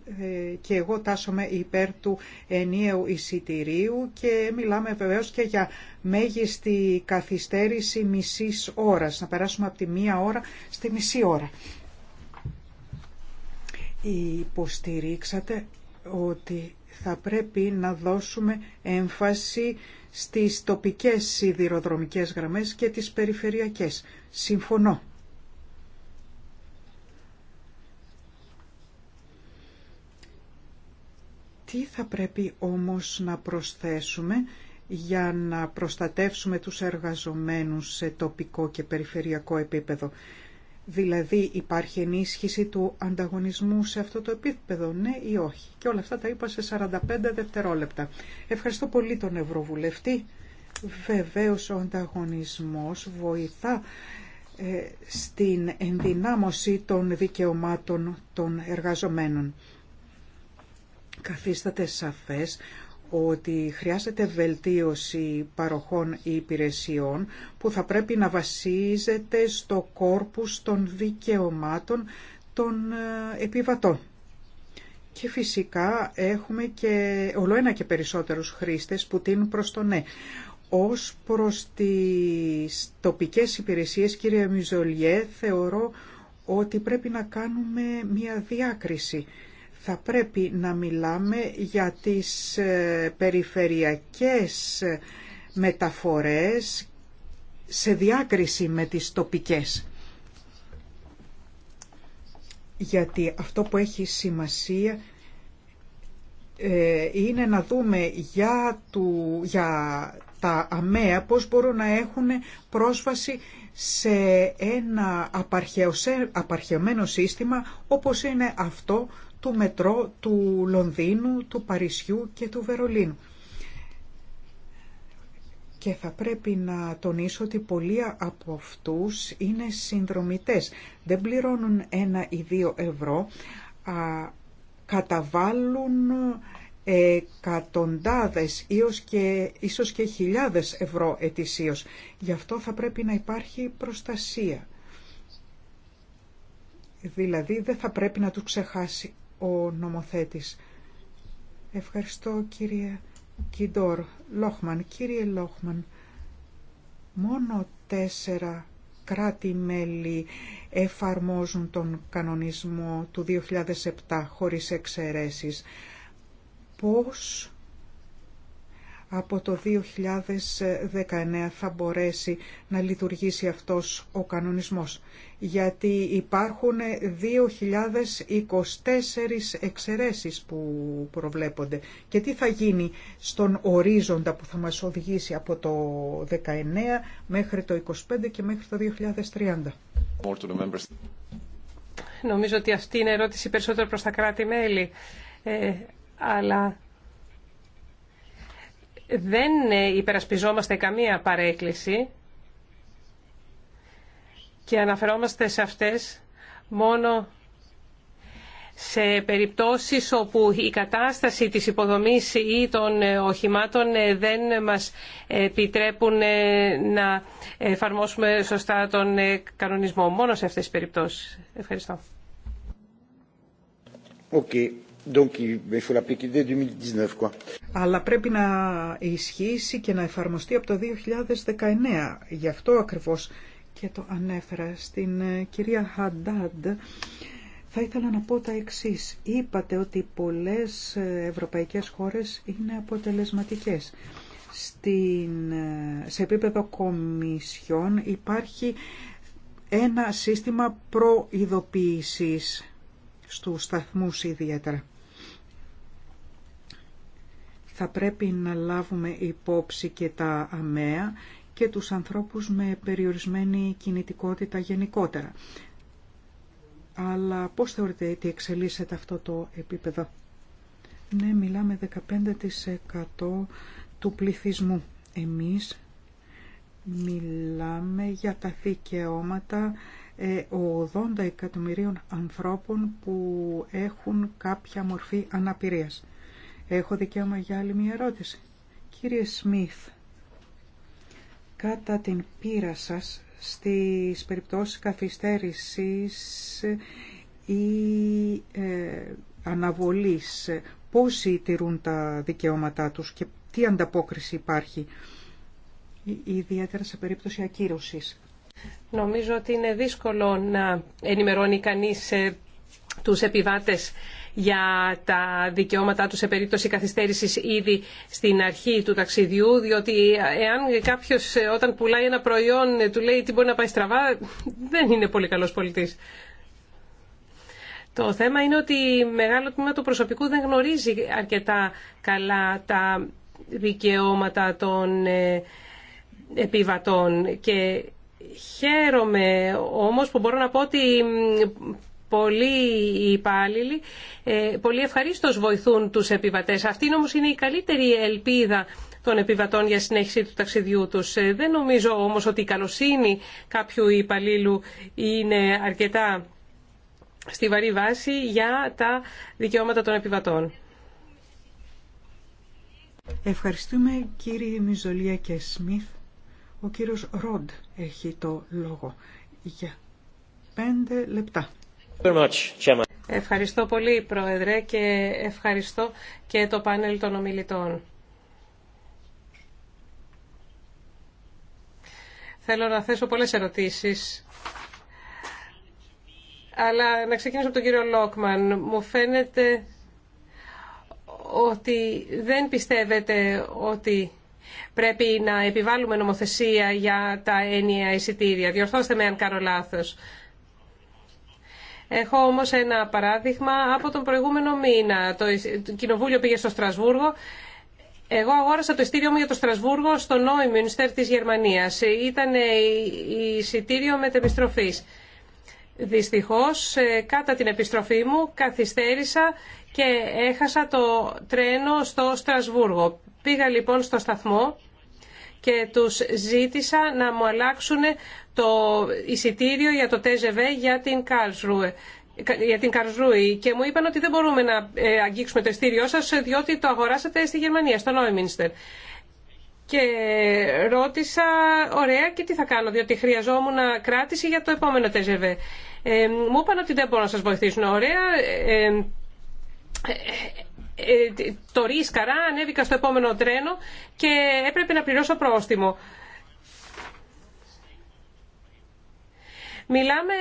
και εγώ τάσομαι υπέρ του ενιαίου εισιτηρίου και μιλάμε βεβαίως και για μέγιστη καθυστέρηση μισής ώρας, να περάσουμε από τη μία ώρα στη μισή ώρα. Υποστηρίξατε ότι θα πρέπει να δώσουμε έμφαση στις τοπικές σιδηροδρομικές γραμμές και τις περιφερειακές. Συμφωνώ. Τι θα πρέπει όμως να προσθέσουμε για να προστατεύσουμε τους εργαζομένους σε τοπικό και περιφερειακό επίπεδο. Δηλαδή υπάρχει ενίσχυση του ανταγωνισμού σε αυτό το επίπεδο, ναι ή όχι. Και όλα αυτά τα είπα σε 45 δευτερόλεπτα. Ευχαριστώ πολύ τον Ευρωβουλευτή. Βεβαίως ο ανταγωνισμός βοηθά ε, στην ενδυνάμωση των δικαιωμάτων των εργαζομένων. Καθίσταται σαφές ότι χρειάζεται βελτίωση παροχών υπηρεσιών που θα πρέπει να βασίζεται στο κόρπους των δικαιωμάτων των ε, επιβατών. Και φυσικά έχουμε και ολοένα και περισσότερους χρήστες που τίνουν προς το ναι. Ως προς τις τοπικές υπηρεσίες, κύριε Μιζολιέ, θεωρώ ότι πρέπει να κάνουμε μια διάκριση θα πρέπει να μιλάμε για τις ε, περιφερειακές ε, μεταφορές σε διάκριση με τις τοπικές. Γιατί αυτό που έχει σημασία ε, είναι να δούμε για, του, τα αμαία πώς μπορούν να έχουν πρόσβαση σε ένα απαρχαιωμένο σύστημα όπως είναι αυτό του μετρό του Λονδίνου, του Παρισιού και του Βερολίνου. Και θα πρέπει να τονίσω ότι πολλοί από αυτούς είναι συνδρομητές. Δεν πληρώνουν ένα ή δύο ευρώ, α, καταβάλουν εκατοντάδες ίσως και, ίσως και χιλιάδες ευρώ ετησίως. Γι' αυτό θα πρέπει να υπάρχει προστασία. Δηλαδή δεν θα πρέπει να τους ξεχάσει ο νομοθέτης. Ευχαριστώ κύριε Κιντόρ. Λόχμαν, κύριε Λόχμαν, μόνο τέσσερα κράτη-μέλη εφαρμόζουν τον κανονισμό του 2007 χωρίς εξαιρέσεις. Πώς από το 2019 θα μπορέσει να λειτουργήσει αυτός ο κανονισμός. Γιατί υπάρχουν 2.024 εξαιρέσεις που προβλέπονται. Και τι θα γίνει στον ορίζοντα που θα μας οδηγήσει από το 19 μέχρι το 25 και μέχρι το 2030. Νομίζω ότι αυτή είναι ερώτηση περισσότερο προς τα κράτη-μέλη. Ε, αλλά δεν ε, υπερασπιζόμαστε καμία παρέκκληση και αναφερόμαστε σε αυτές μόνο σε περιπτώσεις όπου η κατάσταση της υποδομής ή των ε, οχημάτων ε, δεν μας επιτρέπουν να εφαρμόσουμε σωστά τον κανονισμό. Μόνο σε αυτές τις περιπτώσεις. Ευχαριστώ. Okay. Αλλά πρέπει να ισχύσει και να εφαρμοστεί από το 2019. Γι' αυτό ακριβώς και το ανέφερα στην ε, κυρία Χαντάντ. Θα ήθελα να πω τα εξής. Είπατε ότι πολλές ε, ευρωπαϊκές χώρες είναι αποτελεσματικές. Στην, ε, σε επίπεδο κομισιών υπάρχει ένα σύστημα προειδοποίησης στους σταθμούς ιδιαίτερα. Θα πρέπει να λάβουμε υπόψη και τα αμαία και τους ανθρώπους με περιορισμένη κινητικότητα γενικότερα. Αλλά πώς θεωρείτε ότι εξελίσσεται αυτό το επίπεδο. Ναι, μιλάμε 15% του πληθυσμού. Εμείς μιλάμε για τα δικαιώματα 80 ε, εκατομμυρίων ανθρώπων που έχουν κάποια μορφή αναπηρίας. Έχω δικαίωμα για άλλη μια ερώτηση. Κύριε Σμιθ, κατά την πείρα σας στις περιπτώσεις καθυστέρησης ή ε, αναβολής, πώς τηρούν τα δικαιώματά τους και τι ανταπόκριση υπάρχει, ιδιαίτερα σε περίπτωση ακύρωσης. Νομίζω ότι είναι δύσκολο να ενημερώνει κανείς ε, τους επιβάτες για τα δικαιώματά του σε περίπτωση καθυστέρηση ήδη στην αρχή του ταξιδιού, διότι εάν κάποιος ε, όταν πουλάει ένα προϊόν ε, του λέει τι μπορεί να πάει στραβά, δεν είναι πολύ καλός πολιτή. Το θέμα είναι ότι μεγάλο τμήμα του προσωπικού δεν γνωρίζει αρκετά καλά τα δικαιώματα των ε, επιβατών και χαίρομαι όμως που μπορώ να πω ότι πολλοί υπάλληλοι ε, πολύ ευχαρίστως βοηθούν τους επιβατές. Αυτή όμως είναι η καλύτερη ελπίδα των επιβατών για συνέχιση του ταξιδιού τους. Ε, δεν νομίζω όμως ότι η καλοσύνη κάποιου υπαλλήλου είναι αρκετά στη βαρύ βάση για τα δικαιώματα των επιβατών. Ευχαριστούμε κύριε Μιζολία και Σμιθ. Ο κύριος Ροντ έχει το λόγο για πέντε λεπτά. Ευχαριστώ πολύ, Πρόεδρε, και ευχαριστώ και το πάνελ των ομιλητών. Θέλω να θέσω πολλές ερωτήσεις, αλλά να ξεκινήσω από τον κύριο Λόκμαν. Μου φαίνεται ότι δεν πιστεύετε ότι πρέπει να επιβάλλουμε νομοθεσία για τα ενιαία εισιτήρια. Διορθώστε με αν κάνω λάθος. Έχω όμως ένα παράδειγμα από τον προηγούμενο μήνα. Το κοινοβούλιο πήγε στο Στρασβούργο. Εγώ αγόρασα το εισιτήριο μου για το Στρασβούργο στο Νόιμουνστερ τη Γερμανίας. Ήταν εισιτήριο μετεπιστροφή. Δυστυχώς, ε, κατά την επιστροφή μου καθυστέρησα και έχασα το τρένο στο Στρασβούργο. Πήγα λοιπόν στο σταθμό και τους ζήτησα να μου αλλάξουν το εισιτήριο για το ΤΖΒ για την Καρσρούε για την Καρζούη και μου είπαν ότι δεν μπορούμε να ε, αγγίξουμε το εστήριό σας ε, διότι το αγοράσατε στη Γερμανία, στο Νόιμινστερ. Και ρώτησα, ωραία, και τι θα κάνω, διότι χρειαζόμουν κράτηση για το επόμενο ΤΖΒ. Ε, μου είπαν ότι δεν μπορώ να σας βοηθήσουν, ωραία. Ε, ε, ε, το ρίσκαρα, ανέβηκα στο επόμενο τρένο και έπρεπε να πληρώσω πρόστιμο. Μιλάμε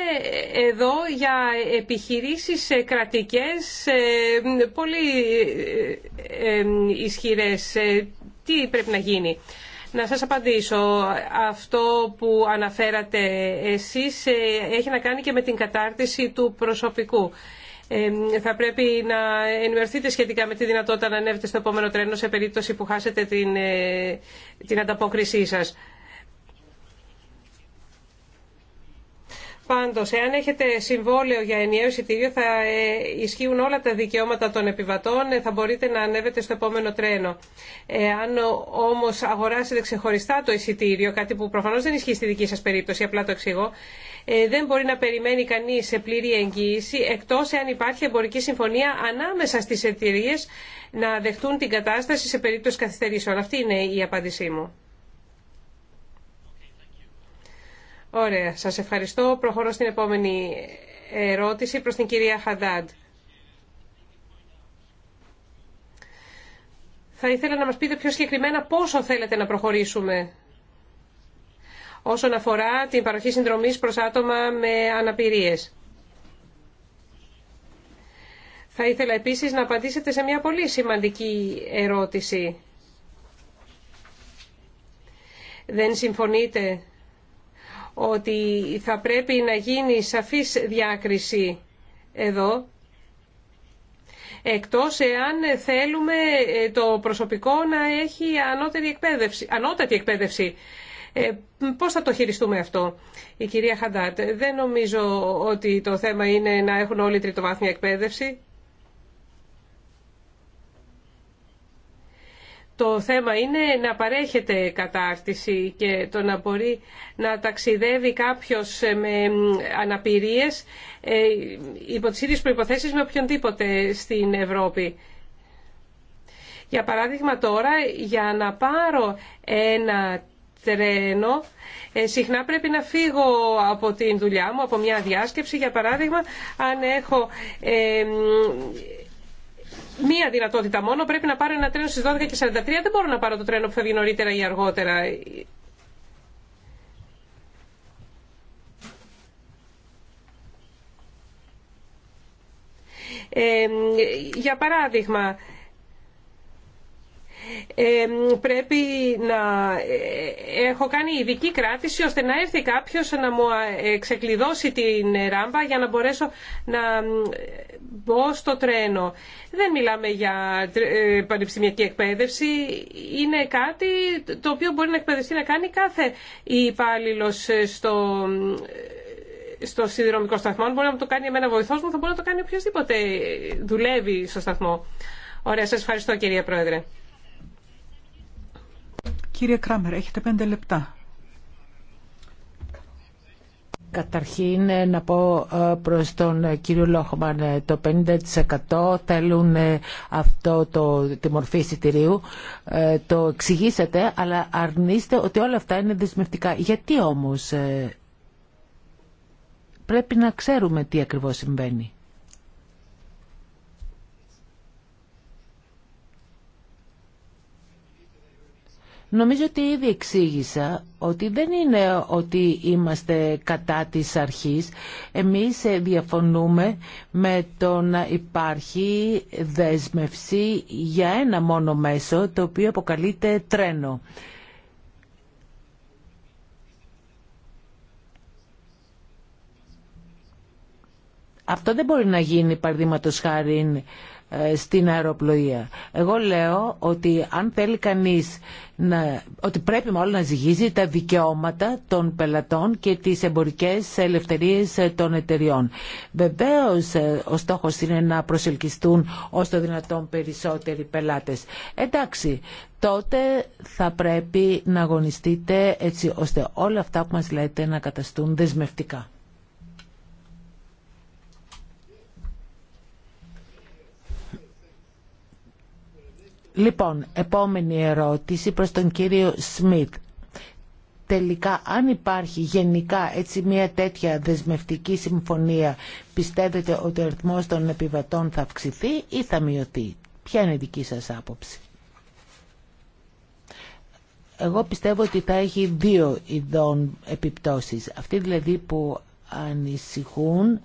ε, εδώ για επιχειρήσεις ε, κρατικές ε, πολύ ισχυρές. Τι πρέπει να γίνει. Να σας απαντήσω. Αυτό που αναφέρατε εσείς έχει να κάνει και με την κατάρτιση του προσωπικού. Θα πρέπει να ενημερωθείτε σχετικά με τη δυνατότητα να ανέβετε στο επόμενο τρένο σε περίπτωση που χάσετε την, την ανταπόκρισή σας. Πάντως, εάν έχετε συμβόλαιο για ενιαίο εισιτήριο, θα ε, ισχύουν όλα τα δικαιώματα των επιβατών, ε, θα μπορείτε να ανέβετε στο επόμενο τρένο. Εάν όμως αγοράσετε ξεχωριστά το εισιτήριο, κάτι που προφανώς δεν ισχύει στη δική σας περίπτωση, απλά το εξηγώ, ε, δεν μπορεί να περιμένει κανείς σε πλήρη εγγύηση, εκτός εάν υπάρχει εμπορική συμφωνία ανάμεσα στις εταιρείε να δεχτούν την κατάσταση σε περίπτωση καθυστερήσεων. Αυτή είναι η απάντησή μου. Ωραία, σας ευχαριστώ. Προχωρώ στην επόμενη ερώτηση προς την κυρία Χαντάντ. Θα ήθελα να μας πείτε πιο συγκεκριμένα πόσο θέλετε να προχωρήσουμε όσον αφορά την παροχή συνδρομής προς άτομα με αναπηρίες. Θα ήθελα επίσης να απαντήσετε σε μια πολύ σημαντική ερώτηση. Δεν συμφωνείτε ότι θα πρέπει να γίνει σαφής διάκριση εδώ εκτός εάν θέλουμε ε, το προσωπικό να έχει ανώτερη εκπαίδευση, ανώτατη εκπαίδευση. Ε, πώς θα το χειριστούμε αυτό. Η κυρία Χαντάτ. δεν νομίζω ότι το θέμα είναι να έχουν όλοι τριτοβάθμια εκπαίδευση. Το θέμα είναι να παρέχεται κατάρτιση και το να μπορεί να ταξιδεύει κάποιος με αναπηρίες ε, υπό τις ίδιες προϋποθέσεις με οποιονδήποτε στην Ευρώπη. Για παράδειγμα τώρα, για να πάρω ένα τρένο, ε, συχνά πρέπει να φύγω από την δουλειά μου, από μια διάσκεψη. Για παράδειγμα, αν έχω ε, μία δυνατότητα μόνο. Πρέπει να πάρω ένα τρένο στις 12 και 43. Δεν μπορώ να πάρω το τρένο που θα βγει νωρίτερα ή αργότερα. Ε, για παράδειγμα, πρέπει να ε, έχω κάνει ειδική κράτηση ώστε να έρθει κάποιος να μου ε, ξεκλειδώσει την ράμπα για να μπορέσω να μπω στο τρένο. Δεν μιλάμε για ε, πανεπιστημιακή εκπαίδευση. Είναι κάτι το οποίο μπορεί να εκπαιδευτεί να κάνει κάθε υπάλληλο στο στο σιδηρομικό σταθμό. Αν μπορεί να το κάνει εμένα βοηθό μου, θα μπορεί να το κάνει οποιοδήποτε δουλεύει στο σταθμό. Ωραία, σα ευχαριστώ κυρία Πρόεδρε. Κύριε Κράμερ, έχετε πέντε λεπτά. Καταρχήν ε, να πω ε, προς τον ε, κύριο Λόχμαν το 50% θέλουν αυτό το, τη μορφή εισιτηρίου. Το εξηγήσατε αλλά αρνείστε ότι όλα αυτά είναι δεσμευτικά. Γιατί όμως πρέπει να ξέρουμε τι ακριβώς συμβαίνει. Νομίζω ότι ήδη εξήγησα ότι δεν είναι ότι είμαστε κατά της αρχής. Εμείς ε, διαφωνούμε με το να υπάρχει δέσμευση για ένα μόνο μέσο, το οποίο αποκαλείται τρένο. Αυτό δεν μπορεί να γίνει, παραδείγματος χάρη, ε, στην αεροπλοεία. Εγώ λέω ότι αν θέλει κανείς ότι πρέπει μόνο να ζυγίζει τα δικαιώματα των πελατών και τις εμπορικές ελευθερίες ε, των εταιριών. Βεβαίως ε, ο στόχος είναι να προσελκυστούν ως το δυνατόν περισσότεροι πελάτες. Εντάξει, τότε θα πρέπει να αγωνιστείτε έτσι ώστε όλα αυτά που μας λέτε να καταστούν δεσμευτικά. Λοιπόν, επόμενη ερώτηση προς τον κύριο Σμιτ. Τελικά, αν υπάρχει γενικά έτσι μια τέτοια δεσμευτική συμφωνία, πιστεύετε ότι ο αριθμό των επιβατών θα αυξηθεί ή θα μειωθεί. Ποια είναι η δική σας άποψη. Εγώ πιστεύω ότι θα έχει δύο ειδών επιπτώσεις. Αυτοί αυτη δηλαδη που ανησυχούν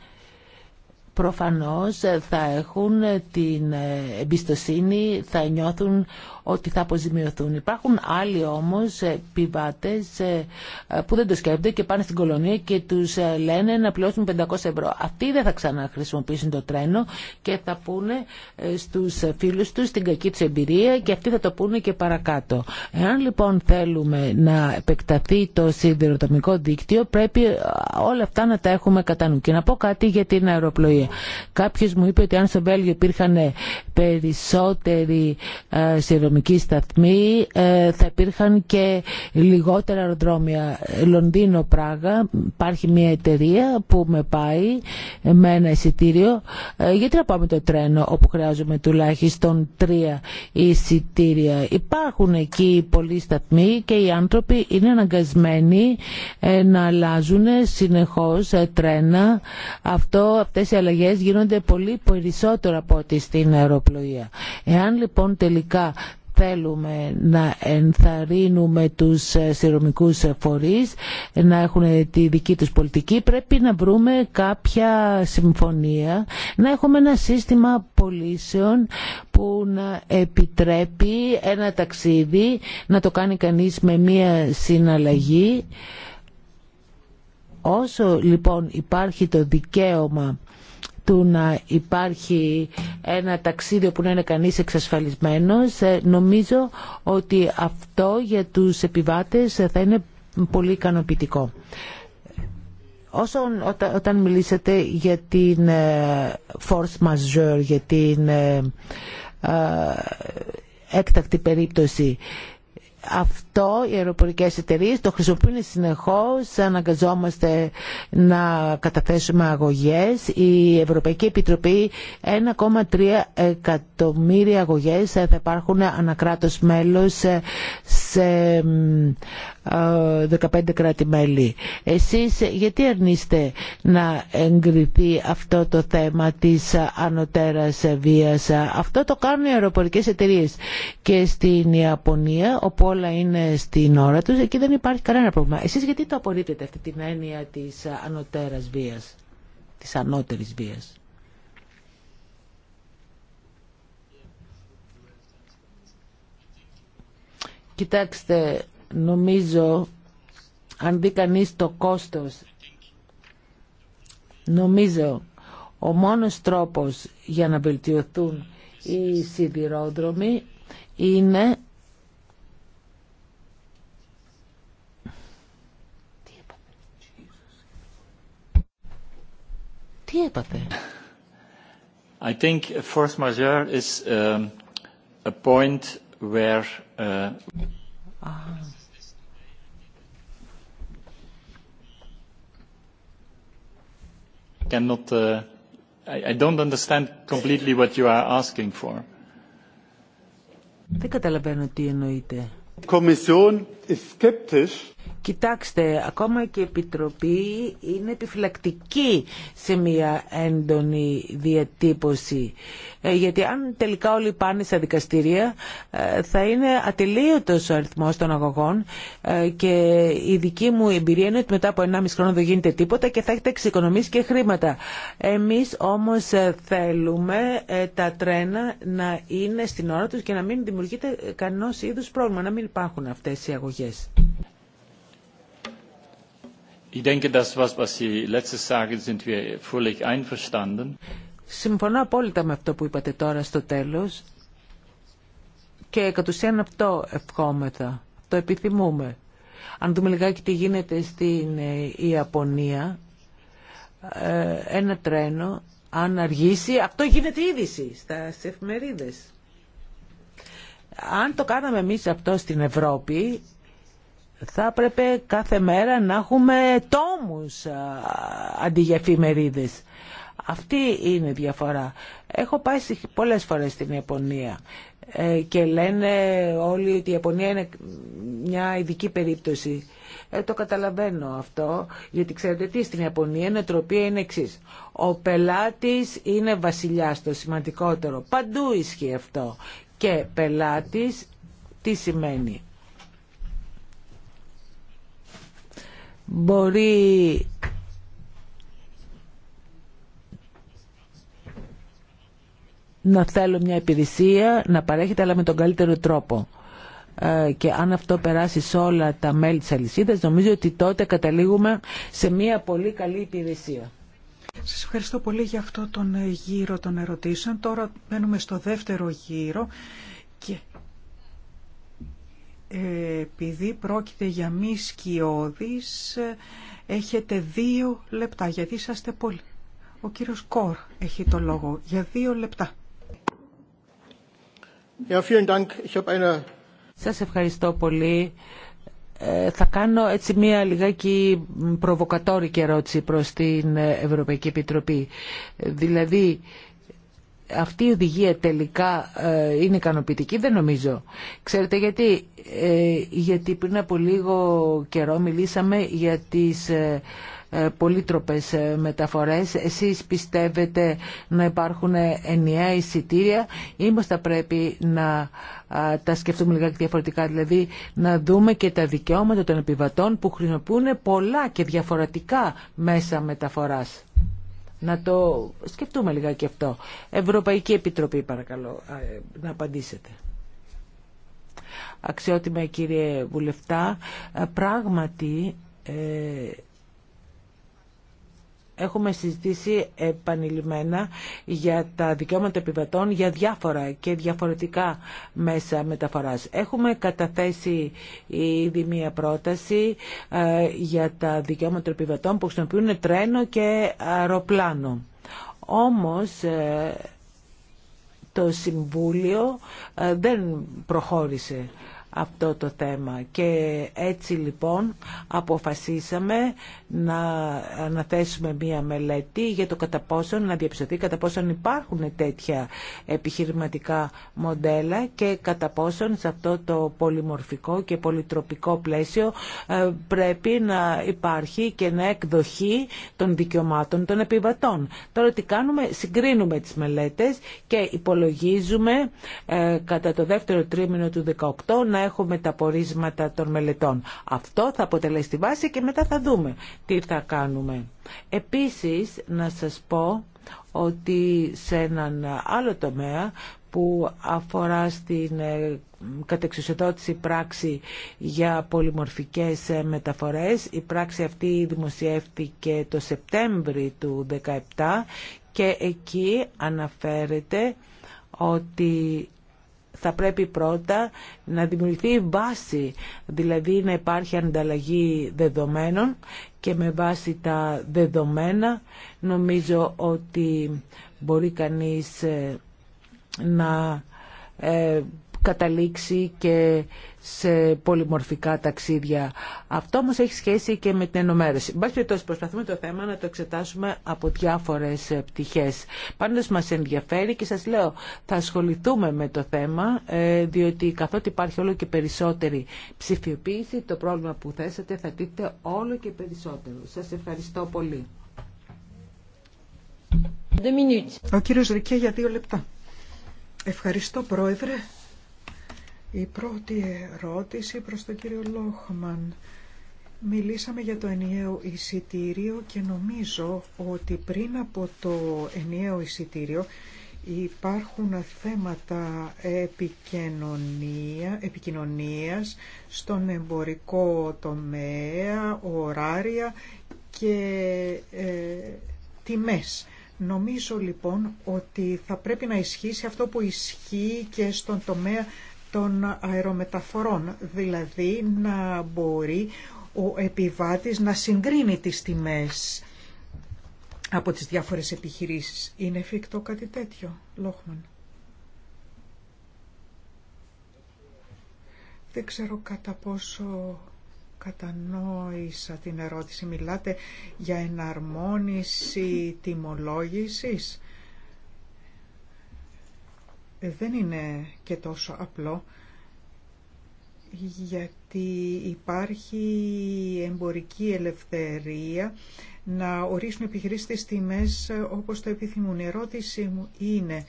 προφανώς θα έχουν την εμπιστοσύνη, θα νιώθουν ότι θα αποζημιωθούν. Υπάρχουν άλλοι όμως ε, πιβάτες ε, ε, που δεν το σκέφτονται και πάνε στην κολονία και τους λένε να πληρώσουν 500 ευρώ. Αυτοί δεν θα ξαναχρησιμοποιήσουν το τρένο και θα πούνε στους φίλους τους την κακή τους εμπειρία και αυτοί θα το πούνε και παρακάτω. Εάν λοιπόν θέλουμε να επεκταθεί το σιδηροδρομικό δίκτυο πρέπει όλα αυτά να τα έχουμε κατά νου. Και να πω κάτι για την αεροπλοεία. Κάποιος μου είπε ότι αν στο Βέλγιο υπήρχαν περισσότεροι σιδηροδρομικοί αστυνομικοί σταθμοί ε, θα υπήρχαν και λιγότερα αεροδρόμια. Λονδίνο, Πράγα, υπάρχει μια εταιρεία που με πάει με ένα εισιτήριο. Ε, γιατί να πάμε το τρένο όπου χρειάζομαι τουλάχιστον τρία εισιτήρια. Υπάρχουν εκεί πολλοί σταθμοί και οι άνθρωποι είναι αναγκασμένοι ε, να αλλάζουν συνεχώς τρένα. Αυτό, αυτές οι αλλαγές γίνονται πολύ περισσότερο από ό,τι στην αεροπλοεία. Εάν λοιπόν τελικά θέλουμε να ενθαρρύνουμε τους ε, σειρωμικούς ε, φορείς να έχουν ε, τη δική τους πολιτική πρέπει να βρούμε κάποια συμφωνία να έχουμε ένα σύστημα πολίσεων που να επιτρέπει ένα ταξίδι να το κάνει κανείς με μία συναλλαγή Όσο λοιπόν υπάρχει το δικαίωμα του να υπάρχει ένα ταξίδι που να είναι κανείς εξασφαλισμένος ε, νομίζω ότι αυτό για τους επιβάτες θα είναι πολύ ικανοποιητικό. Όσο όταν, όταν μιλήσατε για την ε, force majeure, για την ε, έκτακτη περίπτωση αυτό οι αεροπορικές εταιρείε το χρησιμοποιούν συνεχώς, αναγκαζόμαστε να καταθέσουμε αγωγές. Η Ευρωπαϊκή Επιτροπή 1,3 εκατομμύρια αγωγές θα υπάρχουν ανακράτως μέλος σε 15 ε, κράτη-μέλη. Εσείς γιατί αρνείστε να εγκριθεί αυτό το θέμα της ανωτέρας βίας. Αυτό το κάνουν οι αεροπορικές εταιρείε και στην Ιαπωνία, όπου όλα είναι στην ώρα τους, εκεί δεν υπάρχει κανένα πρόβλημα. Εσείς γιατί το απορρίπτετε αυτή την έννοια της ανωτέρας βίας, της ανώτερης βίας. Κοιτάξτε, νομίζω, αν δει κανεί το κόστος, νομίζω ο μόνος τρόπος για να βελτιωθούν οι σιδηρόδρομοι είναι Τι έπαθε. I think force majeure is a point where... cannot I don't understand completely what you are asking for. Δεν καταλαβαίνω τι εννοείτε. Κοιτάξτε, ακόμα και η Επιτροπή είναι επιφυλακτική σε μια έντονη διατύπωση. Ε, γιατί αν τελικά όλοι πάνε στα δικαστήρια ε, θα είναι ατελείωτος ο αριθμός των αγωγών ε, και η δική μου εμπειρία είναι ότι μετά από 1,5 χρόνο δεν γίνεται τίποτα και θα έχετε εξοικονομήσει και χρήματα. Εμείς όμως θέλουμε τα τρένα να είναι στην ώρα τους και να μην δημιουργείται κανένα είδους πρόβλημα, να μην υπάρχουν αυτές οι αγωγές. Ich denke, das, Συμφωνώ απόλυτα με αυτό που είπατε τώρα στο τέλος και κατ' ουσίαν αυτό ευχόμεθα, το επιθυμούμε. Αν δούμε λιγάκι τι γίνεται στην ε, Ιαπωνία, ε, ένα τρένο, αν αργήσει, αυτό γίνεται είδηση στα εφημερίδες. Αν το κάναμε εμείς αυτό στην Ευρώπη, θα έπρεπε κάθε μέρα να έχουμε τόμους αντί για εφημερίδες. Αυτή είναι η διαφορά. Έχω πάει πολλές φορές στην Ιαπωνία ε, και λένε όλοι ότι η Ιαπωνία είναι μια ειδική περίπτωση. Ε, το καταλαβαίνω αυτό, γιατί ξέρετε τι, στην Ιαπωνία η νοοτροπία είναι εξή. Ο πελάτης είναι βασιλιάς, το σημαντικότερο. Παντού ισχύει αυτό. Και πελάτης τι σημαίνει. μπορεί να θέλω μια υπηρεσία να παρέχεται αλλά με τον καλύτερο τρόπο ε, και αν αυτό περάσει σε όλα τα μέλη της αλυσίδας νομίζω ότι τότε καταλήγουμε σε μια πολύ καλή υπηρεσία. Σας ευχαριστώ πολύ για αυτό τον γύρο των ερωτήσεων. Τώρα μένουμε στο δεύτερο γύρο και επειδή πρόκειται για μη σκιώδης, έχετε δύο λεπτά, γιατί είσαστε πολύ. Ο κύριος Κορ έχει το λόγο για δύο λεπτά. Σας ευχαριστώ πολύ. Ε, θα κάνω έτσι μία λιγάκι προβοκατόρικη ερώτηση προς την Ευρωπαϊκή Επιτροπή. Δηλαδή, αυτή η οδηγία τελικά ε, είναι ικανοποιητική, δεν νομίζω. Ξέρετε γιατί. Ε, γιατί πριν από λίγο καιρό μιλήσαμε για τις ε, πολύτροπες μεταφορές. Εσείς πιστεύετε να υπάρχουν ενιαία εισιτήρια ή μας θα πρέπει να τα σκεφτούμε λιγάκι διαφορετικά, δηλαδή να δούμε και τα δικαιώματα των επιβατών που χρησιμοποιούν πολλά και διαφορετικά μέσα μεταφοράς. Να το σκεφτούμε λιγάκι αυτό. Ευρωπαϊκή Επιτροπή παρακαλώ να απαντήσετε. Αξιότιμα κύριε Βουλευτά, ε, πράγματι ε, Έχουμε συζητήσει επανειλημμένα για τα δικαιώματα επιβατών για διάφορα και διαφορετικά μέσα μεταφοράς. Έχουμε καταθέσει ήδη μία πρόταση ε, για τα δικαιώματα επιβατών που χρησιμοποιούν τρένο και αεροπλάνο. Όμως ε, το Συμβούλιο ε, δεν προχώρησε αυτό το θέμα. Και έτσι λοιπόν αποφασίσαμε να αναθέσουμε μία μελέτη για το κατά πόσον, να διαψωθεί κατά πόσον υπάρχουν τέτοια επιχειρηματικά μοντέλα και κατά πόσον σε αυτό το πολυμορφικό και πολυτροπικό πλαίσιο ε, πρέπει να υπάρχει και να εκδοχή των δικαιωμάτων των επιβατών. Τώρα τι κάνουμε, συγκρίνουμε τις μελέτες και υπολογίζουμε ε, κατά το δεύτερο τρίμηνο του 2018 να έχουμε τα πορίσματα των μελετών. Αυτό θα αποτελέσει τη βάση και μετά θα δούμε τι θα κάνουμε. Επίσης, να σας πω ότι σε έναν άλλο τομέα που αφορά στην ε, κατεξουσιοδότηση πράξη για πολυμορφικές ε, μεταφορές. Η πράξη αυτή δημοσιεύτηκε το Σεπτέμβρη του 2017 και εκεί αναφέρεται ότι θα πρέπει πρώτα να δημιουργηθεί βάση, δηλαδή να υπάρχει ανταλλαγή δεδομένων και με βάση τα δεδομένα νομίζω ότι μπορεί κανείς ε, να ε, καταλήξει και σε πολυμορφικά ταξίδια. Αυτό όμως έχει σχέση και με την ενομέρωση. Μπας περιπτώσει προσπαθούμε το θέμα να το εξετάσουμε από διάφορες ε, πτυχές. Πάντως μας ενδιαφέρει και σας λέω θα ασχοληθούμε με το θέμα ε, διότι καθότι υπάρχει όλο και περισσότερη ψηφιοποίηση το πρόβλημα που θέσατε θα τίθεται όλο και περισσότερο. Σας ευχαριστώ πολύ. Ο κύριος Ρικέ για δύο λεπτά. Ευχαριστώ Πρόεδρε. Η πρώτη ερώτηση προς τον κύριο Λόχμαν. Μιλήσαμε για το ενιαίο εισιτήριο και νομίζω ότι πριν από το ενιαίο εισιτήριο υπάρχουν θέματα επικοινωνία, επικοινωνίας στον εμπορικό τομέα, ωράρια και ε, τιμές. Νομίζω λοιπόν ότι θα πρέπει να ισχύσει αυτό που ισχύει και στον τομέα των αερομεταφορών, δηλαδή να μπορεί ο επιβάτης να συγκρίνει τις τιμές από τις διάφορες επιχειρήσεις. Είναι εφικτό κάτι τέτοιο, Λόχμαν. Δεν ξέρω κατά πόσο κατανόησα την ερώτηση. Μιλάτε για εναρμόνιση τιμολόγησης. Ε, δεν είναι και τόσο απλό γιατί υπάρχει εμπορική ελευθερία να ορίσουν επιχειρήσεις τιμές όπως το επιθυμούν. Η ερώτησή μου είναι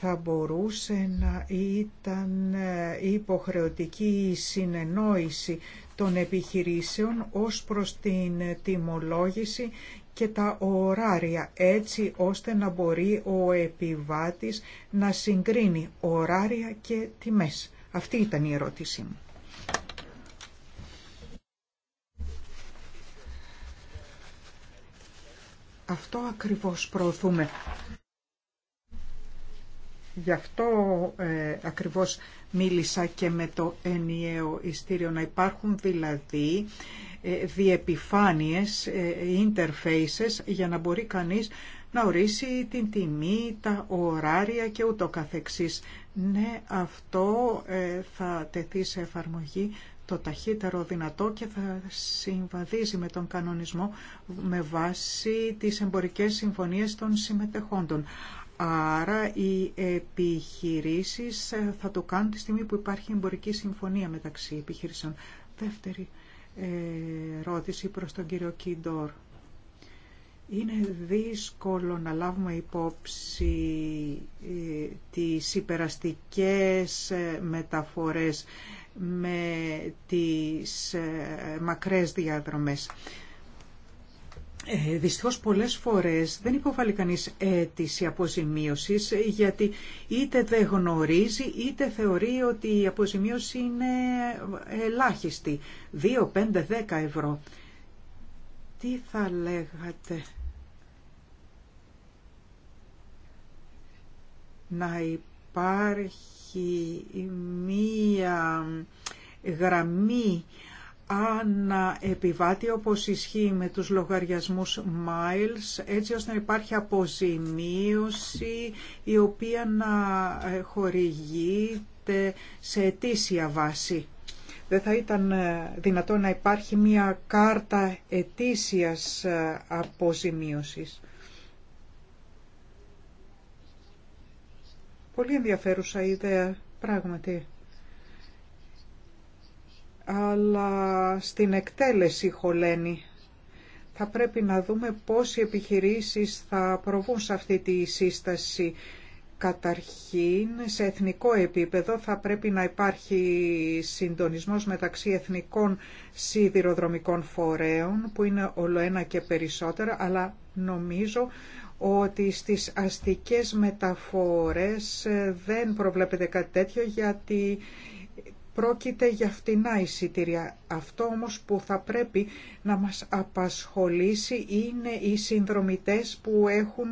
θα μπορούσε να ήταν ε, υποχρεωτική η συνεννόηση των επιχειρήσεων ως προς την τιμολόγηση και τα ωράρια, έτσι ώστε να μπορεί ο επιβάτης να συγκρίνει ωράρια και τιμές. Αυτή ήταν η ερώτησή μου. Αυτό ακριβώς προωθούμε Γι' αυτό ε, ακριβώς μίλησα και με το ενιαίο ιστήριο, να υπάρχουν δηλαδή ε, διεπιφάνειες, ε, interfaces, για να μπορεί κανείς να ορίσει την τιμή, τα ωράρια και ούτω καθεξής. Ναι, αυτό ε, θα τεθεί σε εφαρμογή το ταχύτερο δυνατό και θα συμβαδίζει με τον κανονισμό με βάση τις εμπορικές συμφωνίες των συμμετεχόντων. Άρα οι επιχειρήσεις ε, θα το κάνουν τη στιγμή που υπάρχει εμπορική συμφωνία μεταξύ επιχειρήσεων. Δεύτερη ε, ερώτηση προς τον κύριο Κίντορ. Είναι δύσκολο να λάβουμε υπόψη ε, τις υπεραστικές μεταφορές με τις μακρές διαδρομές. Ε, δυστυχώς πολλές φορές δεν υποβάλλει κανείς αίτηση αποζημίωσης γιατί είτε δεν γνωρίζει είτε θεωρεί ότι η αποζημίωση είναι ελάχιστη. 2, 5, 10 ευρώ. Τι θα λέγατε να υπάρχει μία γραμμή επιβάτη όπως ισχύει με τους λογαριασμούς Miles έτσι ώστε να υπάρχει αποζημίωση η οποία να ε, χορηγείται σε ετήσια βάση. Δεν θα ήταν ε, δυνατό να υπάρχει μια κάρτα ετήσιας ε, αποζημίωσης. Πολύ ενδιαφέρουσα ιδέα, πράγματι αλλά στην εκτέλεση χωλένει. Θα πρέπει να δούμε πώς οι επιχειρήσεις θα προβούν σε αυτή τη σύσταση. Καταρχήν, σε εθνικό επίπεδο θα πρέπει να υπάρχει συντονισμός μεταξύ εθνικών σιδηροδρομικών φορέων, που είναι όλο ένα και περισσότερα, αλλά νομίζω ότι στις αστικές μεταφορές ε, δεν προβλέπεται κάτι τέτοιο γιατί Πρόκειται για φτηνά εισιτήρια. Αυτό όμως που θα πρέπει να μας απασχολήσει είναι οι συνδρομητές που έχουν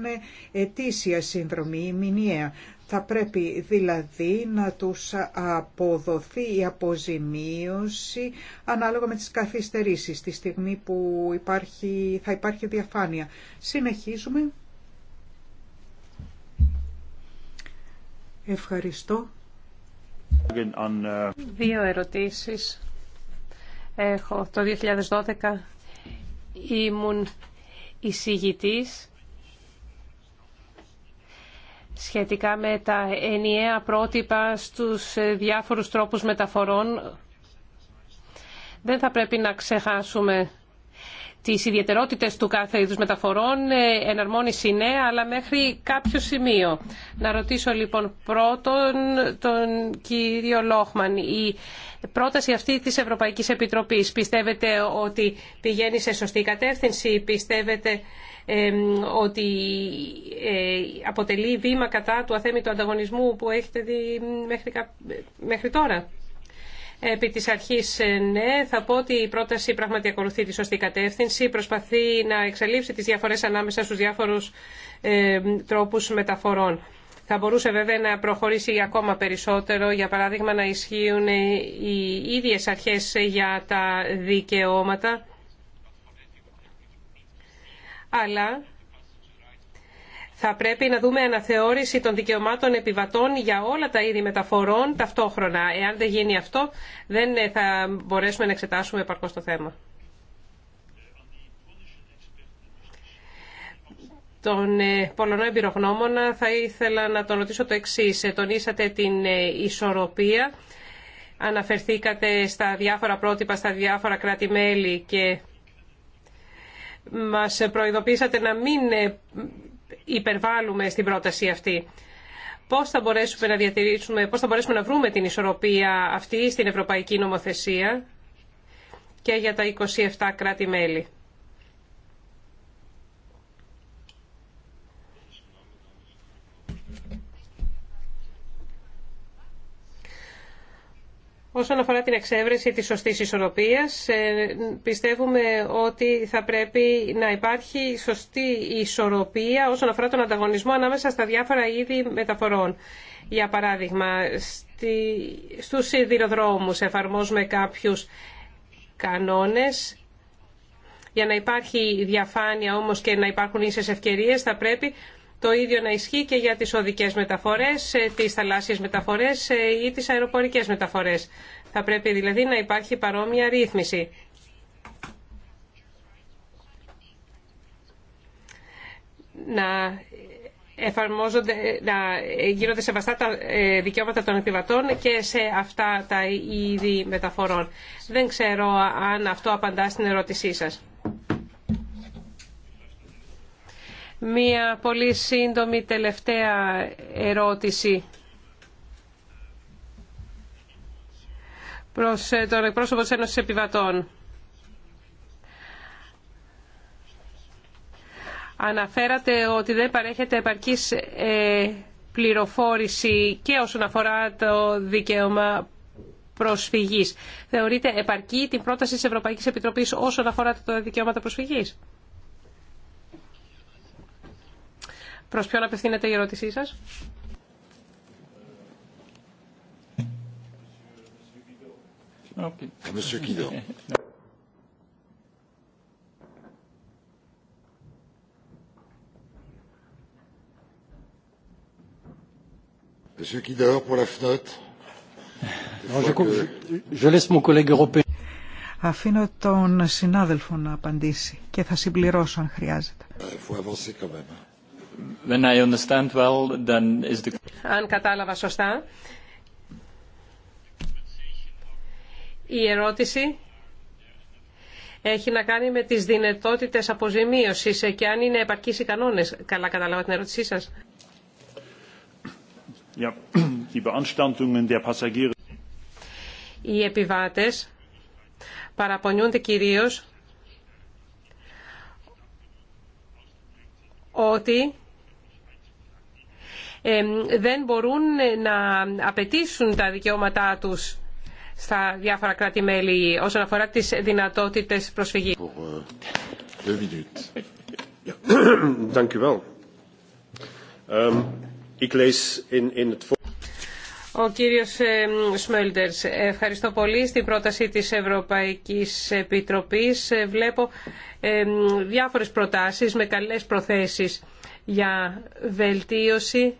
ετήσια συνδρομή, μηνιαία. Θα πρέπει δηλαδή να τους αποδοθεί η αποζημίωση ανάλογα με τις καθυστερήσεις τη στιγμή που υπάρχει, θα υπάρχει διαφάνεια. Συνεχίζουμε. Ευχαριστώ. Δύο ερωτήσεις. Έχω. Το 2012 ήμουν εισηγητής σχετικά με τα ενιαία πρότυπα στους διάφορους τρόπους μεταφορών. Δεν θα πρέπει να ξεχάσουμε τι ιδιαιτερότητε του κάθε είδου μεταφορών, ε, εναρμόνιση ναι, αλλά μέχρι κάποιο σημείο. Να ρωτήσω λοιπόν πρώτον τον κύριο Λόχμαν. Η πρόταση αυτή της Ευρωπαϊκή Επιτροπή. πιστεύετε ότι πηγαίνει σε σωστή κατεύθυνση, πιστεύετε ότι ε, αποτελεί βήμα κατά του αθέμητου ανταγωνισμού που έχετε δει μέχρι, μέχρι τώρα. Επί της αρχής ε, ναι, θα πω ότι η πρόταση πράγματι ακολουθεί τη σωστή κατεύθυνση, προσπαθεί να εξαλείψει τις διαφορές ανάμεσα στους διάφορους ε, τρόπους μεταφορών. Θα μπορούσε βέβαια να προχωρήσει ακόμα περισσότερο, για παράδειγμα να ισχύουν ε, οι ίδιες αρχές για τα δικαιώματα, αλλά θα πρέπει να δούμε αναθεώρηση των δικαιωμάτων επιβατών για όλα τα είδη μεταφορών ταυτόχρονα. Εάν δεν γίνει αυτό, δεν ε, θα μπορέσουμε να εξετάσουμε επαρκώς το θέμα. Τον ε, Πολωνό εμπειρογνώμονα θα ήθελα να τον ρωτήσω το εξής. Ε, τονίσατε την ισορροπία. Αναφερθήκατε στα διάφορα πρότυπα, στα διάφορα κράτη-μέλη και μας προειδοποίησατε να μην υπερβάλλουμε στην πρόταση αυτή. Πώς θα μπορέσουμε να διατηρήσουμε, πώς θα μπορέσουμε να βρούμε την ισορροπία αυτή στην ευρωπαϊκή νομοθεσία και για τα 27 κράτη-μέλη. Όσον αφορά την εξέβρεση της σωστής ισορροπίας, ε, πιστεύουμε ότι θα πρέπει να υπάρχει σωστή ισορροπία όσον αφορά τον ανταγωνισμό ανάμεσα στα διάφορα είδη μεταφορών. Για παράδειγμα, στους σιδηροδρόμους εφαρμόζουμε κάποιους κανόνες για να υπάρχει διαφάνεια όμως και να υπάρχουν ίσες ευκαιρίες θα πρέπει το ίδιο να ισχύει και για τις οδικές μεταφορές, ε, τις θαλάσσιες μεταφορές ε, ή τις αεροπορικές μεταφορές. Θα πρέπει δηλαδή να υπάρχει παρόμοια ρύθμιση. Να εφαρμόζονται, να γίνονται σεβαστά τα ε, δικαιώματα των επιβατών και σε αυτά τα είδη μεταφορών. Δεν ξέρω αν αυτό απαντά στην ερώτησή σας. Μία πολύ σύντομη τελευταία ερώτηση. προς ε, τον εκπρόσωπο της Ένωσης Επιβατών. Αναφέρατε ότι δεν παρέχεται επαρκής ε, πληροφόρηση και όσον αφορά το δικαίωμα προσφυγής. Θεωρείτε επαρκή την πρόταση της Ευρωπαϊκής Επιτροπής όσον αφορά τα δικαιώματα προσφυγής. Προς ποιον απευθύνεται η ερώτησή σας. Αφήνω τον συνάδελφο να απαντήσει και θα συμπληρώσω αν χρειάζεται. Αν κατάλαβα σωστά, η ερώτηση έχει να κάνει με τις δυνατότητες αποζημίωσης και αν είναι επαρκείς οι κανόνες. Καλά κατάλαβα την ερώτησή σας. οι επιβάτες παραπονιούνται κυρίως ότι δεν μπορούν ε, να απαιτήσουν τα δικαιώματά τους στα διάφορα κράτη-μέλη όσον αφορά τις δυνατότητες προσφυγής. Ε, Ο κύριος Σμέλτερς, ευχαριστώ πολύ. Στην πρόταση της Ευρωπαϊκής Επιτροπής ε, βλέπω διάφορες προτάσεις με καλές προθέσεις για βελτίωση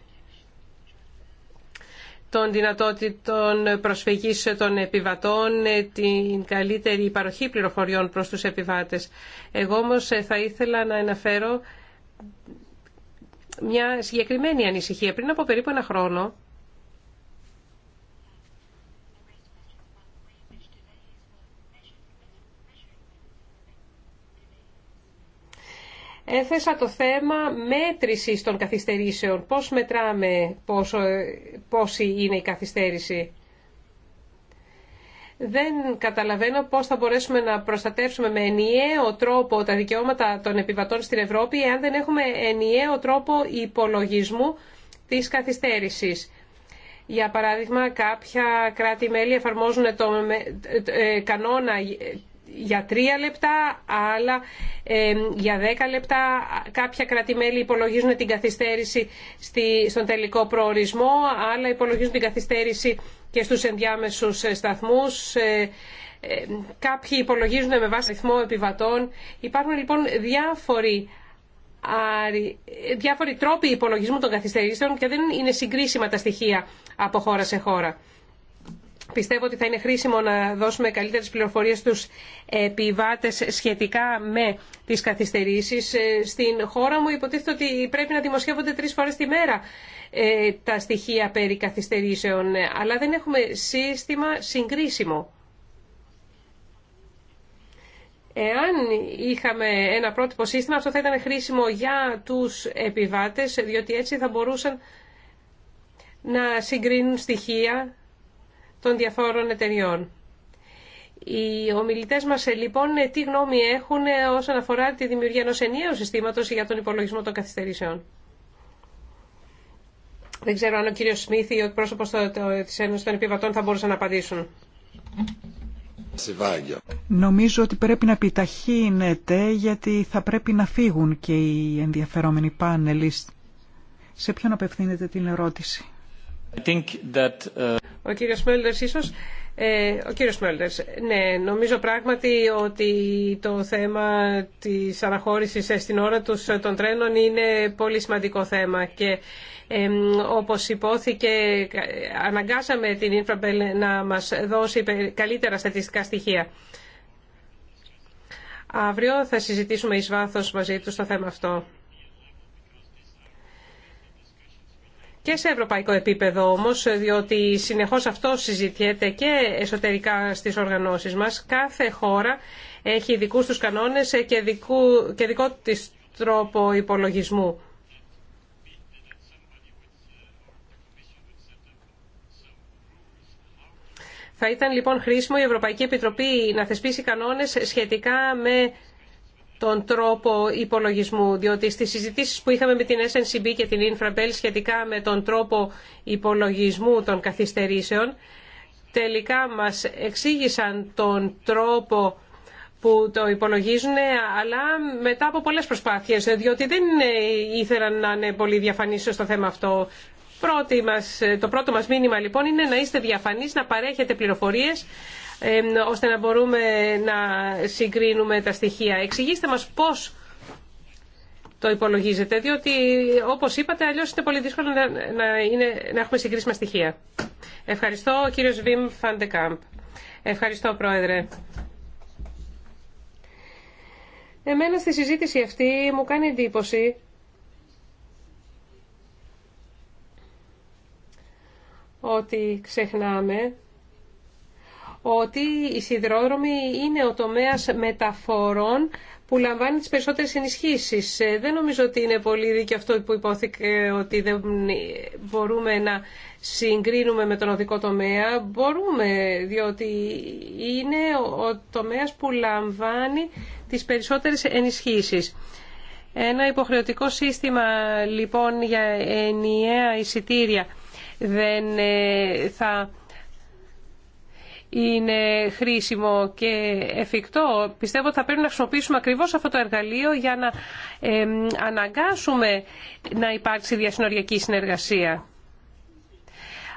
των δυνατότητων προσφυγής των επιβατών, την καλύτερη παροχή πληροφοριών προς τους επιβάτες. Εγώ όμως θα ήθελα να αναφέρω μια συγκεκριμένη ανησυχία. Πριν από περίπου ένα χρόνο, έθεσα το θέμα μέτρησης των καθυστερήσεων. Πώς μετράμε πόσο, πόση είναι η καθυστέρηση. Δεν καταλαβαίνω πώς θα μπορέσουμε να προστατεύσουμε με ενιαίο τρόπο τα δικαιώματα των επιβατών στην Ευρώπη εάν δεν έχουμε ενιαίο τρόπο υπολογισμού της καθυστέρησης. Για παράδειγμα, κάποια κράτη-μέλη εφαρμόζουν το ε, κανόνα για τρία λεπτά, άλλα για δέκα λεπτά. Κάποια κρατημέλη υπολογίζουν την καθυστέρηση στη, στον τελικό προορισμό, άλλα υπολογίζουν την καθυστέρηση και στους ενδιάμεσους σταθμούς. Ε, κάποιοι υπολογίζουν με βάση αριθμό επιβατών. Υπάρχουν λοιπόν διάφοροι διάφοροι τρόποι υπολογισμού των καθυστερήσεων και δεν είναι συγκρίσιμα τα στοιχεία από χώρα σε χώρα. Πιστεύω ότι θα είναι χρήσιμο να δώσουμε καλύτερες πληροφορίες στους επιβάτες σχετικά με τις καθυστερήσεις. Ε, στην χώρα μου υποτίθεται ότι πρέπει να δημοσιεύονται τρεις φορές τη μέρα ε, τα στοιχεία περί καθυστερήσεων, αλλά δεν έχουμε σύστημα συγκρίσιμο. Εάν είχαμε ένα πρότυπο σύστημα, αυτό θα ήταν χρήσιμο για τους επιβάτες, διότι έτσι θα μπορούσαν να συγκρίνουν στοιχεία των διαφόρων εταιριών. Οι ομιλητές μας ε, λοιπόν ε, τι γνώμη έχουν ε, όσον αφορά τη δημιουργία ενός ενιαίου συστήματος για τον υπολογισμό των καθυστερήσεων. Δεν ξέρω αν ο κύριος Σμίθ ή ο πρόσωπος της Ένωσης των Επιβατών θα μπορούσαν να απαντήσουν. Νομίζω ότι πρέπει να επιταχύνεται γιατί θα πρέπει να φύγουν και οι ενδιαφερόμενοι πάνελιστ. Σε ποιον απευθύνεται την ερώτηση. Uh, ε, ο κύριος Μέλντερς ναι, νομίζω πράγματι ότι το θέμα της αναχώρησης στην ώρα του ε, των τρένων είναι πολύ σημαντικό θέμα και ε, όπως υπόθηκε αναγκάσαμε την Ινφραμπελ να μας δώσει καλύτερα στατιστικά στοιχεία. Αύριο θα συζητήσουμε εις βάθος μαζί του το θέμα αυτό. και σε ευρωπαϊκό επίπεδο όμως, διότι συνεχώς αυτό συζητιέται και εσωτερικά στις οργανώσεις μας. Κάθε χώρα έχει δικούς τους κανόνες και, και δικό της τρόπο υπολογισμού. Θα ήταν λοιπόν χρήσιμο η Ευρωπαϊκή Επιτροπή να θεσπίσει κανόνες σχετικά με τον τρόπο υπολογισμού, διότι στις συζητήσεις που είχαμε με την SNCB και την Infrabel σχετικά με τον τρόπο υπολογισμού των καθυστερήσεων, τελικά μας εξήγησαν τον τρόπο που το υπολογίζουν, αλλά μετά από πολλές προσπάθειες, διότι δεν ήθελαν να είναι πολύ διαφανείς στο θέμα αυτό. Πρώτη το πρώτο μας μήνυμα λοιπόν είναι να είστε διαφανείς, να παρέχετε πληροφορίες, ώστε να μπορούμε να συγκρίνουμε τα στοιχεία. Εξηγήστε μας πώς το υπολογίζετε, διότι όπως είπατε αλλιώς είναι πολύ δύσκολο να, είναι, να έχουμε συγκρίσιμα στοιχεία. Ευχαριστώ ο κύριος Βιμ Φαντεκάμπ. Ευχαριστώ πρόεδρε. Εμένα στη συζήτηση αυτή μου κάνει εντύπωση ότι ξεχνάμε ότι οι σιδηρόδρομοι είναι ο τομέας μεταφορών που λαμβάνει τις περισσότερες ενισχύσεις. Ε, δεν νομίζω ότι είναι πολύ δίκαιο αυτό που υπόθηκε ότι δεν μπορούμε να συγκρίνουμε με τον οδικό τομέα. Μπορούμε, διότι είναι ο τομέας που λαμβάνει τις περισσότερες ενισχύσεις. Ένα υποχρεωτικό σύστημα λοιπόν για ενιαία εισιτήρια δεν ε, θα είναι χρήσιμο και εφικτό. Πιστεύω ότι θα πρέπει να χρησιμοποιήσουμε ακριβώς αυτό το εργαλείο για να αναγκάσουμε να υπάρξει διασυνοριακή συνεργασία.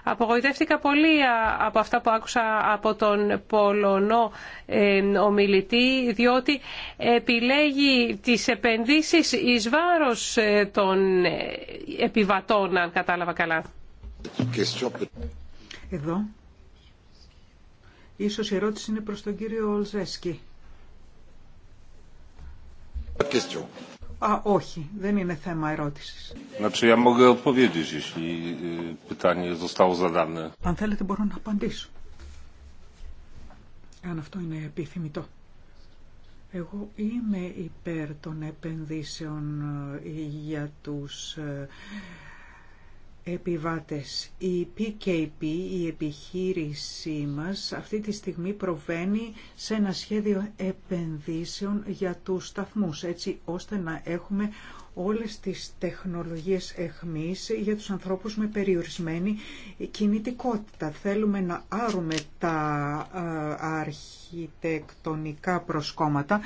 Απογοητεύτηκα πολύ από αυτά που άκουσα από τον Πολωνό ομιλητή, διότι επιλέγει τις επενδύσεις εις βάρος ε, των ε, επιβατών, αν κατάλαβα καλά. Εδώ Ίσως η ερώτηση είναι προς τον κύριο Ολζέσκι. Α, όχι, δεν είναι θέμα ερώτησης. E, Αν θέλετε μπορώ να απαντήσω. Αν αυτό είναι επιθυμητό. Εγώ είμαι υπέρ των επενδύσεων ε, για τους ε, επιβάτες. Η PKP, η επιχείρησή μας, αυτή τη στιγμή προβαίνει σε ένα σχέδιο επενδύσεων για τους σταθμούς, έτσι ώστε να έχουμε όλες τις τεχνολογίες εχμής για τους ανθρώπους με περιορισμένη κινητικότητα. Θέλουμε να άρουμε τα ε, αρχιτεκτονικά προσκόμματα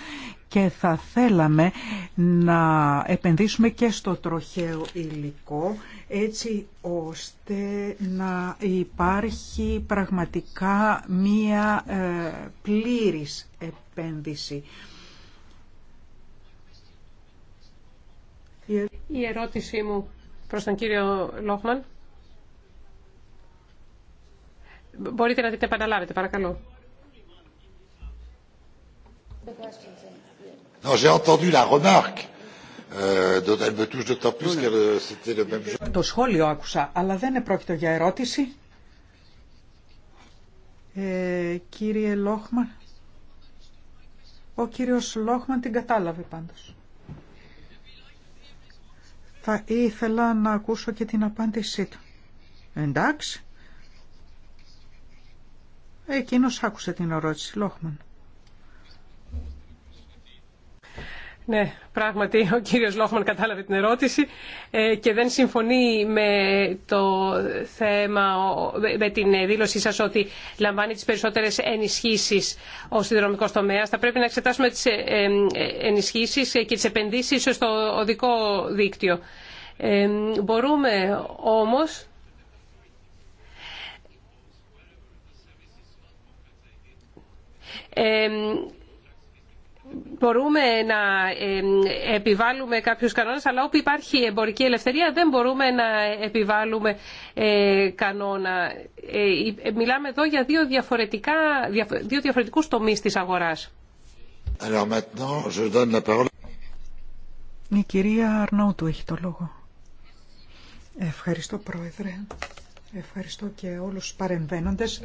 και θα θέλαμε να επενδύσουμε και στο τροχαίο υλικό έτσι ώστε να υπάρχει πραγματικά μία ε, πλήρης επένδυση Η ερώτησή μου προς τον κύριο Λόχμαν. Μπορείτε να την επαναλάβετε, παρακαλώ. Euh, euh, Το σχόλιο άκουσα, αλλά δεν επρόκειτο για ερώτηση. Ε, κύριε Λόχμαν, ο κύριος Λόχμαν την κατάλαβε πάντως. Θα ήθελα να ακούσω και την απάντησή του. Εντάξει. Εκείνος άκουσε την ερώτηση, Λόχμαν. Ναι, πράγματι ο κύριος Λόχμαν κατάλαβε την ερώτηση ε, και δεν συμφωνεί με το θέμα, με την δήλωσή σας ότι λαμβάνει τις περισσότερες ενισχύσεις ο συνδρομικός τομέας. Θα πρέπει να εξετάσουμε τις ε, ε, ενισχύσεις και τις επενδύσεις στο οδικό δίκτυο. Μπορούμε όμως μπορούμε να επιβάλλουμε κάποιους κανόνες, αλλά όπου υπάρχει εμπορική ελευθερία δεν μπορούμε να επιβάλλουμε ε, κανόνα. Ε, ε, μιλάμε εδώ για δύο, διαφορετικά, δύο διαφορετικούς τομείς της αγοράς. Η κυρία Αρνότου έχει το λόγο. Ευχαριστώ πρόεδρε. Ευχαριστώ και όλους τους παρεμβαίνοντες.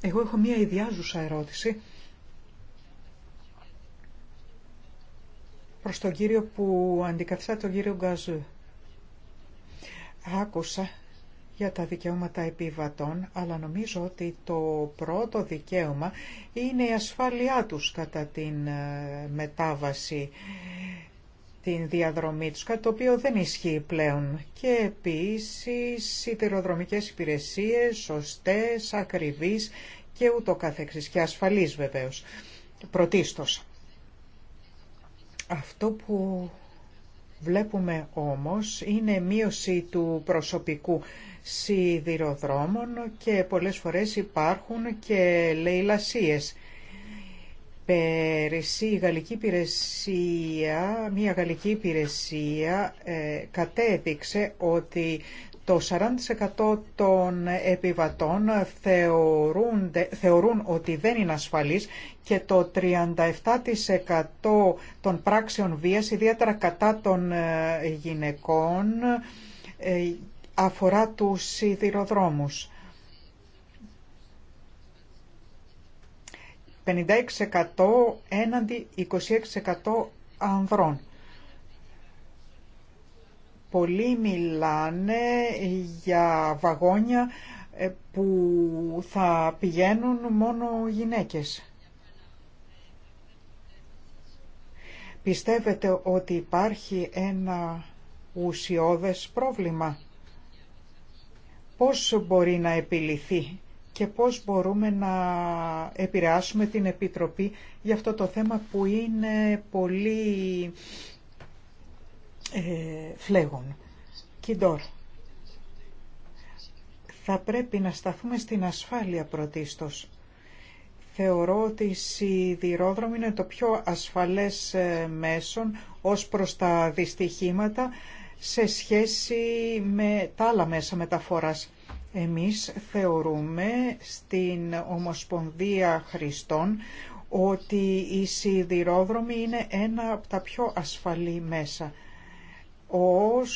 Εγώ έχω μία ιδιάζουσα ερώτηση προς τον κύριο που αντικαθιστά τον κύριο Γκαζού. Άκουσα για τα δικαιώματα επιβατών, αλλά νομίζω ότι το πρώτο δικαίωμα είναι η ασφάλειά τους κατά την ε, μετάβαση την διαδρομή τους, κάτι το οποίο δεν ισχύει πλέον. Και επίσης σιδηροδρομικές υπηρεσίες, σωστές, ακριβείς και ούτω καθεξής και ασφαλείς βεβαίως, πρωτίστως. Αυτό που βλέπουμε όμως είναι μείωση του προσωπικού σιδηροδρόμων και πολλές φορές υπάρχουν και λαιλασίες Πέρυσι η γαλλική υπηρεσία, μια γαλλική υπηρεσία ε, ότι το 40% των επιβατών θεωρούν ότι δεν είναι ασφαλής και το 37% των πράξεων βίας, ιδιαίτερα κατά των ε, γυναικών, ε, αφορά τους σιδηροδρόμους. 56% έναντι 26% ανδρών. Πολλοί μιλάνε για βαγόνια ε, που θα πηγαίνουν μόνο γυναίκες. Πιστεύετε ότι υπάρχει ένα ουσιώδες πρόβλημα. Πώς μπορεί να επιληθεί και πώς μπορούμε να επηρεάσουμε την Επιτροπή για αυτό το θέμα που είναι πολύ ε, φλέγον. Κιντόρ, θα πρέπει να σταθούμε στην ασφάλεια πρωτίστως. Θεωρώ ότι η σιδηρόδρομη είναι το πιο ασφαλές ε, μέσον ως προς τα δυστυχήματα σε σχέση με τα άλλα μέσα μεταφοράς. Εμείς θεωρούμε στην Ομοσπονδία Χριστών ότι η σιδηρόδρομη είναι ένα από τα πιο ασφαλή μέσα. Ως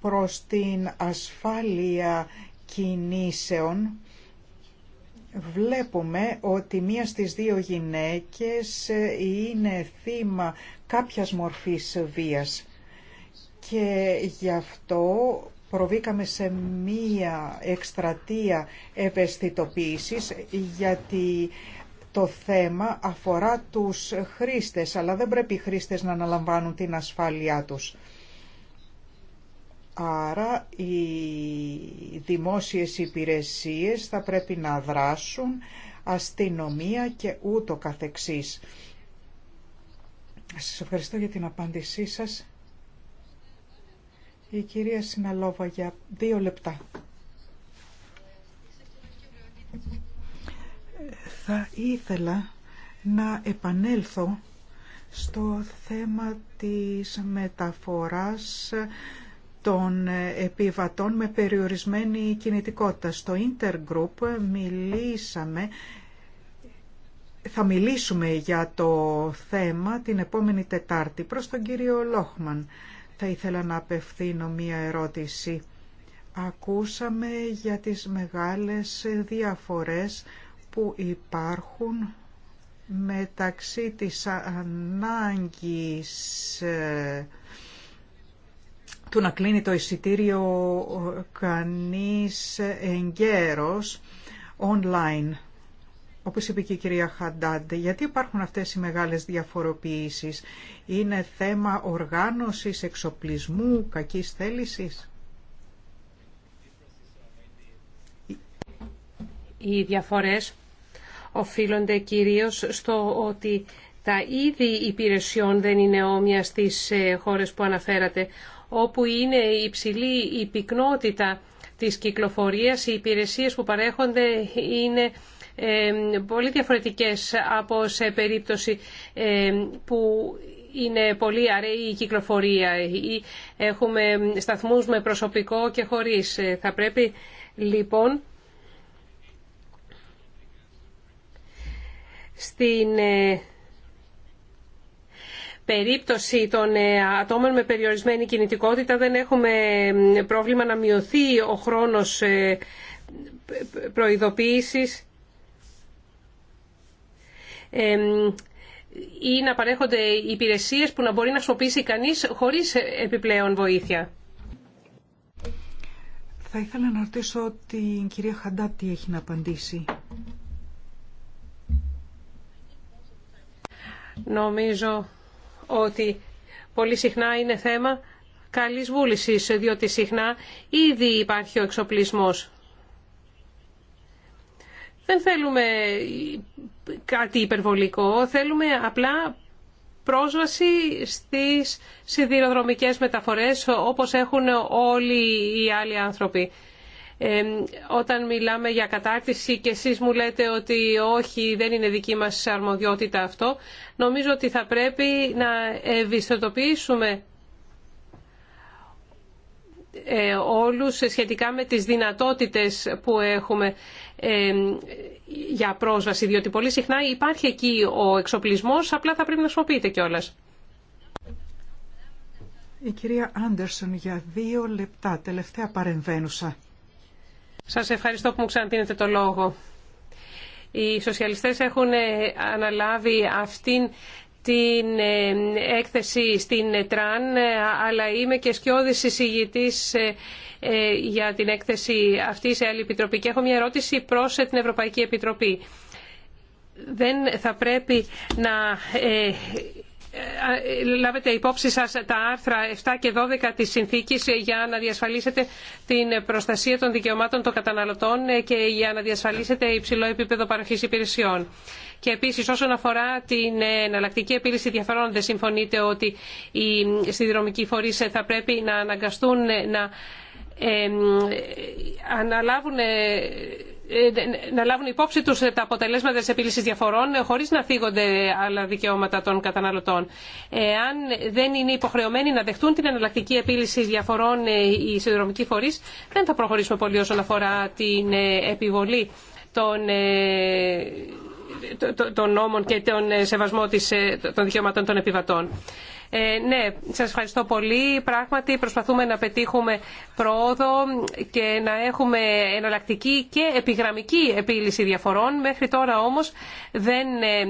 προς την ασφάλεια κινήσεων βλέπουμε ότι μία στις δύο γυναίκες είναι θύμα κάποιας μορφής βίας και γι' αυτό προβήκαμε σε μία εκστρατεία ευαισθητοποίησης γιατί το θέμα αφορά τους χρήστες, αλλά δεν πρέπει οι χρήστες να αναλαμβάνουν την ασφάλειά τους. Άρα οι δημόσιες υπηρεσίες θα πρέπει να δράσουν, αστυνομία και ούτω καθεξής. Σας ευχαριστώ για την απάντησή σας. Η κυρία Συναλόβα για δύο λεπτά. Θα ήθελα να επανέλθω στο θέμα της μεταφοράς των επιβατών με περιορισμένη κινητικότητα. Στο Intergroup μιλήσαμε, θα μιλήσουμε για το θέμα την επόμενη Τετάρτη προς τον κύριο Λόχμαν θα ήθελα να απευθύνω μία ερώτηση. Ακούσαμε για τις μεγάλες διαφορές που υπάρχουν μεταξύ της ανάγκης ε, του να κλείνει το εισιτήριο κανείς ε, εγκαίρος online όπως είπε και η κυρία Χαντάντε, γιατί υπάρχουν αυτές οι μεγάλες διαφοροποιήσεις. Είναι θέμα οργάνωσης, εξοπλισμού, κακής θέλησης. Οι διαφορές οφείλονται κυρίως στο ότι τα είδη υπηρεσιών δεν είναι όμοια στις ε, χώρες που αναφέρατε, όπου είναι υψηλή η πυκνότητα της κυκλοφορίας, οι υπηρεσίες που παρέχονται είναι πολύ διαφορετικές από σε περίπτωση που είναι πολύ αραιή η κυκλοφορία ή έχουμε σταθμούς με προσωπικό και χωρίς. Ε, θα πρέπει λοιπόν στην ε, περίπτωση των ε, ατόμων με περιορισμένη κινητικότητα δεν έχουμε πρόβλημα να μειωθεί ο χρόνος προειδοποίησης ή να παρέχονται υπηρεσίες που να μπορεί να χρησιμοποιήσει κανείς χωρίς επιπλέον βοήθεια. Θα ήθελα να ρωτήσω την κυρία Χαντάτη έχει να απαντήσει. Νομίζω ότι πολύ συχνά είναι θέμα καλής βούλησης, διότι συχνά ήδη υπάρχει ο εξοπλισμός. Δεν θέλουμε κάτι υπερβολικό. Θέλουμε απλά πρόσβαση στις σιδηροδρομικές μεταφορές όπως έχουν όλοι οι άλλοι άνθρωποι. Ε, όταν μιλάμε για κατάρτιση και εσείς μου λέτε ότι όχι δεν είναι δική μας αρμοδιότητα αυτό, νομίζω ότι θα πρέπει να ευιστοτοποιήσουμε ε, όλους σχετικά με τις δυνατότητες που έχουμε. Ε, για πρόσβαση, διότι πολύ συχνά υπάρχει εκεί ο εξοπλισμός, απλά θα πρέπει να χρησιμοποιείται κιόλας. Η κυρία Άντερσον για δύο λεπτά, τελευταία παρεμβαίνουσα. Σας ευχαριστώ που μου ξανατείνετε το λόγο. Οι σοσιαλιστές έχουν αναλάβει αυτήν την ε, έκθεση στην ΤΡΑΝ, αλλά είμαι και σκιώδης εισηγητής ε, ε, για την έκθεση αυτή σε άλλη επιτροπή. Και έχω μια ερώτηση προς την Ευρωπαϊκή Επιτροπή. Δεν θα πρέπει να λάβετε υπόψη σας τα άρθρα 7 και 12 της συνθήκης για να διασφαλίσετε την προστασία των δικαιωμάτων των καταναλωτών και για να διασφαλίσετε υψηλό επίπεδο παροχής υπηρεσιών. Και επίσης όσον αφορά την εναλλακτική επίλυση διαφορών δεν συμφωνείτε ότι οι συνδρομικοί φορεί θα πρέπει να αναγκαστούν να αναλάβουν ε, ε, να λάβουν υπόψη τους τα αποτελέσματα της επίλυσης διαφορών ε, χωρίς να θίγονται άλλα δικαιώματα των καταναλωτών. Αν δεν είναι υποχρεωμένοι να δεχτούν την εναλλακτική επίλυση διαφορών οι συνδρομικοί φορείς, δεν θα προχωρήσουμε πολύ όσον αφορά την επιβολή των των νόμων και τον ε, σεβασμό ε, των δικαιωμάτων των επιβατών. Ε, ναι, σας ευχαριστώ πολύ. Πράγματι προσπαθούμε να πετύχουμε προόδο και να έχουμε εναλλακτική και επιγραμμική επίλυση διαφορών. Μέχρι τώρα όμως δεν ε,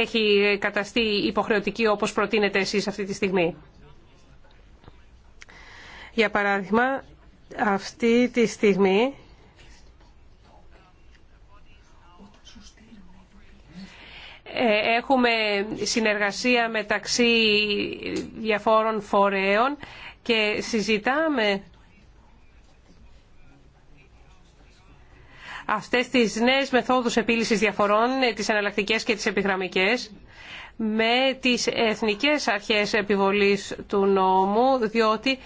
έχει καταστεί υποχρεωτική όπως προτείνετε εσείς αυτή τη στιγμή. Για παράδειγμα, αυτή τη στιγμή Ε, έχουμε συνεργασία μεταξύ διαφόρων φορέων και συζητάμε αυτές τις νέες μεθόδους επίλυσης διαφορών, ε, τις εναλλακτικές και τις επιγραμμικές, με τις εθνικές αρχές επιβολής του νόμου, διότι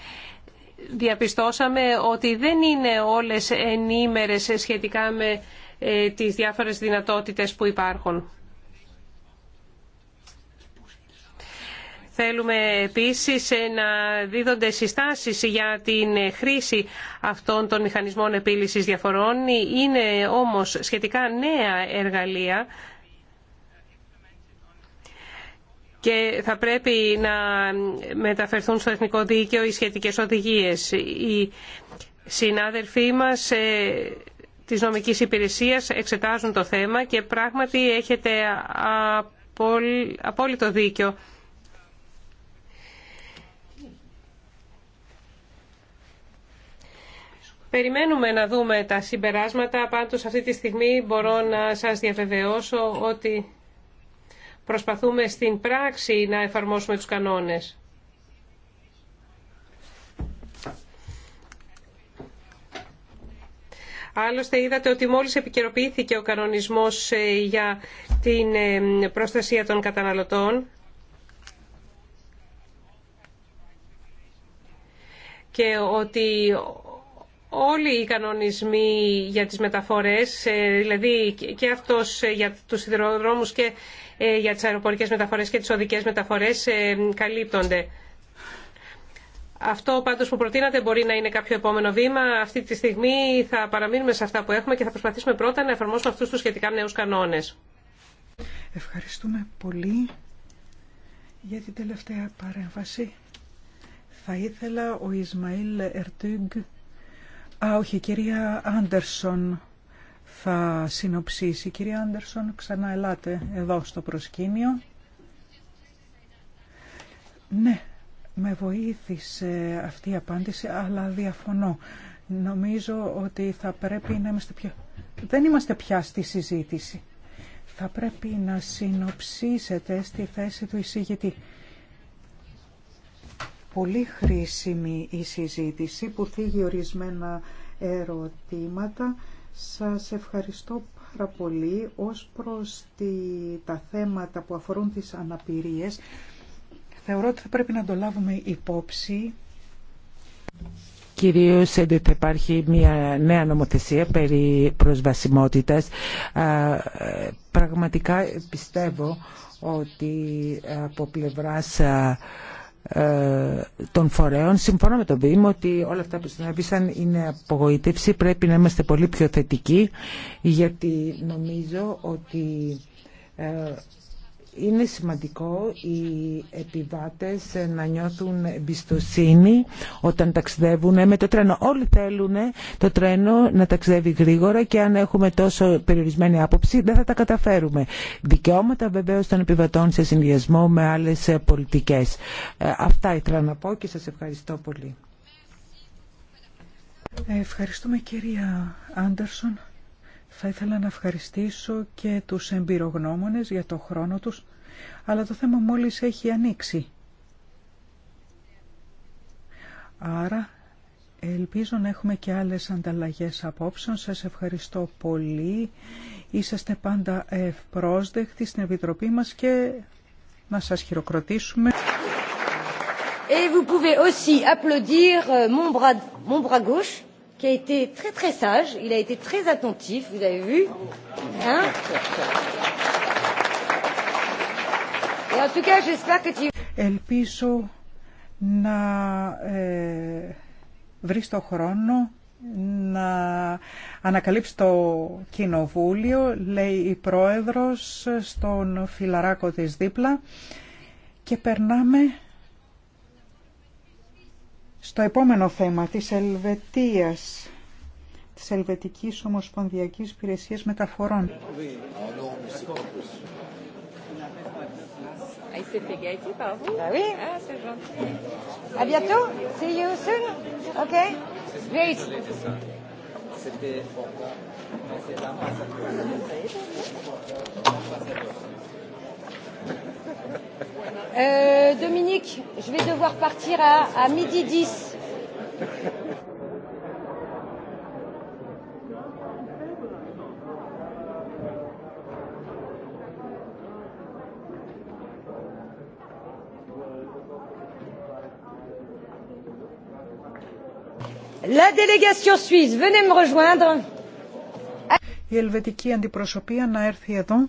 διαπιστώσαμε ότι δεν είναι όλες ενήμερες σχετικά με ε, τις διάφορες δυνατότητες που υπάρχουν. Θέλουμε επίσης να δίδονται συστάσεις για την χρήση αυτών των μηχανισμών επίλυσης διαφορών. Είναι όμως σχετικά νέα εργαλεία και θα πρέπει να μεταφερθούν στο εθνικό δίκαιο οι σχετικές οδηγίες. Οι συνάδελφοί μας ε, της νομικής υπηρεσίας εξετάζουν το θέμα και πράγματι έχετε απόλυτο δίκιο Περιμένουμε να δούμε τα συμπεράσματα. Πάντως αυτή τη στιγμή μπορώ να σας διαβεβαιώσω ότι προσπαθούμε στην πράξη να εφαρμόσουμε τους κανόνες. Άλλωστε είδατε ότι μόλις επικαιροποιήθηκε ο κανονισμός ε, για την ε, προστασία των καταναλωτών και ότι όλοι οι κανονισμοί για τις μεταφορές, ε, δηλαδή και αυτός για τους σιδηροδρόμους και ε, για τις αεροπορικές μεταφορές και τις οδικές μεταφορές ε, καλύπτονται. Αυτό πάντως που προτείνατε μπορεί να είναι κάποιο επόμενο βήμα. Αυτή τη στιγμή θα παραμείνουμε σε αυτά που έχουμε και θα προσπαθήσουμε πρώτα να εφαρμόσουμε αυτούς τους σχετικά νέους κανόνες. Ευχαριστούμε πολύ για την τελευταία παρέμβαση. Θα ήθελα ο Ισμαήλ Ερτούγκ Α, όχι, η κυρία Άντερσον θα συνοψίσει. κυρία Άντερσον, ξανά ελάτε εδώ στο προσκήνιο. Ναι, με βοήθησε αυτή η απάντηση, αλλά διαφωνώ. Νομίζω ότι θα πρέπει να είμαστε πιο... Δεν είμαστε πια στη συζήτηση. Θα πρέπει να συνοψίσετε στη θέση του εισηγητή πολύ χρήσιμη η συζήτηση που θίγει ορισμένα ερωτήματα. Σας ευχαριστώ πάρα πολύ ως προς τη, τα θέματα που αφορούν τις αναπηρίες. Θεωρώ ότι θα πρέπει να το λάβουμε υπόψη. Κυρίως έντοτε υπάρχει μια νέα νομοθεσία περί προσβασιμότητας. Πραγματικά πιστεύω ότι από πλευράς ε, των φορέων. Συμφωνώ με τον Δήμο ότι όλα αυτά που συνέβησαν είναι απογοήτευση. Πρέπει να είμαστε πολύ πιο θετικοί γιατί νομίζω ότι ε, είναι σημαντικό οι επιβάτες να νιώθουν εμπιστοσύνη όταν ταξιδεύουν με το τρένο. Όλοι θέλουν το τρένο να ταξιδεύει γρήγορα και αν έχουμε τόσο περιορισμένη άποψη δεν θα τα καταφέρουμε. Δικαιώματα βεβαίως των επιβατών σε συνδυασμό με άλλες πολιτικές. Ε, αυτά ήθελα να πω και σας ευχαριστώ πολύ. Ευχαριστούμε κυρία Άντερσον. Θα ήθελα να ευχαριστήσω και τους εμπειρογνώμονες για το χρόνο τους, αλλά το θέμα μόλις έχει ανοίξει. Άρα Ελπίζω να έχουμε και άλλες ανταλλαγές απόψεων. Σας ευχαριστώ πολύ. Είσαστε πάντα ευπρόσδεκτοι στην Επιτροπή μας και να σας χειροκροτήσουμε. Et vous pouvez aussi applaudir mon bras, mon qui a été très très sage, il a été très attentif, vous avez vu. Hein Et en tout cas, j'espère que tu... Ελπίζω να ε, βρεις το χρόνο να ανακαλύψει το κοινοβούλιο, λέει η πρόεδρος στον φιλαράκο της δίπλα και περνάμε στο επόμενο θέμα της Ελβετίας, της Ελβετικής Ομοσπονδιακής Υπηρεσίας Μεταφορών. Ah, C'était Euh, Dominique, je vais devoir partir à, à midi 10. La délégation suisse, venez me rejoindre. Η ελβετική αντιπροσωπεία να έρθει εδώ.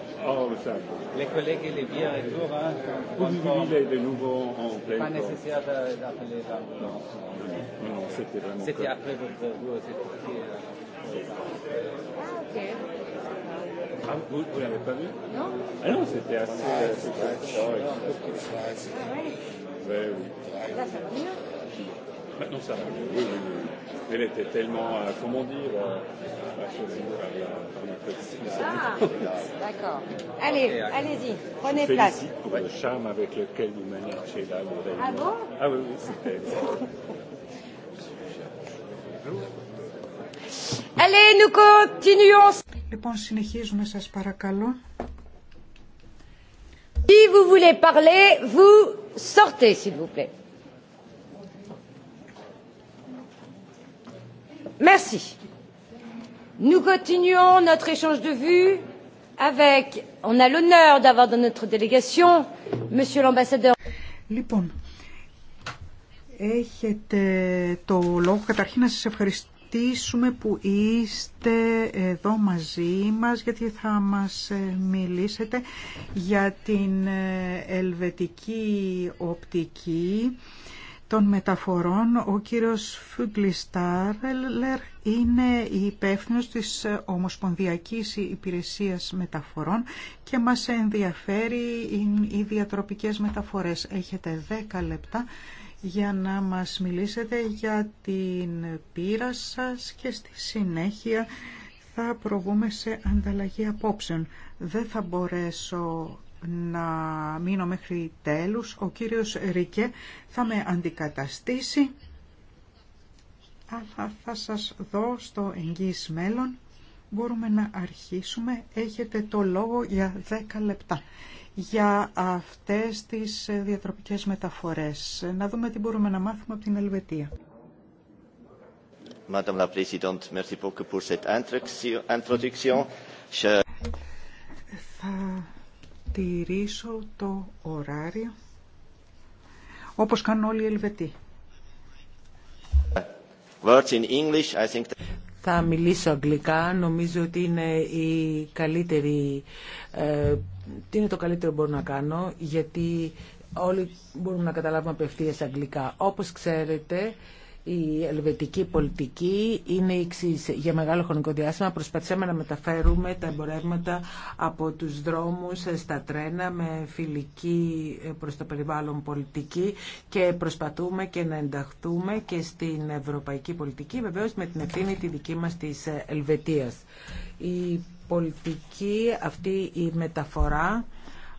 Les collègues et les biens et tout. Hein, oui, oui, oui, il est de nouveau en pleine Pas nécessaire d'appeler l'ambulance. Non, non, non c'était vraiment. C'était après votre vous, c'était. Ah, ok. Ah, vous ne l'avez pas vu Non. Ah non, c'était assez. Ah, ouais. Là, ça va mieux Maintenant, ça va. Oui, oui, oui. Elle était tellement, euh, comment dire, euh, choisie par la, Ah, d'accord. Allez, okay, allez-y, prenez je place. Félicite pour le charme avec lequel vous maniez là Ah bon Ah oui, oui, c'était. Allez, nous continuons. Λοιπόν, συνεχίζουμε, σας παρακαλώ. Si vous voulez parler, vous sortez, s'il vous plaît. Merci. Nous continuons notre échange de vues avec, on a l'honneur d'avoir dans notre délégation, Monsieur l'ambassadeur. Λοιπόν, έχετε το λόγο. Καταρχήν να σας ευχαριστήσουμε που είστε εδώ μαζί μας, γιατί θα μας ε, μιλήσετε για την ε, ελβετική οπτική των μεταφορών, ο κύριος Φουγκλιστάρελερ είναι υπεύθυνος της Ομοσπονδιακής Υπηρεσίας Μεταφορών και μας ενδιαφέρει οι διατροπικές μεταφορές. Έχετε 10 λεπτά για να μας μιλήσετε για την πείρα σας και στη συνέχεια θα προβούμε σε ανταλλαγή απόψεων. Δεν θα μπορέσω να μείνω μέχρι τέλους. Ο κύριος Ρικέ θα με αντικαταστήσει, αλλά θα σας δω στο εγγύης μέλλον. Μπορούμε να αρχίσουμε. Έχετε το λόγο για 10 λεπτά για αυτές τις διατροπικές μεταφορές. Να δούμε τι μπορούμε να μάθουμε από την Ελβετία. Madame la Présidente, merci beaucoup pour cette introduction τηρήσω το ωράριο όπως κάνουν όλοι οι Ελβετοί. Θα μιλήσω αγγλικά, νομίζω ότι είναι η καλύτερη, ε, είναι το καλύτερο που μπορώ να κάνω, γιατί όλοι μπορούμε να καταλάβουμε απευθείας αγγλικά. Όπως ξέρετε, η ελβετική πολιτική είναι η Για μεγάλο χρονικό διάστημα προσπαθήσαμε να μεταφέρουμε τα εμπορεύματα από τους δρόμους ε, στα τρένα με φιλική ε, προς το περιβάλλον πολιτική και προσπαθούμε και να ενταχθούμε και στην ευρωπαϊκή πολιτική, βεβαίως με την ευθύνη τη δική μας της ε, Ελβετίας. Η πολιτική αυτή η μεταφορά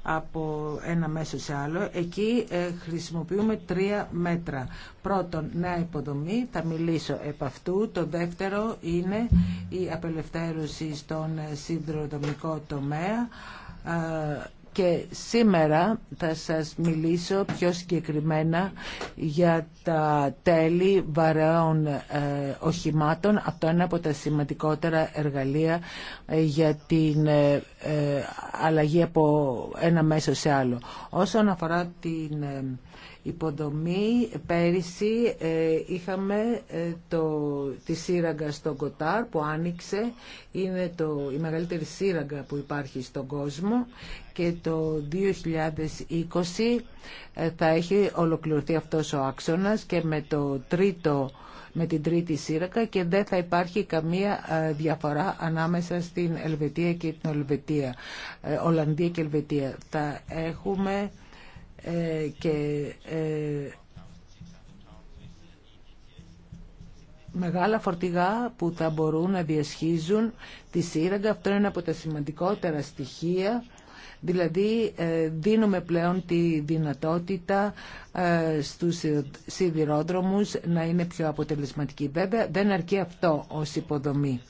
από ένα μέσο σε άλλο, εκεί ε, χρησιμοποιούμε τρία μέτρα. Πρώτον, νέα υποδομή, θα μιλήσω επ' αυτού. Το δεύτερο είναι η απελευθέρωση στον ε, συνδροδομικό τομέα και σήμερα θα σας μιλήσω πιο συγκεκριμένα για τα τέλη βαρέων ε, οχημάτων. Αυτό είναι από τα σημαντικότερα εργαλεία ε, για την ε, αλλαγή από ένα μέσο σε άλλο. Όσον αφορά την υποδομή. Πέρυσι ε, είχαμε ε, το, τη σύραγγα στο Κοτάρ που άνοιξε. Είναι το, η μεγαλύτερη σύραγγα που υπάρχει στον κόσμο και το 2020 ε, θα έχει ολοκληρωθεί αυτός ο άξονας και με το τρίτο με την τρίτη σύρακα και δεν θα υπάρχει καμία διαφορά ανάμεσα στην Ελβετία και την Ολβετία, Ολλανδία και Ελβετία. Θα έχουμε ε, και ε, μεγάλα φορτηγά που θα μπορούν να διασχίζουν τη σύραγγα. Αυτό είναι ένα από τα σημαντικότερα στοιχεία Δηλαδή ε, δίνουμε πλέον τη δυνατότητα ε, στους σιδηρόδρομους να είναι πιο αποτελεσματικοί. Βέβαια δεν αρκεί αυτό ως υποδομή.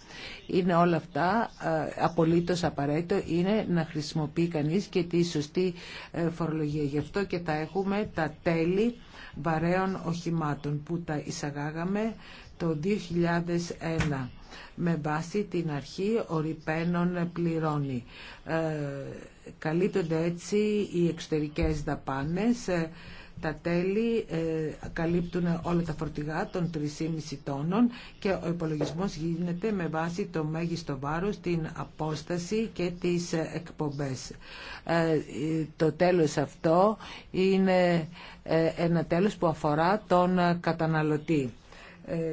Είναι όλα αυτά ε, απολύτως απαραίτητο είναι να χρησιμοποιεί κανείς και τη σωστή φορολογία. Γι' αυτό και θα έχουμε τα τέλη βαρέων οχημάτων που τα εισαγάγαμε το 2001 με βάση την αρχή ορυπαίνων πληρώνει. Ε, καλύπτονται έτσι οι εξωτερικές δαπάνες ε, τα τέλη ε, καλύπτουν όλα τα φορτηγά των 3,5 τόνων και ο υπολογισμός γίνεται με βάση το μέγιστο βάρος, την απόσταση και τις εκπομπές. Ε, το τέλος αυτό είναι ε, ένα τέλος που αφορά τον καταναλωτή.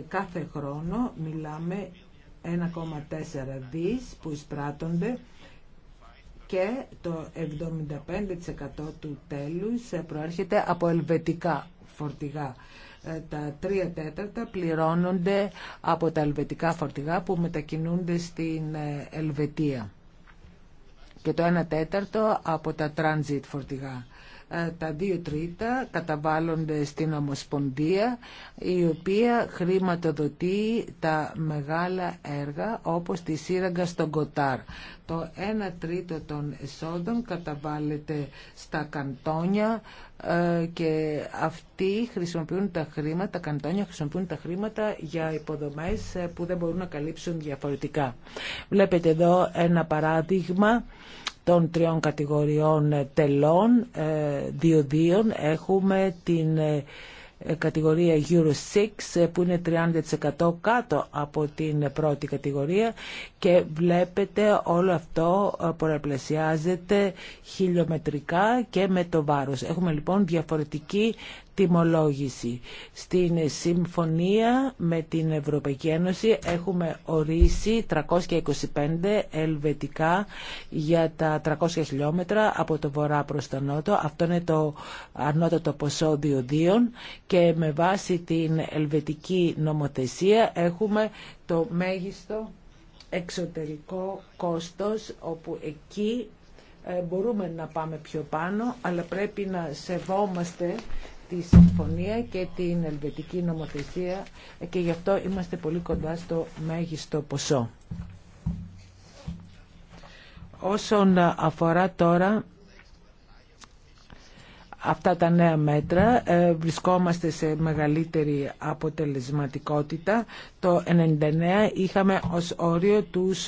Κάθε χρόνο μιλάμε 1,4 δις που εισπράττονται και το 75% του τέλους προέρχεται από ελβετικά φορτηγά. Ε, τα τρία τέταρτα πληρώνονται από τα ελβετικά φορτηγά που μετακινούνται στην ε, Ελβετία και το ένα τέταρτο από τα transit φορτηγά. Ε, τα δύο τρίτα καταβάλλονται στην Ομοσπονδία η οποία χρηματοδοτεί τα μεγάλα έργα όπως τη σύραγγα στο Κοτάρ. Το 1 τρίτο των εσόδων καταβάλλεται στα καντόνια ε, και αυτοί χρησιμοποιούν τα χρήματα, τα καντόνια χρησιμοποιούν τα χρήματα για υποδομές ε, που δεν μπορούν να καλύψουν διαφορετικά. Βλέπετε εδώ ένα παράδειγμα των τριών κατηγοριών τελών, ε, διοδίων, έχουμε την ε, ε, κατηγορία Euro 6 που είναι 30% κάτω από την πρώτη κατηγορία και βλέπετε όλο αυτό πολλαπλασιάζεται χιλιομετρικά και με το βάρος. Έχουμε λοιπόν διαφορετική τιμολόγηση. Στην συμφωνία με την Ευρωπαϊκή Ένωση έχουμε ορίσει 325 ελβετικά για τα 300 χιλιόμετρα από το βορρά προς το νότο. Αυτό είναι το ανώτατο ποσό διοδίων και με βάση την ελβετική νομοθεσία έχουμε το μέγιστο εξωτερικό κόστος όπου εκεί ε, μπορούμε να πάμε πιο πάνω αλλά πρέπει να σεβόμαστε τη συμφωνία και την ελβετική νομοθεσία και γι' αυτό είμαστε πολύ κοντά στο μέγιστο ποσό. Όσον αφορά τώρα αυτά τα νέα μέτρα ε, βρισκόμαστε σε μεγαλύτερη αποτελεσματικότητα. Το 99 είχαμε ως όριο τους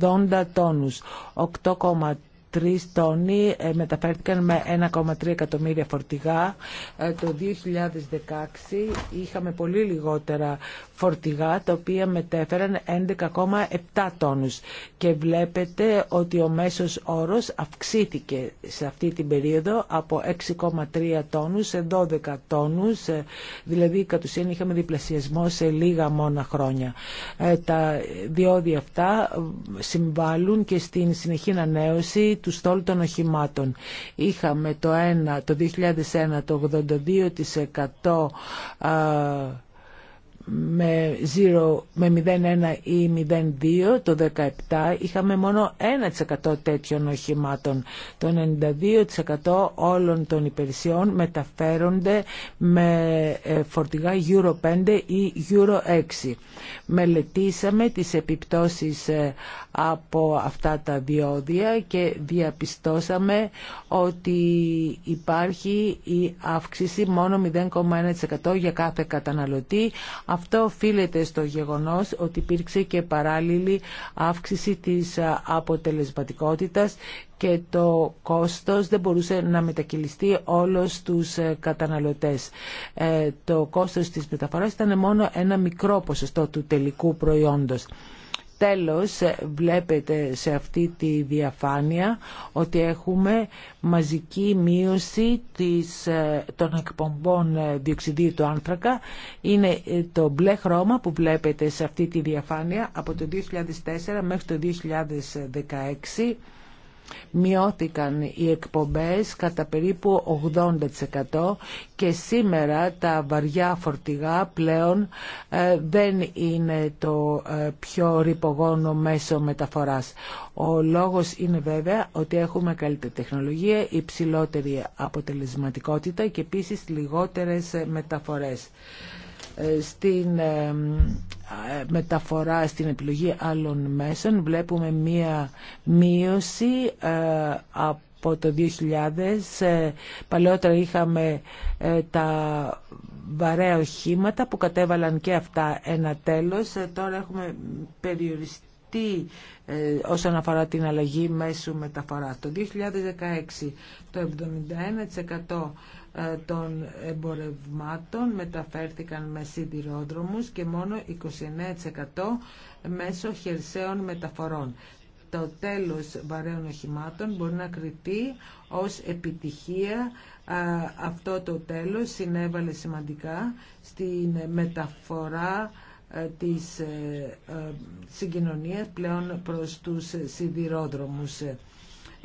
80 τόνους. 3 τόνοι ε, μεταφέρθηκαν με 1,3 εκατομμύρια φορτηγά. Ε, το 2016 είχαμε πολύ λιγότερα φορτηγά τα οποία μετέφεραν 11,7 τόνους και βλέπετε ότι ο μέσος όρος αυξήθηκε σε αυτή την περίοδο από 6,3 τόνους σε 12 τόνους ε, δηλαδή κατ' ουσίαν είχαμε διπλασιασμό σε λίγα μόνα χρόνια. Ε, τα διόδια αυτά συμβάλλουν και στην συνεχή ανανέωση του στόλου των οχημάτων. Είχαμε το 1, το 2001 το 82% με, 0, με 0,1 ή 0,2 το 17 είχαμε μόνο 1% τέτοιων οχημάτων. Το 92% όλων των υπηρεσιών μεταφέρονται με ε, φορτηγά Euro 5 ή Euro 6. Μελετήσαμε τις επιπτώσεις ε, από αυτά τα διόδια και διαπιστώσαμε ότι υπάρχει η αύξηση μόνο 0,1% για κάθε καταναλωτή αυτό οφείλεται στο γεγονός ότι υπήρξε και παράλληλη αύξηση της αποτελεσματικότητας και το κόστος δεν μπορούσε να μετακυλιστεί όλος τους ε, καταναλωτές. Ε, το κόστος της μεταφοράς ήταν μόνο ένα μικρό ποσοστό του τελικού προϊόντος. Τέλος, βλέπετε σε αυτή τη διαφάνεια ότι έχουμε μαζική μείωση της, ε, των εκπομπών ε, διοξιδίου του άνθρακα. Είναι ε, το μπλε χρώμα που βλέπετε σε αυτή τη διαφάνεια από το 2004 μέχρι το 2016 Μειώθηκαν οι εκπομπές κατά περίπου 80% και σήμερα τα βαριά φορτηγά πλέον ε, δεν είναι το ε, πιο ρηπογόνο μέσο μεταφοράς. Ο λόγος είναι βέβαια ότι έχουμε καλύτερη τεχνολογία, υψηλότερη αποτελεσματικότητα και επίσης λιγότερες μεταφορές στην ε, ε, μεταφορά στην επιλογή άλλων μέσων βλέπουμε μία μείωση ε, από το 2000 παλαιότερα είχαμε τα βαρέα οχήματα που κατέβαλαν και αυτά ένα τέλος τώρα έχουμε περιοριστεί όσον αφορά την αλλαγή μέσου μεταφοράς. Το 2016 το 71% ε, των εμπορευμάτων μεταφέρθηκαν με σιδηρόδρομους και μόνο 29% μέσω χερσαίων μεταφορών. Το τέλος βαρέων οχημάτων μπορεί να κριθεί ως επιτυχία. Ε, αυτό το τέλος συνέβαλε σημαντικά στην μεταφορά ε, της συγκοινωνίας πλέον προς τους σιδηρόδρομους.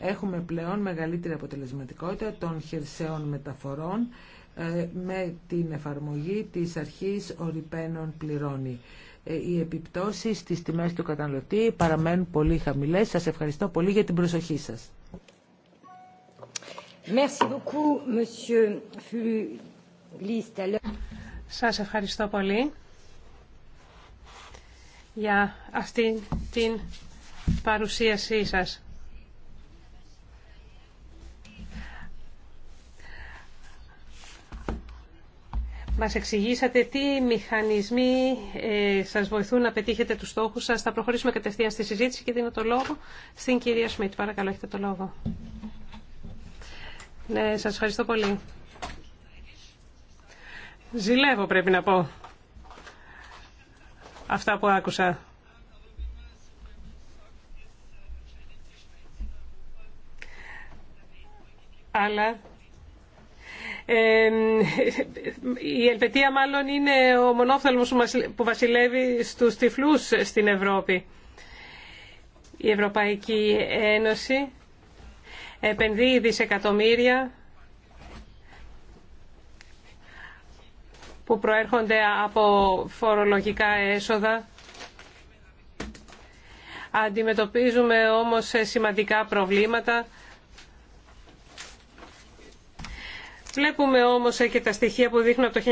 Έχουμε πλέον μεγαλύτερη αποτελεσματικότητα των χερσαίων μεταφορών ε, με την εφαρμογή της αρχής οριπένων πληρώνει. Ε, οι επιπτώσεις στις τιμές του καταναλωτή παραμένουν πολύ χαμηλές. Σας ευχαριστώ πολύ για την προσοχή σας. Σας ευχαριστώ πολύ για αυτή την παρουσίασή σας. Μας εξηγήσατε τι μηχανισμοί ε, σας βοηθούν να πετύχετε τους στόχους σας. Θα προχωρήσουμε κατευθείαν στη συζήτηση και δίνω το λόγο στην κυρία Σμιτ. Παρακαλώ, έχετε το λόγο. Ναι, σας ευχαριστώ πολύ. Ζηλεύω πρέπει να πω αυτά που άκουσα. Αλλά η Ελβετία μάλλον είναι ο μονόφθαλμος που βασιλεύει στους τυφλούς στην Ευρώπη. Η Ευρωπαϊκή Ένωση επενδύει δισεκατομμύρια που προέρχονται από φορολογικά έσοδα. Αντιμετωπίζουμε όμως σημαντικά προβλήματα Βλέπουμε όμως ε, και τα στοιχεία που δείχνουν από το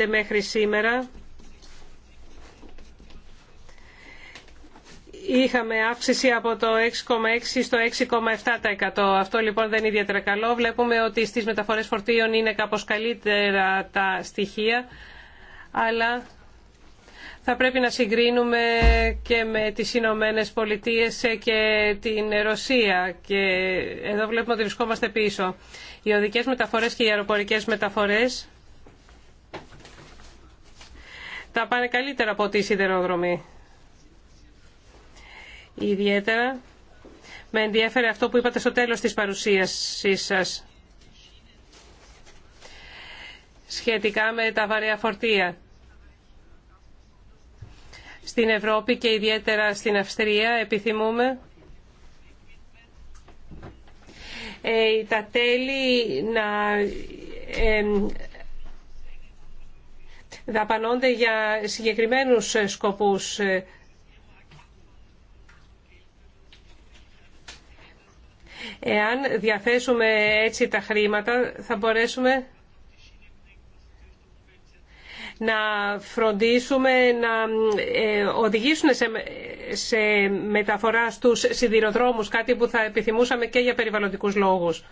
1995 μέχρι σήμερα. Είχαμε αύξηση από το 6,6% στο 6,7%. Αυτό λοιπόν δεν είναι ιδιαίτερα καλό. Βλέπουμε ότι στις μεταφορές φορτίων είναι κάπως καλύτερα τα στοιχεία, αλλά θα πρέπει να συγκρίνουμε και με τις Ηνωμένε Πολιτείε ε, και την Ρωσία και εδώ βλέπουμε ότι βρισκόμαστε πίσω. Οι οδικές μεταφορές και οι αεροπορικές μεταφορές τα πάνε καλύτερα από τη σιδεροδρομή. Ιδιαίτερα με ενδιέφερε αυτό που είπατε στο τέλος της παρουσίασής σας σχετικά με τα βαρέα φορτία. Στην Ευρώπη και ιδιαίτερα στην Αυστρία επιθυμούμε Ε, τα τέλη να δαπανώνται για συγκεκριμένους ε, σκοπούς. Ε, εάν διαθέσουμε έτσι τα χρήματα θα μπορέσουμε να φροντίσουμε να ε, οδηγήσουν σε μεταφορά στους σιδηροδρόμους, κάτι που θα επιθυμούσαμε και για περιβαλλοντικούς λόγους.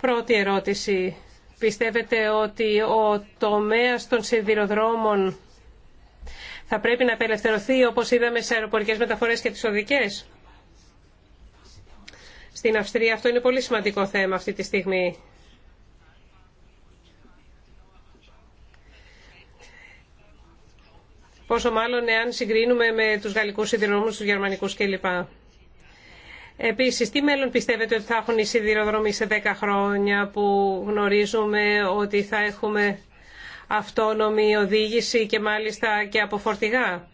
Πρώτη ερώτηση. Πιστεύετε ότι ο τομέας των σιδηροδρόμων θα πρέπει να απελευθερωθεί όπως είδαμε σε αεροπορικές μεταφορές και τις οδικές. Στην Αυστρία αυτό είναι πολύ σημαντικό θέμα αυτή τη στιγμή. πόσο μάλλον εάν συγκρίνουμε με τους γαλλικούς σιδηροδρόμους, τους γερμανικούς κλπ. Επίσης, τι μέλλον πιστεύετε ότι θα έχουν οι σιδηροδρόμοι σε 10 χρόνια που γνωρίζουμε ότι θα έχουμε αυτόνομη οδήγηση και μάλιστα και από φορτηγά.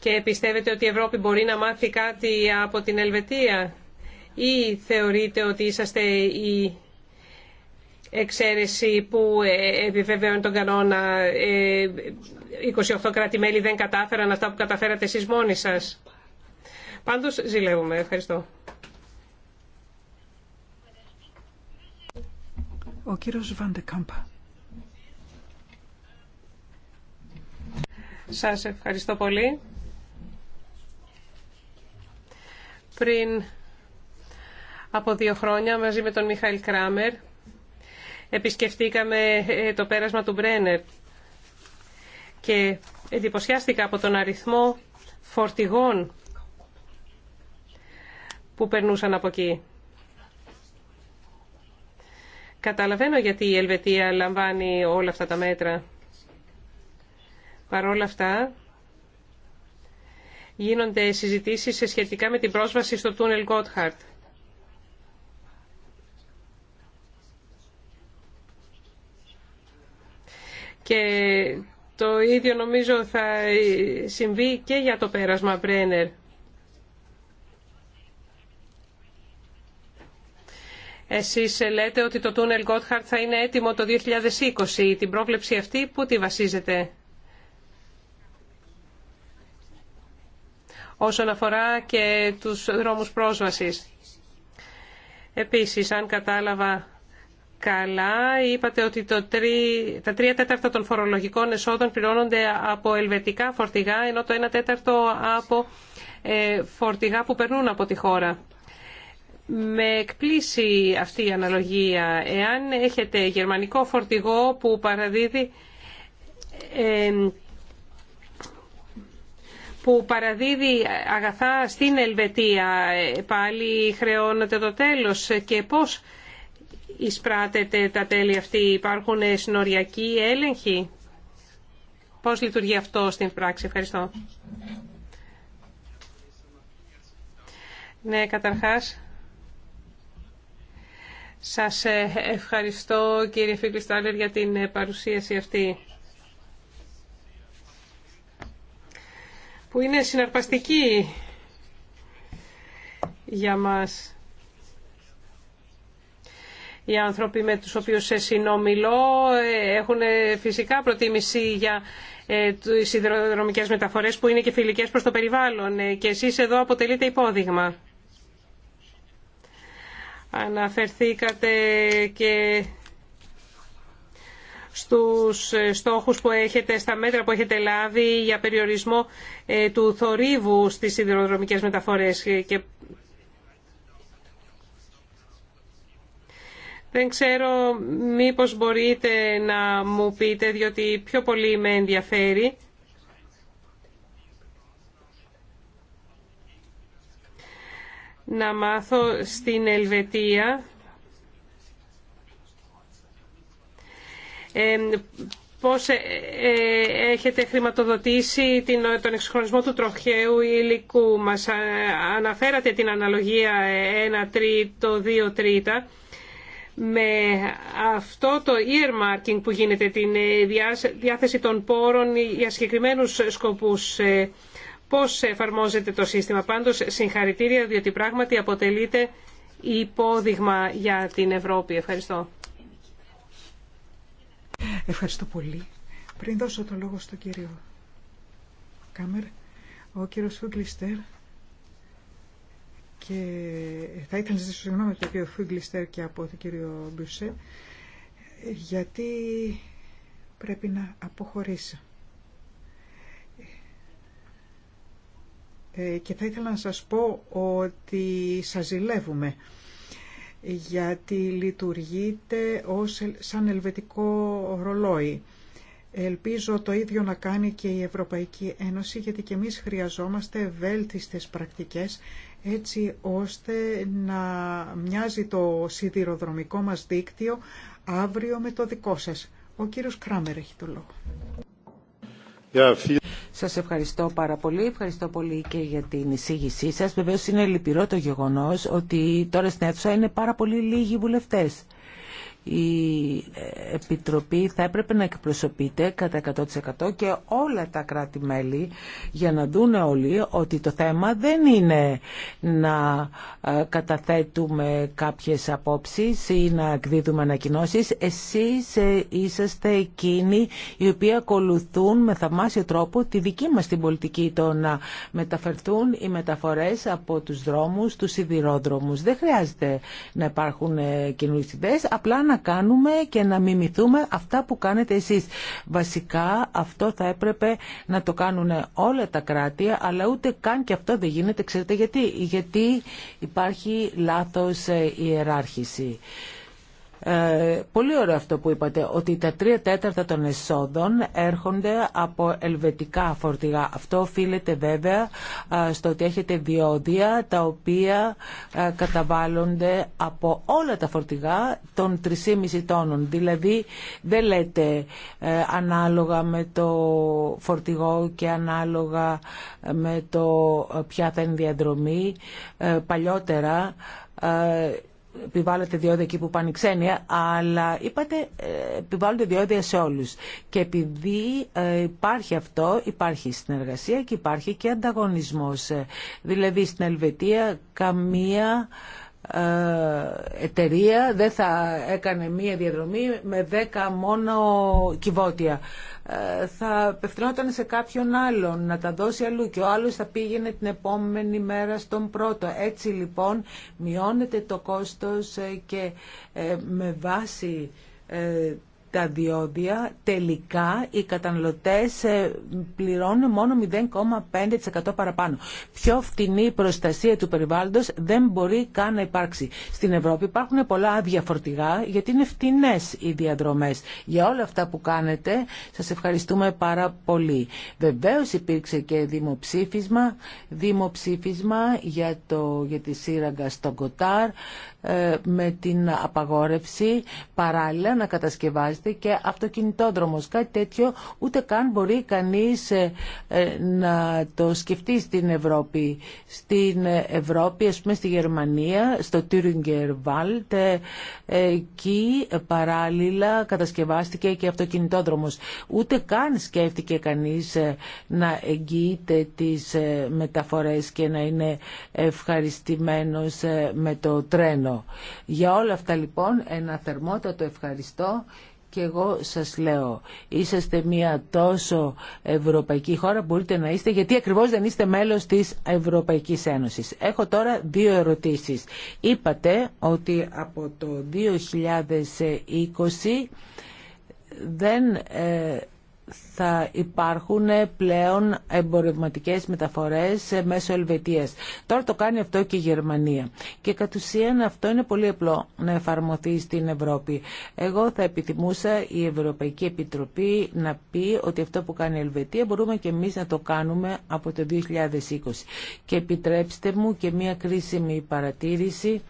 Και πιστεύετε ότι η Ευρώπη μπορεί να μάθει κάτι από την Ελβετία ή θεωρείτε ότι είσαστε η θεωρειτε οτι εισαστε οι εξαίρεση που ε, επιβεβαίωνε τον κανόνα 28 ε, κράτη-μέλη δεν κατάφεραν αυτά που καταφέρατε εσείς μόνοι σας. Πάντως ζηλεύουμε. Ευχαριστώ. Ο κύριος Βαντεκάμπα. Σας ευχαριστώ πολύ. Πριν από δύο χρόνια μαζί με τον Μιχαήλ Κράμερ επισκεφτήκαμε ε, το πέρασμα του Μπρένερ και εντυπωσιάστηκα από τον αριθμό φορτηγών που περνούσαν από εκεί. Καταλαβαίνω γιατί η Ελβετία λαμβάνει όλα αυτά τα μέτρα. Παρόλα αυτά, γίνονται συζητήσεις σχετικά με την πρόσβαση στο τούνελ Γκότχαρτ. Και το ίδιο νομίζω θα συμβεί και για το πέρασμα Μπρένερ. Εσείς λέτε ότι το τούνελ Γκότχαρτ θα είναι έτοιμο το 2020. Την πρόβλεψη αυτή που τη βασίζεται. όσον αφορά και τους δρόμους πρόσβασης. Επίσης, αν κατάλαβα καλά. Είπατε ότι τα τρία τέταρτα των φορολογικών εσόδων πληρώνονται από ελβετικά φορτηγά, ενώ το ένα τέταρτο από ε, φορτηγά που περνούν από τη χώρα. Με εκπλήσει αυτή η αναλογία. Εάν έχετε γερμανικό φορτηγό που παραδίδει... Ε, που παραδίδει αγαθά στην Ελβετία ε, πάλι χρεώνεται το τέλος ε, και πώς εισπράτεται τα τέλη αυτή. Υπάρχουν συνοριακοί έλεγχοι. Πώς λειτουργεί αυτό στην πράξη. Ευχαριστώ. Ναι, καταρχάς, σας ευχαριστώ κύριε Φίλιπ για την παρουσίαση αυτή. Που είναι συναρπαστική για μας. Οι άνθρωποι με τους οποίους συνομιλώ ε, έχουν ε, φυσικά προτίμηση για ε, τις σιδηροδρομικές μεταφορές που είναι και φιλικές προς το περιβάλλον και εσείς εδώ αποτελείτε υπόδειγμα. Αναφερθήκατε και στους στόχους που έχετε, στα μέτρα που έχετε λάβει για περιορισμό του θορύβου στις σιδηροδρομικές μεταφορές και Δεν ξέρω μήπως μπορείτε να μου πείτε, διότι πιο πολύ με ενδιαφέρει. Να μάθω στην Ελβετία ε, πώς ε, ε, έχετε χρηματοδοτήσει τον εξυγχρονισμό του τροχαίου υλικού. Μας αναφέρατε την αναλογία 1 το 2 τρίτα με αυτό το earmarking που γίνεται, την ε, διάθεση των πόρων για συγκεκριμένους σκοπούς, ε, πώς εφαρμόζεται το σύστημα. Πάντως, συγχαρητήρια, διότι πράγματι αποτελείται υπόδειγμα για την Ευρώπη. Ευχαριστώ. Ευχαριστώ πολύ. Πριν δώσω το λόγο στον κύριο Κάμερ, ο κύριος Φουγκλιστέρ και θα ήθελα να ζητήσω συγγνώμη από τον κύριο Φίγκλιστερ και από τον κύριο Μπιουσέ γιατί πρέπει να αποχωρήσω. Ε, και θα ήθελα να σας πω ότι σας ζηλεύουμε γιατί λειτουργείτε ως, σαν ελβετικό ρολόι. Ελπίζω το ίδιο να κάνει και η Ευρωπαϊκή Ένωση γιατί και εμείς χρειαζόμαστε βέλτιστες πρακτικές έτσι ώστε να μοιάζει το σιδηροδρομικό μας δίκτυο αύριο με το δικό σας. Ο κύριος Κράμερ έχει το λόγο. Σας ευχαριστώ πάρα πολύ. Ευχαριστώ πολύ και για την εισήγησή σας. Βεβαίως είναι λυπηρό το γεγονός ότι τώρα στην αίθουσα είναι πάρα πολύ λίγοι βουλευτές η ε, Επιτροπή θα έπρεπε να εκπροσωπείται κατά 100% και όλα τα κράτη-μέλη για να δούνε όλοι ότι το θέμα δεν είναι να ε, καταθέτουμε κάποιες απόψεις ή να εκδίδουμε ανακοινώσεις. Εσείς ε, είσαστε εκείνοι οι οποίοι ακολουθούν με θαυμάσιο τρόπο τη δική μας την πολιτική το να μεταφερθούν οι μεταφορές από τους δρόμους, τους σιδηρόδρομους. Δεν χρειάζεται να υπάρχουν καινούριε, απλά να κάνουμε και να μιμηθούμε αυτά που κάνετε εσείς. Βασικά αυτό θα έπρεπε να το κάνουν όλα τα κράτη, αλλά ούτε καν και αυτό δεν γίνεται. Ξέρετε γιατί. Γιατί υπάρχει λάθος ε, ιεράρχηση. Ε, πολύ ωραίο αυτό που είπατε, ότι τα τρία τέταρτα των εσόδων έρχονται από ελβετικά φορτηγά. Αυτό οφείλεται βέβαια ε, στο ότι έχετε διόδια τα οποία ε, καταβάλλονται από όλα τα φορτηγά των 3,5 τόνων. Δηλαδή δεν λέτε ανάλογα με το φορτηγό και ανάλογα με το ποια θα είναι διαδρομή. Παλιότερα επιβάλλονται διόδια εκεί που πάνε οι ξένοι, αλλά είπατε ε, επιβάλλονται διόδια σε όλους. Και επειδή ε, υπάρχει αυτό, υπάρχει συνεργασία και υπάρχει και ανταγωνισμός. Ε, δηλαδή στην Ελβετία καμία εταιρεία δεν θα έκανε μία διαδρομή με δέκα μόνο κυβότια. Ε, θα απευθυνόταν σε κάποιον άλλον να τα δώσει αλλού και ο άλλος θα πήγαινε την επόμενη μέρα στον πρώτο. Έτσι λοιπόν μειώνεται το κόστος ε, και ε, με βάση τα διόδια τελικά οι καταναλωτές ε, πληρώνουν μόνο 0,5% παραπάνω. Πιο φτηνή προστασία του περιβάλλοντος δεν μπορεί καν να υπάρξει. Στην Ευρώπη υπάρχουν πολλά άδεια φορτηγά γιατί είναι φτηνές οι διαδρομές. Για όλα αυτά που κάνετε σας ευχαριστούμε πάρα πολύ. Βεβαίως υπήρξε και δημοψήφισμα, δημοψήφισμα για, για τη σύραγγα στο Κοτάρ. Ε, με την απαγόρευση παράλληλα να κατασκευάζεται και αυτοκινητόδρομος. Κάτι τέτοιο ούτε καν μπορεί κανείς ε, ε, να το σκεφτεί στην Ευρώπη. Στην Ευρώπη, ας πούμε στη Γερμανία, στο Τύρινγκερ Βάλτ, εκεί παράλληλα κατασκευάστηκε και αυτοκινητόδρομος. Ούτε καν σκέφτηκε κανείς να εγγύεται τις μεταφορές και να είναι ευχαριστημένος με το τρένο. Για όλα αυτά λοιπόν ένα θερμότατο ευχαριστώ και εγώ σας λέω, είσαστε μια τόσο ευρωπαϊκή χώρα, μπορείτε να είστε, γιατί ακριβώς δεν είστε μέλος της Ευρωπαϊκής Ένωσης. Έχω τώρα δύο ερωτήσεις. Είπατε ότι από το 2020 δεν ε, θα υπάρχουν πλέον εμπορευματικές μεταφορές μέσω Ελβετίας. Τώρα το κάνει αυτό και η Γερμανία. Και κατ' ουσίαν αυτό είναι πολύ απλό να εφαρμοθεί στην Ευρώπη. Εγώ θα επιθυμούσα η Ευρωπαϊκή Επιτροπή να πει ότι αυτό που κάνει η Ελβετία μπορούμε και εμείς να το κάνουμε από το 2020. Και επιτρέψτε μου και μια κρίσιμη παρατήρηση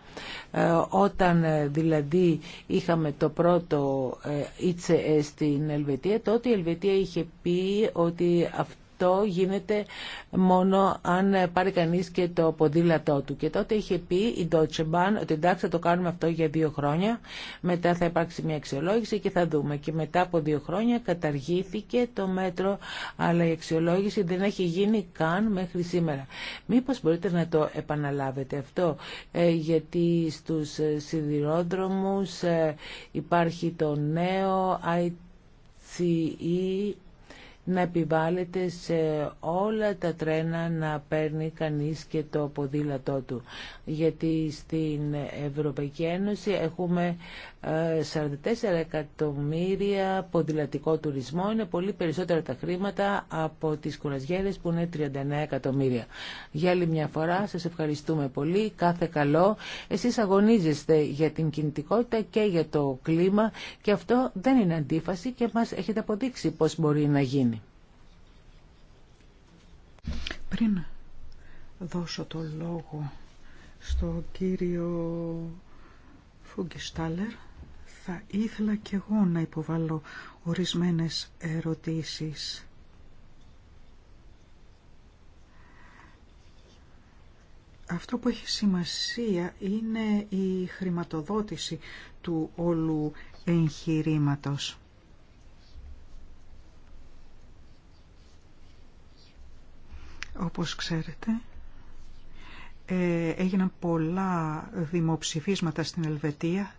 ε, όταν ε, δηλαδή είχαμε το πρώτο ΙΤΣΕ ε, στην Ελβετία, τότε η Ελβετία είχε πει ότι αυτό αυτό γίνεται μόνο αν πάρει κανείς και το ποδήλατό του. Και τότε είχε πει η Deutsche Bahn ότι εντάξει θα το κάνουμε αυτό για δύο χρόνια, μετά θα υπάρξει μια αξιολόγηση και θα δούμε. Και μετά από δύο χρόνια καταργήθηκε το μέτρο, αλλά η αξιολόγηση δεν έχει γίνει καν μέχρι σήμερα. Μήπως μπορείτε να το επαναλάβετε αυτό, ε, γιατί στους ε, σιδηρόδρομους ε, υπάρχει το νέο ICE να επιβάλλεται σε όλα τα τρένα να παίρνει κανείς και το ποδήλατό του. Γιατί στην Ευρωπαϊκή Ένωση έχουμε 44 ε, εκατομμύρια ποδηλατικό τουρισμό. Είναι πολύ περισσότερα τα χρήματα από τις κουραζιέρες που είναι 39 εκατομμύρια. Για άλλη μια φορά σας ευχαριστούμε πολύ. Κάθε καλό. Εσείς αγωνίζεστε για την κινητικότητα και για το κλίμα και αυτό δεν είναι αντίφαση και μας έχετε αποδείξει πώς μπορεί να γίνει. Πριν δώσω το λόγο στο κύριο Φουγκιστάλερ, θα ήθελα κι εγώ να υποβάλω ορισμένες ερωτήσεις. Αυτό που έχει σημασία είναι η χρηματοδότηση του όλου εγχειρήματος. Όπως ξέρετε, ε, έγιναν πολλά δημοψηφίσματα στην Ελβετία,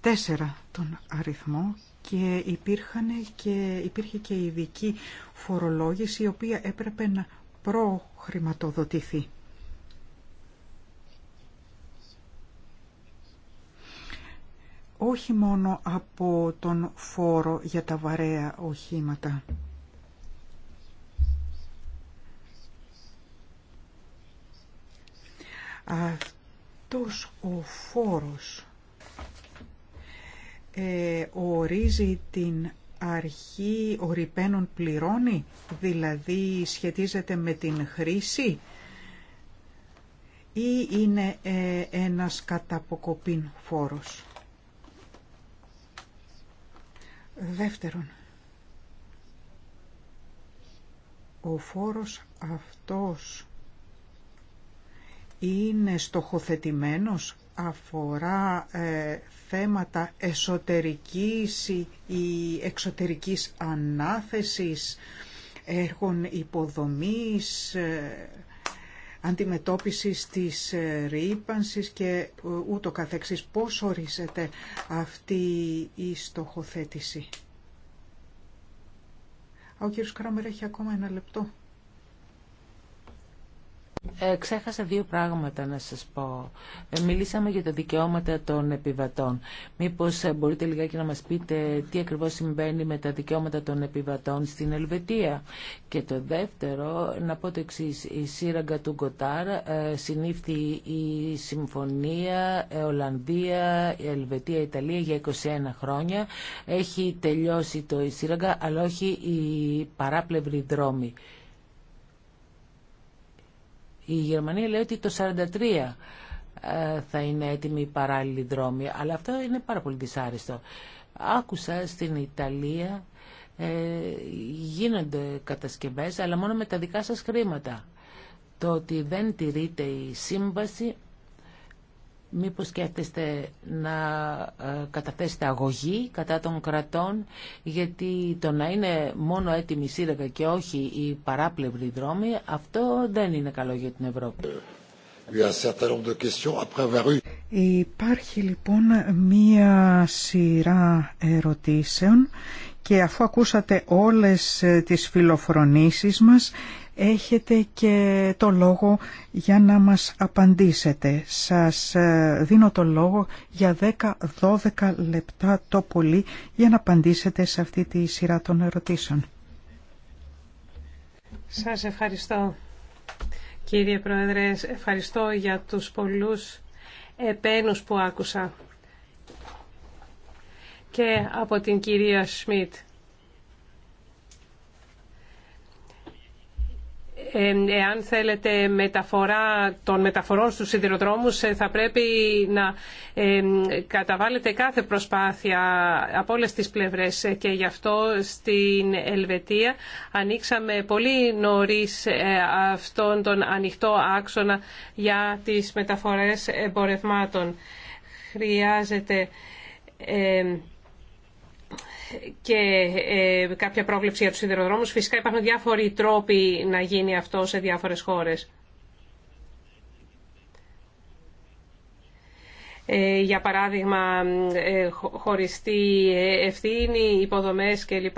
τέσσερα τον αριθμό και, υπήρχανε και υπήρχε και ειδική φορολόγηση η οποία έπρεπε να προχρηματοδοτηθεί. όχι μόνο από τον φόρο για τα βαρέα οχήματα. Αυτός ο φόρος ε, ορίζει την αρχή ορυπαίνων πληρώνει, δηλαδή σχετίζεται με την χρήση ή είναι ε, ένας καταποκοπήν φόρος. Δεύτερον, ο φόρος αυτός είναι στοχοθετημένος, αφορά ε, θέματα εσωτερικής ή εξωτερικής ανάθεσης, έργων υποδομής, ε, αντιμετώπισης της ε, ρήπανσης και ε, ούτω καθεξής. Πώς ορίζεται αυτή η στοχοθέτηση. Ο κύριος Κράμερ έχει ακόμα ένα λεπτό. Ε, ξέχασα δύο πράγματα να σας πω. Ε, μιλήσαμε για τα δικαιώματα των επιβατών. Μήπως ε, μπορείτε λιγάκι να μας πείτε τι ακριβώς συμβαίνει με τα δικαιώματα των επιβατών στην Ελβετία. Και το δεύτερο, να πω το εξή. η σύραγγα του Γκοτάρ συνήφθη η Συμφωνία Ολλανδία, Ελβετία, Ιταλία για 21 χρόνια. Έχει τελειώσει το η σύραγγα, αλλά όχι η παράπλευρη δρόμη. Η Γερμανία λέει ότι το 43 ε, θα είναι έτοιμη οι παράλληλη δρόμοι, αλλά αυτό είναι πάρα πολύ δυσάρεστο. Άκουσα στην Ιταλία ε, γίνονται κατασκευές, αλλά μόνο με τα δικά σας χρήματα. Το ότι δεν τηρείται η σύμβαση Μήπως σκέφτεστε να ε, καταθέσετε αγωγή κατά των κρατών, γιατί το να είναι μόνο έτοιμη σύραγα και όχι η παράπλευρη δρόμη, αυτό δεν είναι καλό για την Ευρώπη. Υπάρχει λοιπόν μία σειρά ερωτήσεων και αφού ακούσατε όλες ε, τις φιλοφρονήσεις μας έχετε και το λόγο για να μας απαντήσετε. Σας ε, δίνω το λόγο για 10-12 λεπτά το πολύ για να απαντήσετε σε αυτή τη σειρά των ερωτήσεων. Σας ευχαριστώ κύριε Πρόεδρε, ευχαριστώ για τους πολλούς επένους που άκουσα και από την κυρία Σμιτ. εάν θέλετε μεταφορά των μεταφορών στους σιδηροδρόμους ε, θα πρέπει να καταβάλλετε κάθε προσπάθεια από όλες τις πλευρές ε, και γι' αυτό στην Ελβετία ανοίξαμε πολύ νωρίς ε, αυτόν τον ανοιχτό άξονα για τις μεταφορές εμπορευμάτων. Χρειάζεται και ε, κάποια πρόβλεψη για τους σιδηροδρόμους. Φυσικά υπάρχουν διάφοροι τρόποι να γίνει αυτό σε διάφορες χώρες. Ε, για παράδειγμα ε, χωριστή ευθύνη, υποδομές κλπ.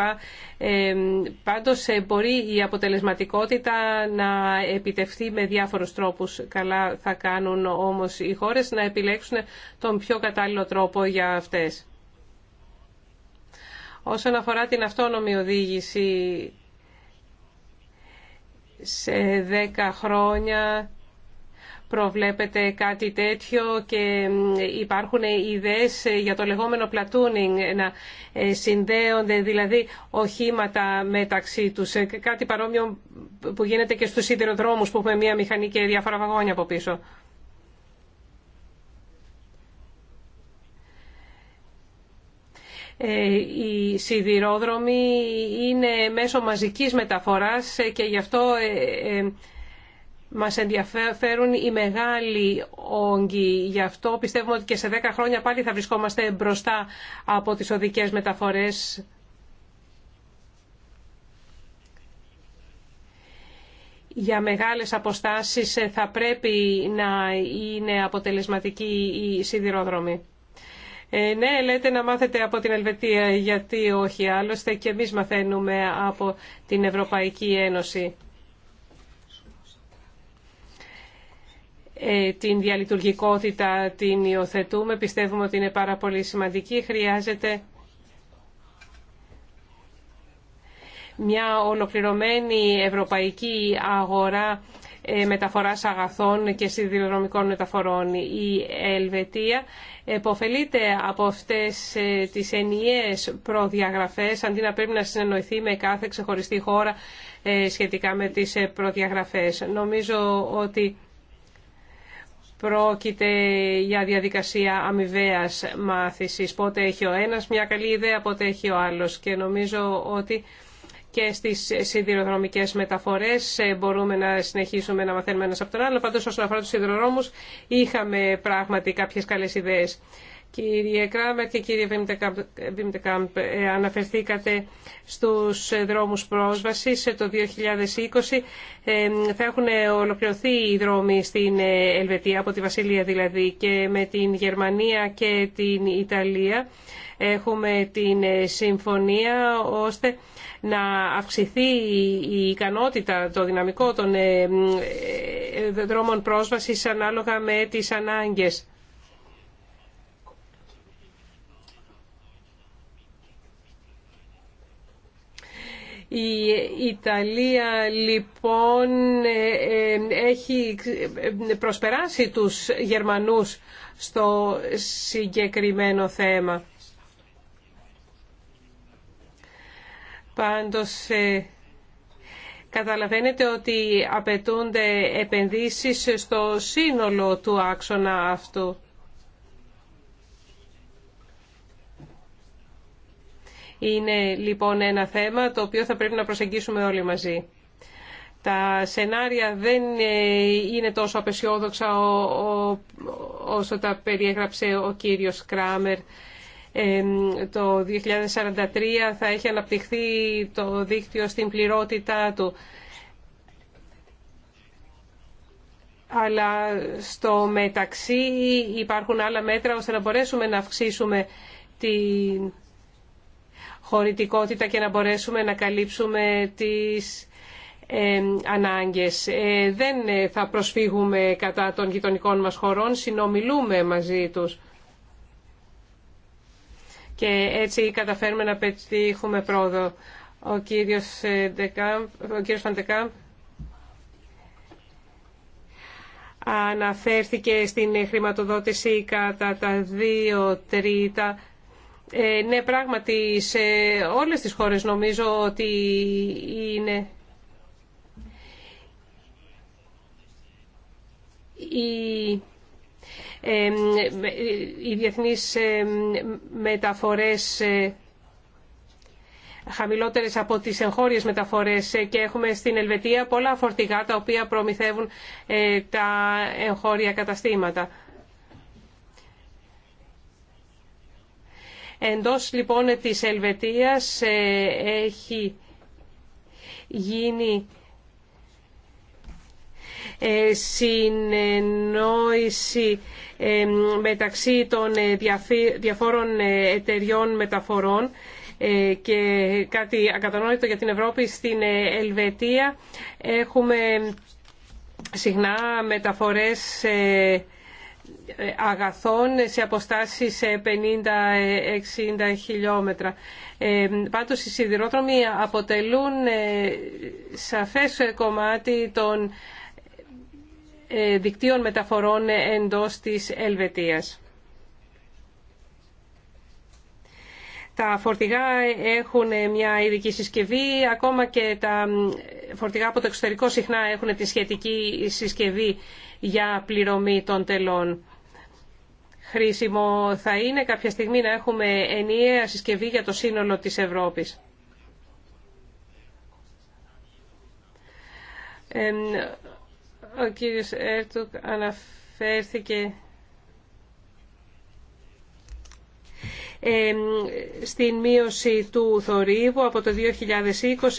Πάντως μπορεί η αποτελεσματικότητα να επιτευχθεί με διάφορους τρόπους. Καλά θα κάνουν όμως οι χώρες να επιλέξουν τον πιο κατάλληλο τρόπο για αυτές. Όσον αφορά την αυτόνομη οδήγηση σε 10 χρόνια προβλέπεται κάτι τέτοιο και υπάρχουν ιδέες για το λεγόμενο πλατούνινγκ να ε, συνδέονται δηλαδή οχήματα μεταξύ τους. Ε, κάτι παρόμοιο που γίνεται και στους σιδηροδρόμους που έχουμε μία μηχανή και διάφορα βαγόνια από πίσω. Ε, οι σιδηρόδρομοι είναι μέσω μαζικής μεταφοράς ε, και γι' αυτό ε, μας ενδιαφέρουν οι μεγάλοι όγκοι. Γι' αυτό πιστεύουμε ότι και σε 10 χρόνια πάλι θα βρισκόμαστε μπροστά από τις οδικές μεταφορές. για μεγάλες αποστάσεις θα πρέπει να είναι αποτελεσματική η σιδηροδρομή. Ε, ναι, λέτε να μάθετε από την Ελβετία, γιατί όχι άλλωστε και εμείς μαθαίνουμε από την Ευρωπαϊκή Ένωση. Ε, την διαλειτουργικότητα την υιοθετούμε, πιστεύουμε ότι είναι πάρα πολύ σημαντική, χρειάζεται μια ολοκληρωμένη ευρωπαϊκή αγορά ε, μεταφοράς αγαθών και σιδηροδρομικών μεταφορών. Η Ελβετία εποφελείται από αυτές ε, τις ενιαίες προδιαγραφές αντί να πρέπει να συνεννοηθεί με κάθε ξεχωριστή χώρα ε, σχετικά με τις προδιαγραφές. Νομίζω ότι πρόκειται για διαδικασία αμοιβαία μάθησης. Πότε έχει ο ένας μια καλή ιδέα, πότε έχει ο άλλος. Και νομίζω ότι και στις σιδηροδρομικές μεταφορές. Ε, μπορούμε να συνεχίσουμε να μαθαίνουμε ένα από τον άλλο. Πάντω, όσον αφορά του σιδηροδρόμου, είχαμε πράγματι κάποιε καλέ ιδέες. Κύριε Κράμερ και κύριε Βίμτεκάμπ, ε, αναφερθήκατε στους δρόμους πρόσβασης. Το 2020 ε, θα έχουν ολοκληρωθεί οι δρόμοι στην ε, Ελβετία, από τη Βασίλεια δηλαδή, και με την Γερμανία και την Ιταλία έχουμε την συμφωνία ώστε να αυξηθεί η ικανότητα, το δυναμικό των δρόμων πρόσβασης ανάλογα με τις ανάγκες Η Ιταλία λοιπόν ε, ε, έχει ε, προσπεράσει τους Γερμανούς στο συγκεκριμένο θέμα. Πάντως καταλαβαίνετε ότι απαιτούνται επενδύσεις στο σύνολο του άξονα αυτού. Είναι λοιπόν ένα θέμα το οποίο θα πρέπει να προσεγγίσουμε όλοι μαζί. Τα σενάρια δεν ε, είναι τόσο απεσιόδοξα όσο τα περιέγραψε ο κύριος Κράμερ. Ε, το 2043 θα έχει αναπτυχθεί το δίκτυο στην πληρότητά του. αλλά στο μεταξύ υπάρχουν άλλα μέτρα ώστε να μπορέσουμε να αυξήσουμε την και να μπορέσουμε να καλύψουμε τις ε, ανάγκες. Ε, δεν ε, θα προσφύγουμε κατά των γειτονικών μας χωρών, συνομιλούμε μαζί τους. Και έτσι καταφέρουμε να πετύχουμε πρόοδο. Ο κύριος, Δεκα, ε, κύριος Φαντεκάμπ αναφέρθηκε στην χρηματοδότηση κατά τα δύο τρίτα ε, ναι, πράγματι, σε όλες τις χώρες νομίζω ότι είναι... Η ε, οι διεθνείς μεταφορές ε, χαμηλότερες από τις εγχώριες μεταφορές και έχουμε στην Ελβετία πολλά φορτηγά τα οποία προμηθεύουν τα εγχώρια καταστήματα. Εντός λοιπόν της Ελβετίας ε, έχει γίνει ε, συνεννόηση ε, μεταξύ των διαφόρων εταιριών μεταφορών και κάτι ακατανόητο για την Ευρώπη στην Ελβετία έχουμε συχνά μεταφορές αγαθών σε αποστάσεις 50-60 χιλιόμετρα. Ε, πάντως οι σιδηρόδρομοι αποτελούν ε, σαφές κομμάτι των ε, δικτύων μεταφορών εντός της Ελβετίας. Τα φορτηγά έχουν μια ειδική συσκευή, ακόμα και τα φορτηγά από το εξωτερικό συχνά έχουν τη σχετική συσκευή για πληρωμή των τελών χρήσιμο θα είναι κάποια στιγμή να έχουμε ενιαία συσκευή για το σύνολο της Ευρώπης. ο κύριος Έρτουκ αναφέρθηκε στην μείωση του θορύβου από το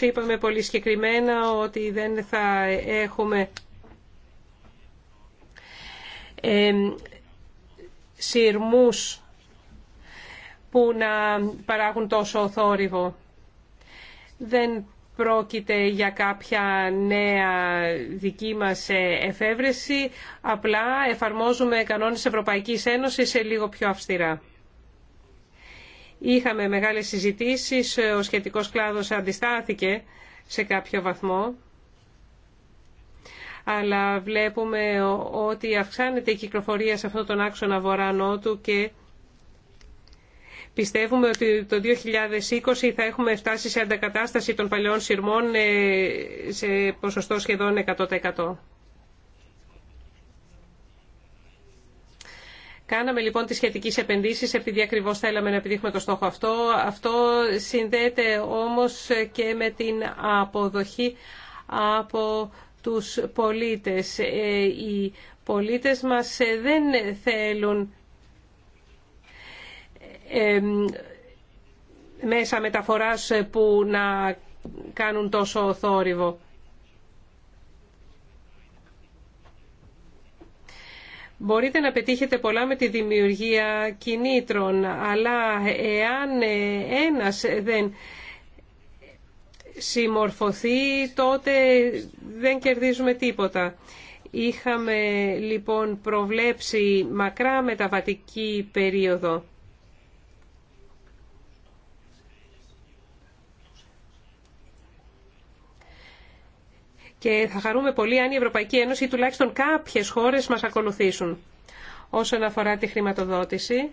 2020 είπαμε πολύ συγκεκριμένα ότι δεν θα έχουμε σειρμούς που να παράγουν τόσο θόρυβο. Δεν πρόκειται για κάποια νέα δική μας εφεύρεση, απλά εφαρμόζουμε κανόνες Ευρωπαϊκής Ένωσης σε λίγο πιο αυστηρά. Είχαμε μεγάλες συζητήσεις, ο σχετικός κλάδος αντιστάθηκε σε κάποιο βαθμό αλλά βλέπουμε ότι αυξάνεται η κυκλοφορία σε αυτόν τον άξονα βορρά-νότου και πιστεύουμε ότι το 2020 θα έχουμε φτάσει σε αντακατάσταση των παλαιών σειρμών ε, σε ποσοστό σχεδόν 100%. Κάναμε λοιπόν τις σχετικές επενδύσεις επειδή ακριβώς θέλαμε να επιδείχουμε το στόχο αυτό. Αυτό συνδέεται όμως και με την αποδοχή από τους πολίτες. Ε, οι πολίτες μας ε, δεν θέλουν ε, μέσα μεταφοράς που να κάνουν τόσο θόρυβο. Μπορείτε να πετύχετε πολλά με τη δημιουργία κινήτρων, αλλά εάν ένας δεν συμμορφωθεί, τότε δεν κερδίζουμε τίποτα. Είχαμε λοιπόν προβλέψει μακρά μεταβατική περίοδο. Και θα χαρούμε πολύ αν η Ευρωπαϊκή Ένωση ή τουλάχιστον κάποιες χώρες μας ακολουθήσουν. Όσον αφορά τη χρηματοδότηση,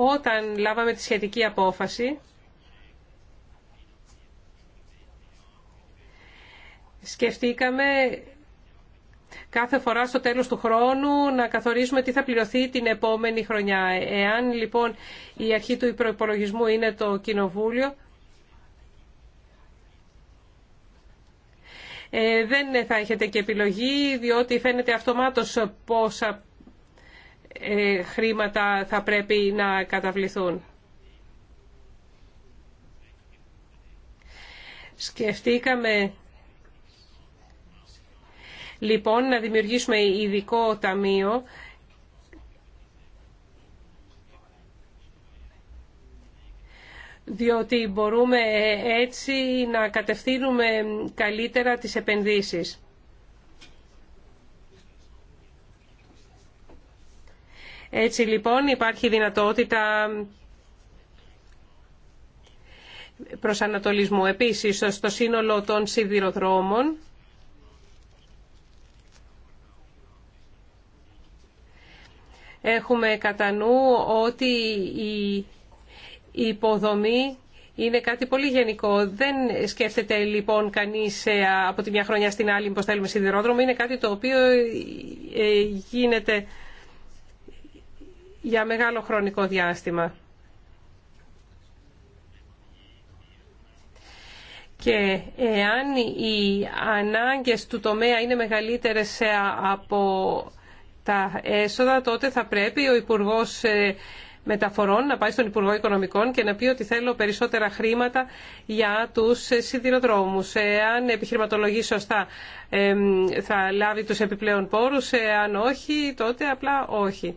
Όταν λάβαμε τη σχετική απόφαση, σκεφτήκαμε κάθε φορά στο τέλος του χρόνου να καθορίσουμε τι θα πληρωθεί την επόμενη χρονιά. Εάν λοιπόν η αρχή του υπολογισμού είναι το κοινοβούλιο, ε, δεν θα έχετε και επιλογή, διότι φαίνεται αυτομάτως πόσα ε, χρήματα θα πρέπει να καταβληθούν. Σκεφτήκαμε λοιπόν να δημιουργήσουμε ειδικό ταμείο διότι μπορούμε ε, έτσι να κατευθύνουμε καλύτερα τις επενδύσεις. Έτσι λοιπόν υπάρχει δυνατότητα προσανατολισμού. Επίσης, στο σύνολο των σιδηροδρόμων έχουμε κατά νου ότι η υποδομή είναι κάτι πολύ γενικό. Δεν σκέφτεται λοιπόν κανείς ε, από τη μια χρονιά στην άλλη πως θέλουμε σιδηρόδρομο. Είναι κάτι το οποίο ε, γίνεται για μεγάλο χρονικό διάστημα. Και εάν οι ανάγκες του τομέα είναι μεγαλύτερες από τα έσοδα, τότε θα πρέπει ο Υπουργός ε, Μεταφορών να πάει στον Υπουργό Οικονομικών και να πει ότι θέλω περισσότερα χρήματα για τους ε, σιδηροδρόμους. Εάν επιχειρηματολογεί σωστά ε, θα λάβει τους επιπλέον πόρους, εάν όχι τότε απλά όχι.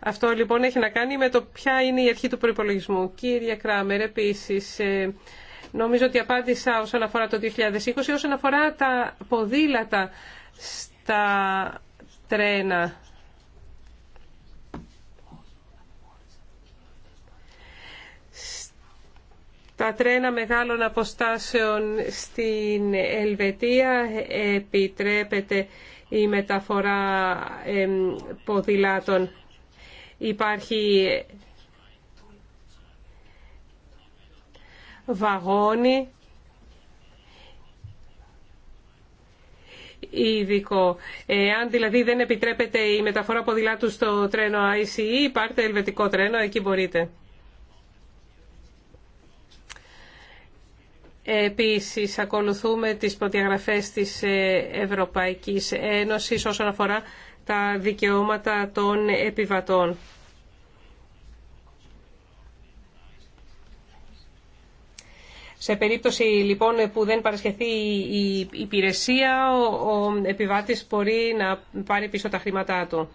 Αυτό λοιπόν έχει να κάνει με το ποια είναι η αρχή του προπολογισμού. Κύριε Κράμερ, επίση, ε, νομίζω ότι απάντησα όσον αφορά το 2020, όσον αφορά τα ποδήλατα στα τρένα. Τα τρένα μεγάλων αποστάσεων στην Ελβετία ε, επιτρέπεται η μεταφορά ποδηλάτων. Υπάρχει βαγόνι ειδικό. Αν δηλαδή δεν επιτρέπεται η μεταφορά ποδηλάτου στο τρένο ICE, πάρτε ελβετικό τρένο, εκεί μπορείτε. Επίσης, ακολουθούμε τις προδιαγραφές της ε, Ευρωπαϊκής Ένωσης όσον αφορά τα δικαιώματα των επιβατών. Σε περίπτωση λοιπόν που δεν παρασχεθεί η υπηρεσία, ο επιβάτης μπορεί να πάρει πίσω τα χρήματά του.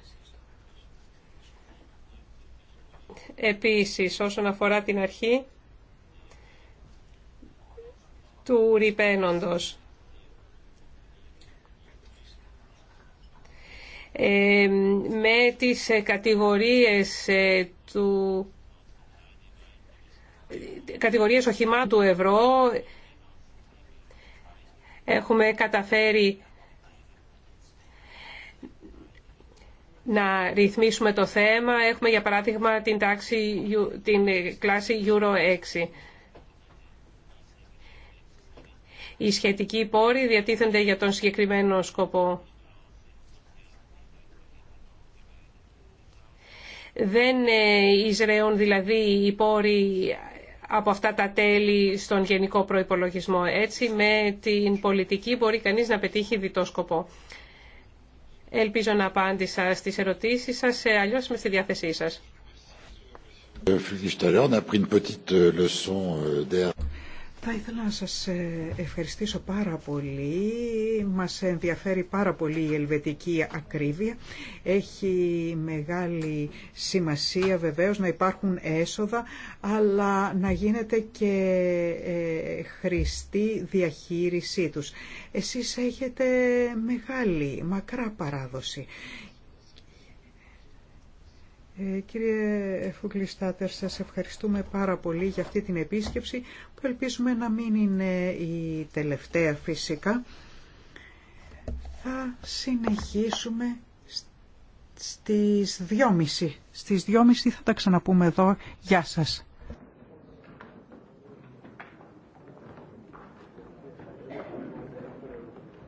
Επίσης, όσον αφορά την αρχή του ρηπαίνοντος. Ε, με τις ε, κατηγορίες ε, του κατηγορίες οχημάτων ευρώ έχουμε καταφέρει να ρυθμίσουμε το θέμα. Έχουμε για παράδειγμα την, τάξη, την κλάση Euro 6. Οι σχετικοί πόροι διατίθενται για τον συγκεκριμένο σκοπό. Δεν ε, εισραίουν δηλαδή οι πόροι από αυτά τα τέλη στον γενικό προϋπολογισμό. Έτσι με την πολιτική μπορεί κανείς να πετύχει διτό σκοπό. Ελπίζω να απάντησα στις ερωτήσεις σας, ε, αλλιώς με στη διάθεσή σας. Θα ήθελα να σας ε, ευχαριστήσω πάρα πολύ. Μας ενδιαφέρει πάρα πολύ η ελβετική ακρίβεια. Έχει μεγάλη σημασία βεβαίως να υπάρχουν έσοδα, αλλά να γίνεται και ε, χρηστή διαχείρισή τους. Εσείς έχετε μεγάλη, μακρά παράδοση ε, κύριε Φουγκλιστάτερ, σας ευχαριστούμε πάρα πολύ για αυτή την επίσκεψη που ελπίζουμε να μην είναι η τελευταία φυσικά. Θα συνεχίσουμε στις 2.30. Στις 2.30 θα τα ξαναπούμε εδώ. Γεια σας.